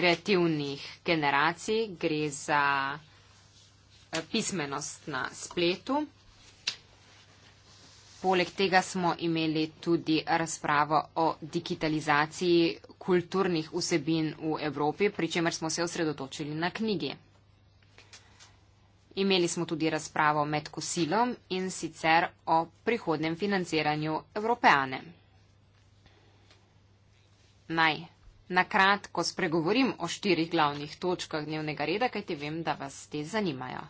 S1: kreativnih generacij, gre za eh, pismenost na spletu. Poleg tega smo imeli tudi razpravo o digitalizaciji kulturnih vsebin v Evropi, pri čemer smo se osredotočili na knjigi. Imeli smo tudi razpravo med kosilom in sicer o prihodnem financiranju Evropejane. Naj na kratko spregovorim o štirih glavnih točkah dnevnega reda, kajti vem, da vas te zanimajo.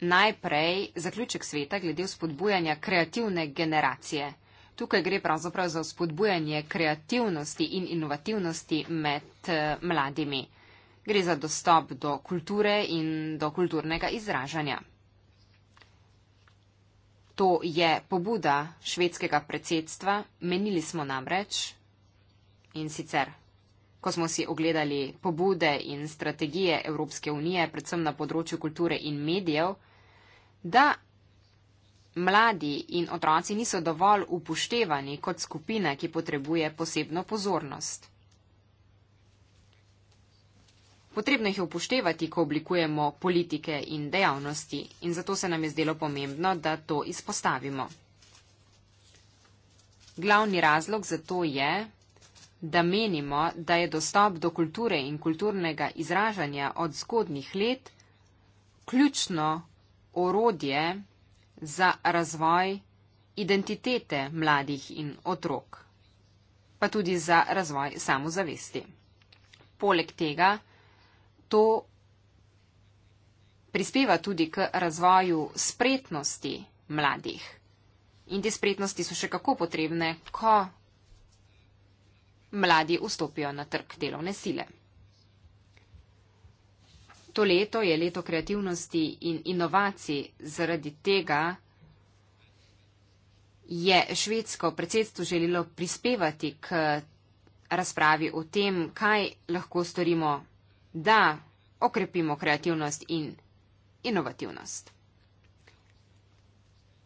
S1: Najprej zaključek sveta glede spodbujanja kreativne generacije. Tukaj gre pravzaprav za spodbujanje kreativnosti in inovativnosti med eh, mladimi. Gre za dostop do kulture in do kulturnega izražanja. To je pobuda švedskega predsedstva, menili smo namreč in sicer, ko smo si ogledali pobude in strategije Evropske unije, predvsem na področju kulture in medijev, da mladi in otroci niso dovolj upoštevani kot skupina, ki potrebuje posebno pozornost. Potrebno jih je upoštevati, ko oblikujemo politike in dejavnosti in zato se nam je zdelo pomembno, da to izpostavimo. Glavni razlog za to je, da menimo, da je dostop do kulture in kulturnega izražanja od zgodnih let ključno orodje za razvoj identitete mladih in otrok, pa tudi za razvoj samozavesti. Poleg tega, to prispeva tudi k razvoju spretnosti mladih. In te spretnosti so še kako potrebne, ko mladi vstopijo na trg delovne sile. To leto je leto kreativnosti in inovacij, zaradi tega je švedsko predsedstvo želelo prispevati k razpravi o tem, kaj lahko storimo da okrepimo kreativnost in inovativnost.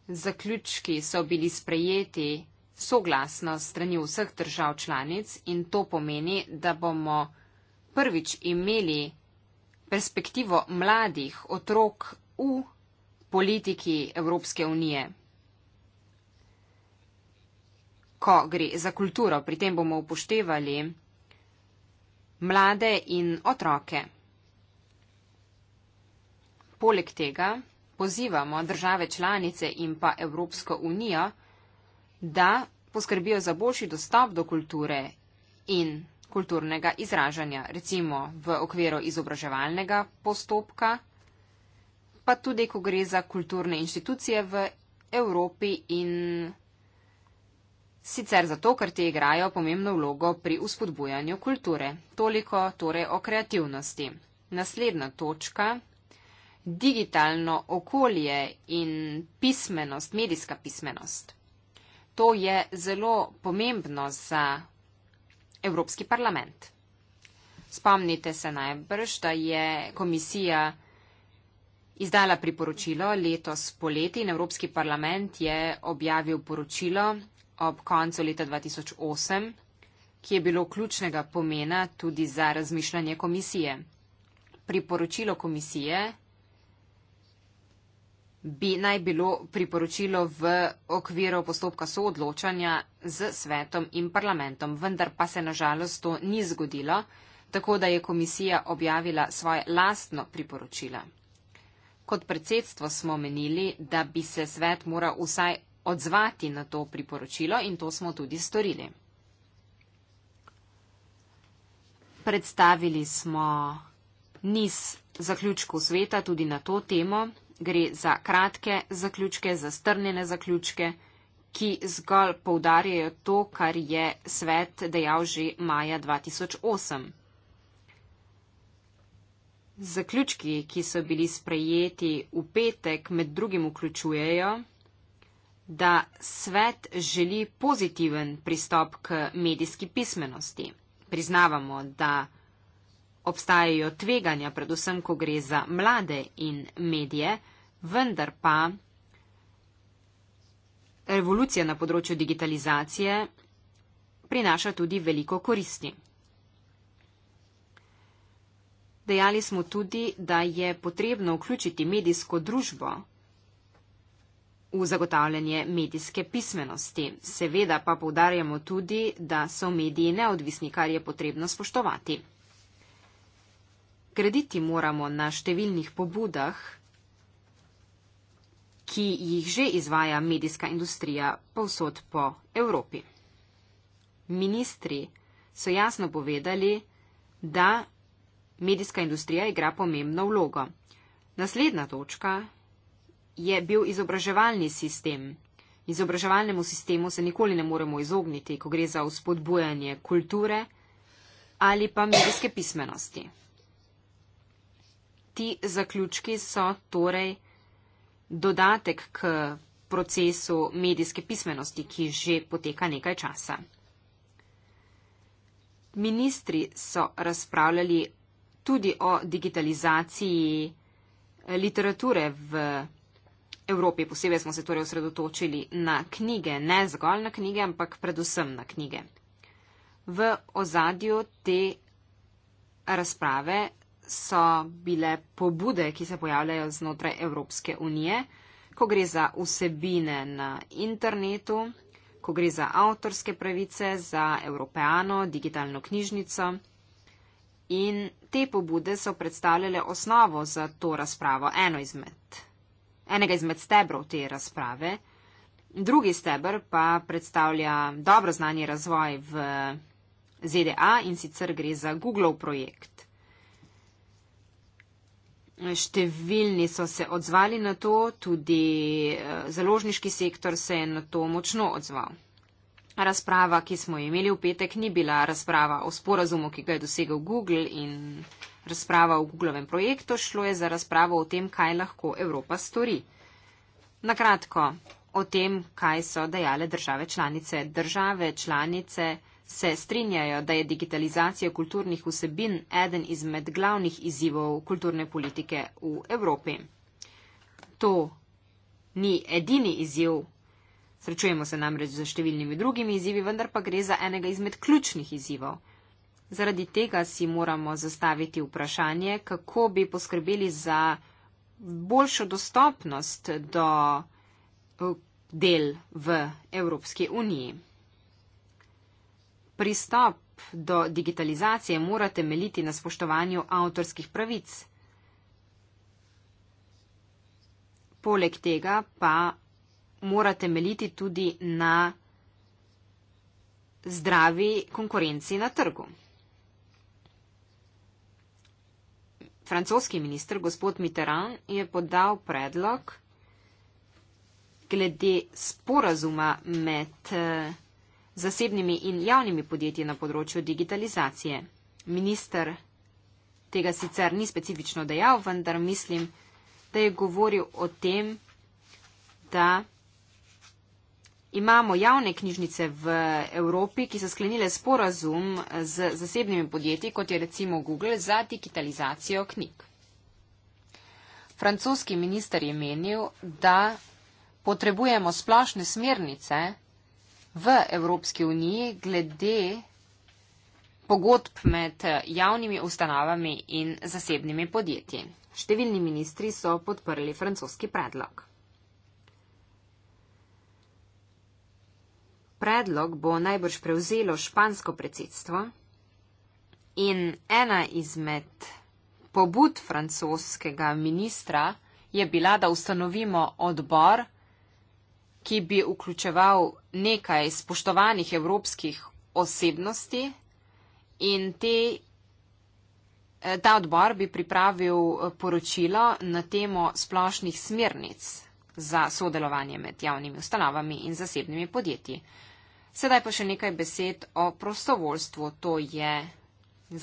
S1: Zaključki so bili sprejeti soglasno strani vseh držav članic in to pomeni, da bomo prvič imeli perspektivo mladih otrok v politiki Evropske unije. Ko gre za kulturo, pri tem bomo upoštevali mlade in otroke. Poleg tega pozivamo države članice in pa Evropsko unijo, da poskrbijo za boljši dostop do kulture in kulturnega izražanja, recimo v okviru izobraževalnega postopka, pa tudi, ko gre za kulturne inštitucije v Evropi in Evropi. Sicer zato, ker te igrajo pomembno vlogo pri uspodbujanju kulture. Toliko torej o kreativnosti. Naslednja točka. Digitalno okolje in pismenost, medijska pismenost. To je zelo pomembno za Evropski parlament. Spomnite se najbrž, da je komisija izdala priporočilo letos poleti in Evropski parlament je objavil poročilo ob koncu leta 2008, ki je bilo ključnega pomena tudi za razmišljanje komisije. Priporočilo komisije bi naj bilo priporočilo v okviru postopka soodločanja z svetom in parlamentom, vendar pa se nažalost to ni zgodilo, tako da je komisija objavila svoje lastno priporočilo. Kot predsedstvo smo menili, da bi se svet moral vsaj odzvati na to priporočilo in to smo tudi storili. Predstavili smo niz zaključkov sveta tudi na to temo. Gre za kratke zaključke, za strnjene zaključke, ki zgolj poudarjajo to, kar je svet dejal že maja 2008. Zaključki, ki so bili sprejeti v petek, med drugim vključujejo da svet želi pozitiven pristop k medijski pismenosti. Priznavamo, da obstajajo tveganja, predvsem, ko gre za mlade in medije, vendar pa revolucija na področju digitalizacije prinaša tudi veliko koristi. Dejali smo tudi, da je potrebno vključiti medijsko družbo v zagotavljanje medijske pismenosti. Seveda pa povdarjamo tudi, da so mediji neodvisni, kar je potrebno spoštovati. Krediti moramo na številnih pobudah, ki jih že izvaja medijska industrija povsod po Evropi. Ministri so jasno povedali, da medijska industrija igra pomembno vlogo. Naslednja točka je bil izobraževalni sistem. Izobraževalnemu sistemu se nikoli ne moremo izogniti, ko gre za vzpodbujanje kulture ali pa medijske pismenosti. Ti zaključki so torej dodatek k procesu medijske pismenosti, ki že poteka nekaj časa. Ministri so razpravljali tudi o digitalizaciji literature v Evropi posebej smo se torej osredotočili na knjige, ne zgolj na knjige, ampak predvsem na knjige. V ozadju te razprave so bile pobude, ki se pojavljajo znotraj Evropske unije, ko gre za vsebine na internetu, ko gre za avtorske pravice, za Evropejano, digitalno knjižnico. In te pobude so predstavljale osnovo za to razpravo, eno izmed enega izmed stebrov te razprave. Drugi stebr pa predstavlja dobro znani razvoj v ZDA in sicer gre za Google projekt. Številni so se odzvali na to, tudi eh, založniški sektor se je na to močno odzval. Razprava, ki smo jo imeli v petek, ni bila razprava o sporazumu, ki ga je dosegel Google in razprava o Googlovem projektu, šlo je za razpravo o tem, kaj lahko Evropa stori. Na kratko, o tem, kaj so dejale države članice. Države članice se strinjajo, da je digitalizacija kulturnih vsebin eden izmed glavnih izzivov kulturne politike v Evropi. To ni edini izziv, srečujemo se namreč za številnimi drugimi izzivi, vendar pa gre za enega izmed ključnih izzivov. Zaradi tega si moramo zastaviti vprašanje, kako bi poskrbeli za boljšo dostopnost do eh, del v Evropski uniji. Pristop do digitalizacije mora temeljiti na spoštovanju avtorskih pravic. Poleg tega pa mora temeljiti tudi na zdravi konkurenci na trgu. francoski minister, gospod Mitterrand, je podal predlog glede sporazuma med eh, zasebnimi in javnimi podjetji na področju digitalizacije. Minister tega sicer ni specifično dejal, vendar mislim, da je govoril o tem, da imamo javne knjižnice v Evropi, ki so sklenile sporazum z zasebnimi podjetji, kot je recimo Google, za digitalizacijo knjig. Francoski minister je menil, da potrebujemo splošne smernice v Evropski uniji glede pogodb med javnimi ustanovami in zasebnimi podjetji. Številni ministri so podprli francoski predlog. predlog bo najbrž prevzelo špansko predsedstvo in ena izmed pobud francoskega ministra je bila, da ustanovimo odbor, ki bi vključeval nekaj spoštovanih evropskih osebnosti in te, eh, ta odbor bi pripravil eh, poročilo na temo splošnih smernic za sodelovanje med javnimi ustanovami in zasebnimi podjetji. Sedaj pa še nekaj besed o prostovoljstvu. To je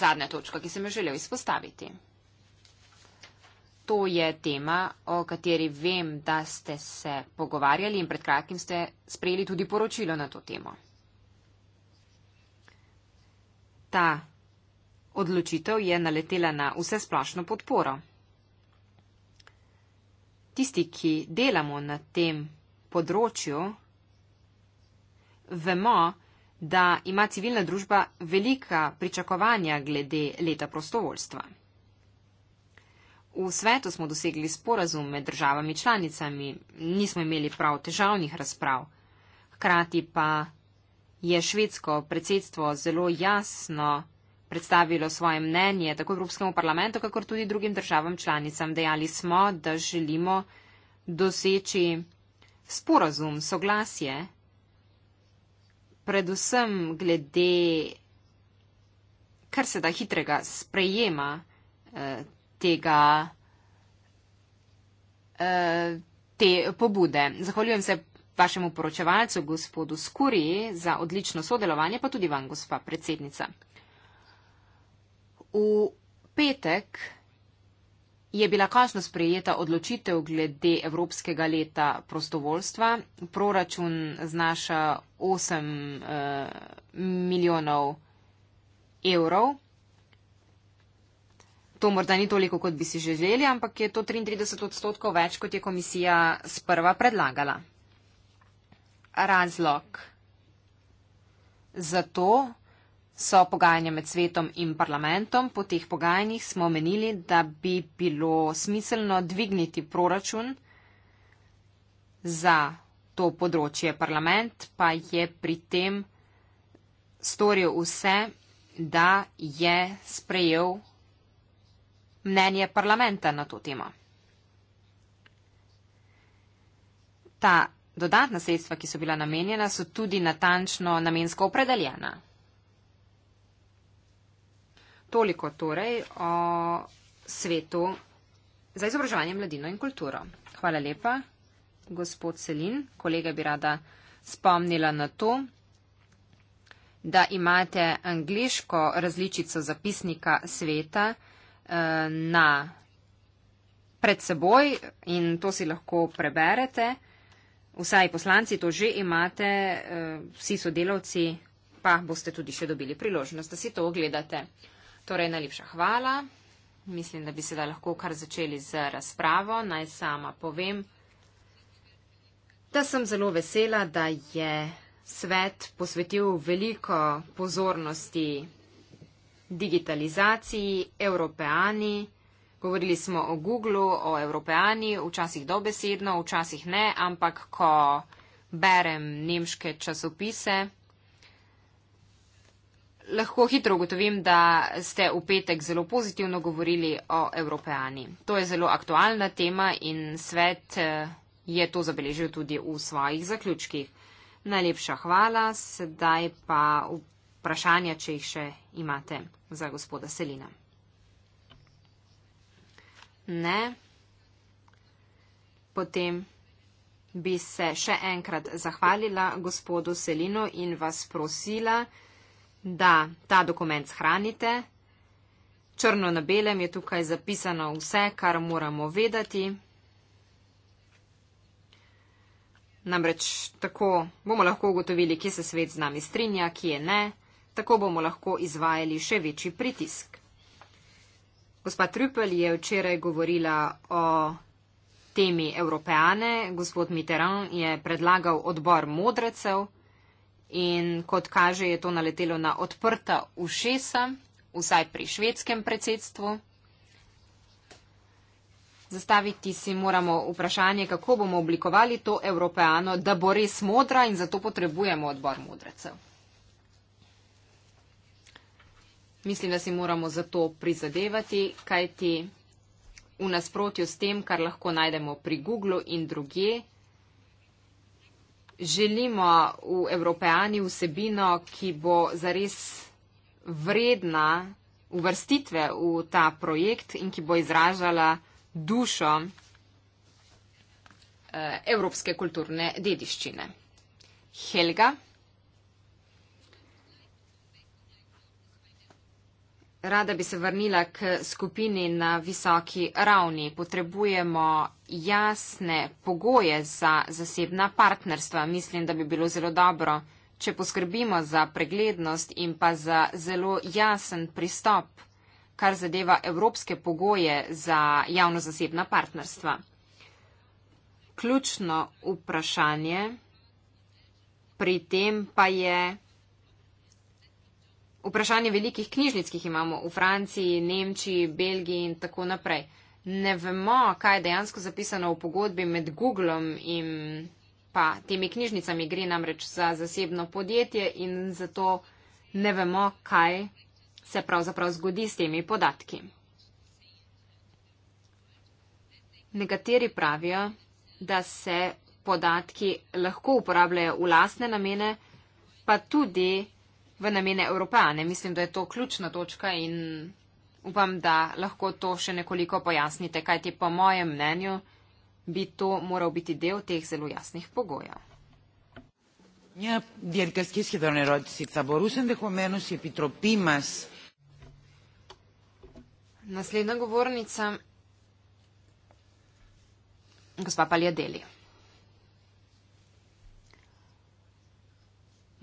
S1: zadnja točka, ki sem jo želel izpostaviti. To je tema, o kateri vem, da ste se pogovarjali in pred kratkim ste sprejeli tudi poročilo na to temo. Ta odločitev je naletela na vse splošno podporo. Tisti, ki delamo na tem področju, vemo, da ima civilna družba velika pričakovanja glede leta prostovoljstva. V svetu smo dosegli sporazum med državami članicami, nismo imeli prav težavnih razprav. Hkrati pa je švedsko predsedstvo zelo jasno predstavilo svoje mnenje tako Evropskemu parlamentu, kakor tudi drugim državam članicam. Dejali smo, da želimo doseči sporazum, soglasje predvsem glede kar se da hitrega sprejema eh, tega, eh, te pobude. Zahvaljujem se vašemu poročevalcu, gospodu Skuriji, za odlično sodelovanje, pa tudi vam, gospa predsednica. V petek Je bila kakšna sprejeta odločitev glede Evropskega leta prostovoljstva? Proračun znaša 8 uh, eh, milijonov evrov. To morda ni toliko, kot bi si želeli, ampak je to 33 odstotkov več, kot je komisija sprva predlagala. Razlog za to, so pogajanja med svetom in parlamentom. Po teh pogajanjih smo menili, da bi bilo smiselno dvigniti proračun za to področje. Parlament pa je pri tem storil vse, da je sprejel mnenje parlamenta na to temo. Ta dodatna sredstva, ki so bila namenjena, so tudi natančno namensko opredeljena toliko torej o svetu za izobraževanje mladino in kulturo. Hvala lepa, gospod Selin. Kolega bi rada spomnila na to, da imate angliško različico zapisnika sveta eh, na pred seboj in to si lahko preberete. Vsaj poslanci to že imate, eh, vsi sodelavci pa boste tudi še dobili priložnost, da si to ogledate. Torej, najlepša hvala. Mislim, da bi se da lahko kar začeli z razpravo. Naj sama povem, da sem zelo vesela, da je svet posvetil veliko pozornosti digitalizaciji, evropejani. Govorili smo o Google, o evropejani, včasih dobesedno, včasih ne, ampak ko berem nemške časopise, lahko hitro ugotovim, da ste v petek zelo pozitivno govorili o Evropejani. To je zelo aktualna tema in svet eh, je to zabeležil tudi v svojih zaključkih. Najlepša hvala, sedaj pa vprašanja, če jih še imate za gospoda Selina. Ne. Potem bi se še enkrat zahvalila gospodu Selinu in vas prosila, da ta dokument shranite. Črno na belem je tukaj zapisano vse, kar moramo vedeti. Namreč tako bomo lahko ugotovili, kje se svet z nami strinja, kje ne, tako bomo lahko izvajali še večji pritisk. Gospa Trüppel je včeraj govorila o temi Evropejane, gospod Mitterrand je predlagal odbor modrecev in kot kaže, je to naletelo na odprta ušesa, vsaj pri švedskem predsedstvu. Zastaviti si moramo vprašanje, kako bomo oblikovali to evropejano, da bo res modra in zato potrebujemo odbor modrecev. Mislim, da si moramo za to prizadevati, kajti v nasprotju s tem, kar lahko najdemo pri Google in drugje, želimo v Evropejani vsebino, ki bo zares vredna uvrstitve v ta projekt in ki bo izražala dušo eh, evropske kulturne dediščine. Helga. Rada bi se vrnila k skupini na visoki ravni. Potrebujemo jasne pogoje za zasebna partnerstva. Mislim, da bi bilo zelo dobro, če poskrbimo za preglednost in pa za zelo jasen pristop, kar zadeva evropske pogoje za javno-zasebna partnerstva. Ključno vprašanje pri tem pa je, vprašanje velikih knjižnic, ki jih imamo v Franciji, Nemčiji, Belgiji in tako naprej. Ne vemo, kaj je dejansko zapisano v pogodbi med Googlom in pa temi knjižnicami. Gre namreč za zasebno podjetje in zato ne vemo, kaj se pravzaprav zgodi s temi podatki. Nekateri pravijo, da se podatki lahko uporabljajo v lasne namene, pa tudi v namene Evropane. Mislim, da je to ključna točka in upam, da lahko to še nekoliko pojasnite, kajti po mojem mnenju bi to moral biti del teh zelo jasnih pogojev. Naslednja govornica, gospa Paljadeli.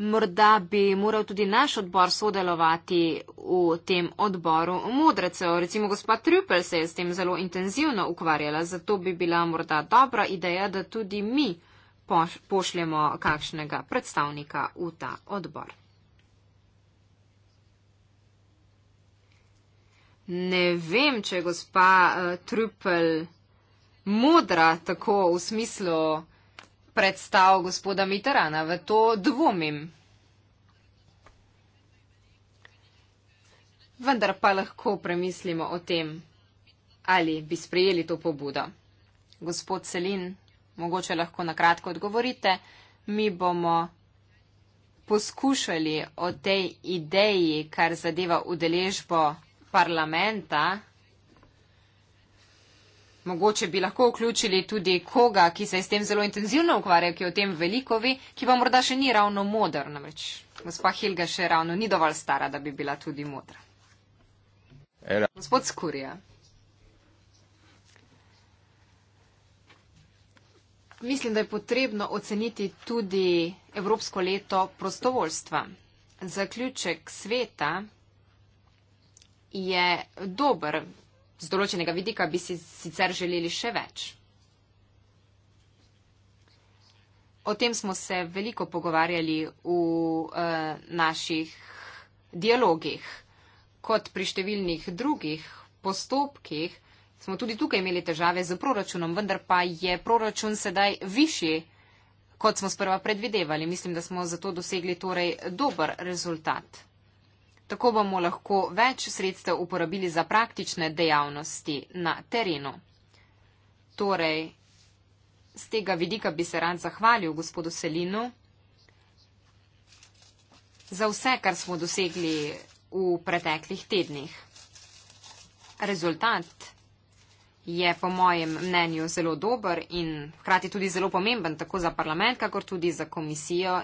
S1: morda bi moral tudi naš odbor sodelovati v tem odboru modrecev. Recimo gospod Trupel se je s tem zelo intenzivno ukvarjala, zato bi bila morda dobra ideja, da tudi mi pošljemo kakšnega predstavnika v ta odbor. Ne vem, če je gospa uh, Trupel modra tako v smislu predstav gospoda Mitterana, v to dvomim. Vendar pa lahko premislimo o tem, ali bi sprejeli to pobudo. Gospod Selin, mogoče lahko nakratko odgovorite, mi bomo poskušali o tej ideji, kar zadeva udeležbo parlamenta, Mogoče bi lahko vključili tudi koga, ki se je s tem zelo intenzivno ukvarjal, ki o tem veliko ve, ki pa morda še ni ravno modr, namreč gospa Hilga še ravno ni dovolj stara, da bi bila tudi modra. Era. Gospod Skurija. Mislim, da je potrebno oceniti tudi Evropsko leto prostovoljstva. Zaključek sveta je dober, Z določenega vidika bi si sicer želeli še več. O tem smo se veliko pogovarjali v uh, naših dialogih. Kot pri številnih drugih postopkih smo tudi tukaj imeli težave z proračunom, vendar pa je proračun sedaj višji, kot smo sprva predvidevali. Mislim, da smo zato dosegli torej dober rezultat. Tako bomo lahko več sredstev uporabili za praktične dejavnosti na terenu. Torej, z tega vidika bi se rad zahvalil gospodu Selinu za vse, kar smo dosegli v preteklih tednih. Rezultat je po mojem mnenju zelo dober in hkrati tudi zelo pomemben tako za parlament, kakor tudi za komisijo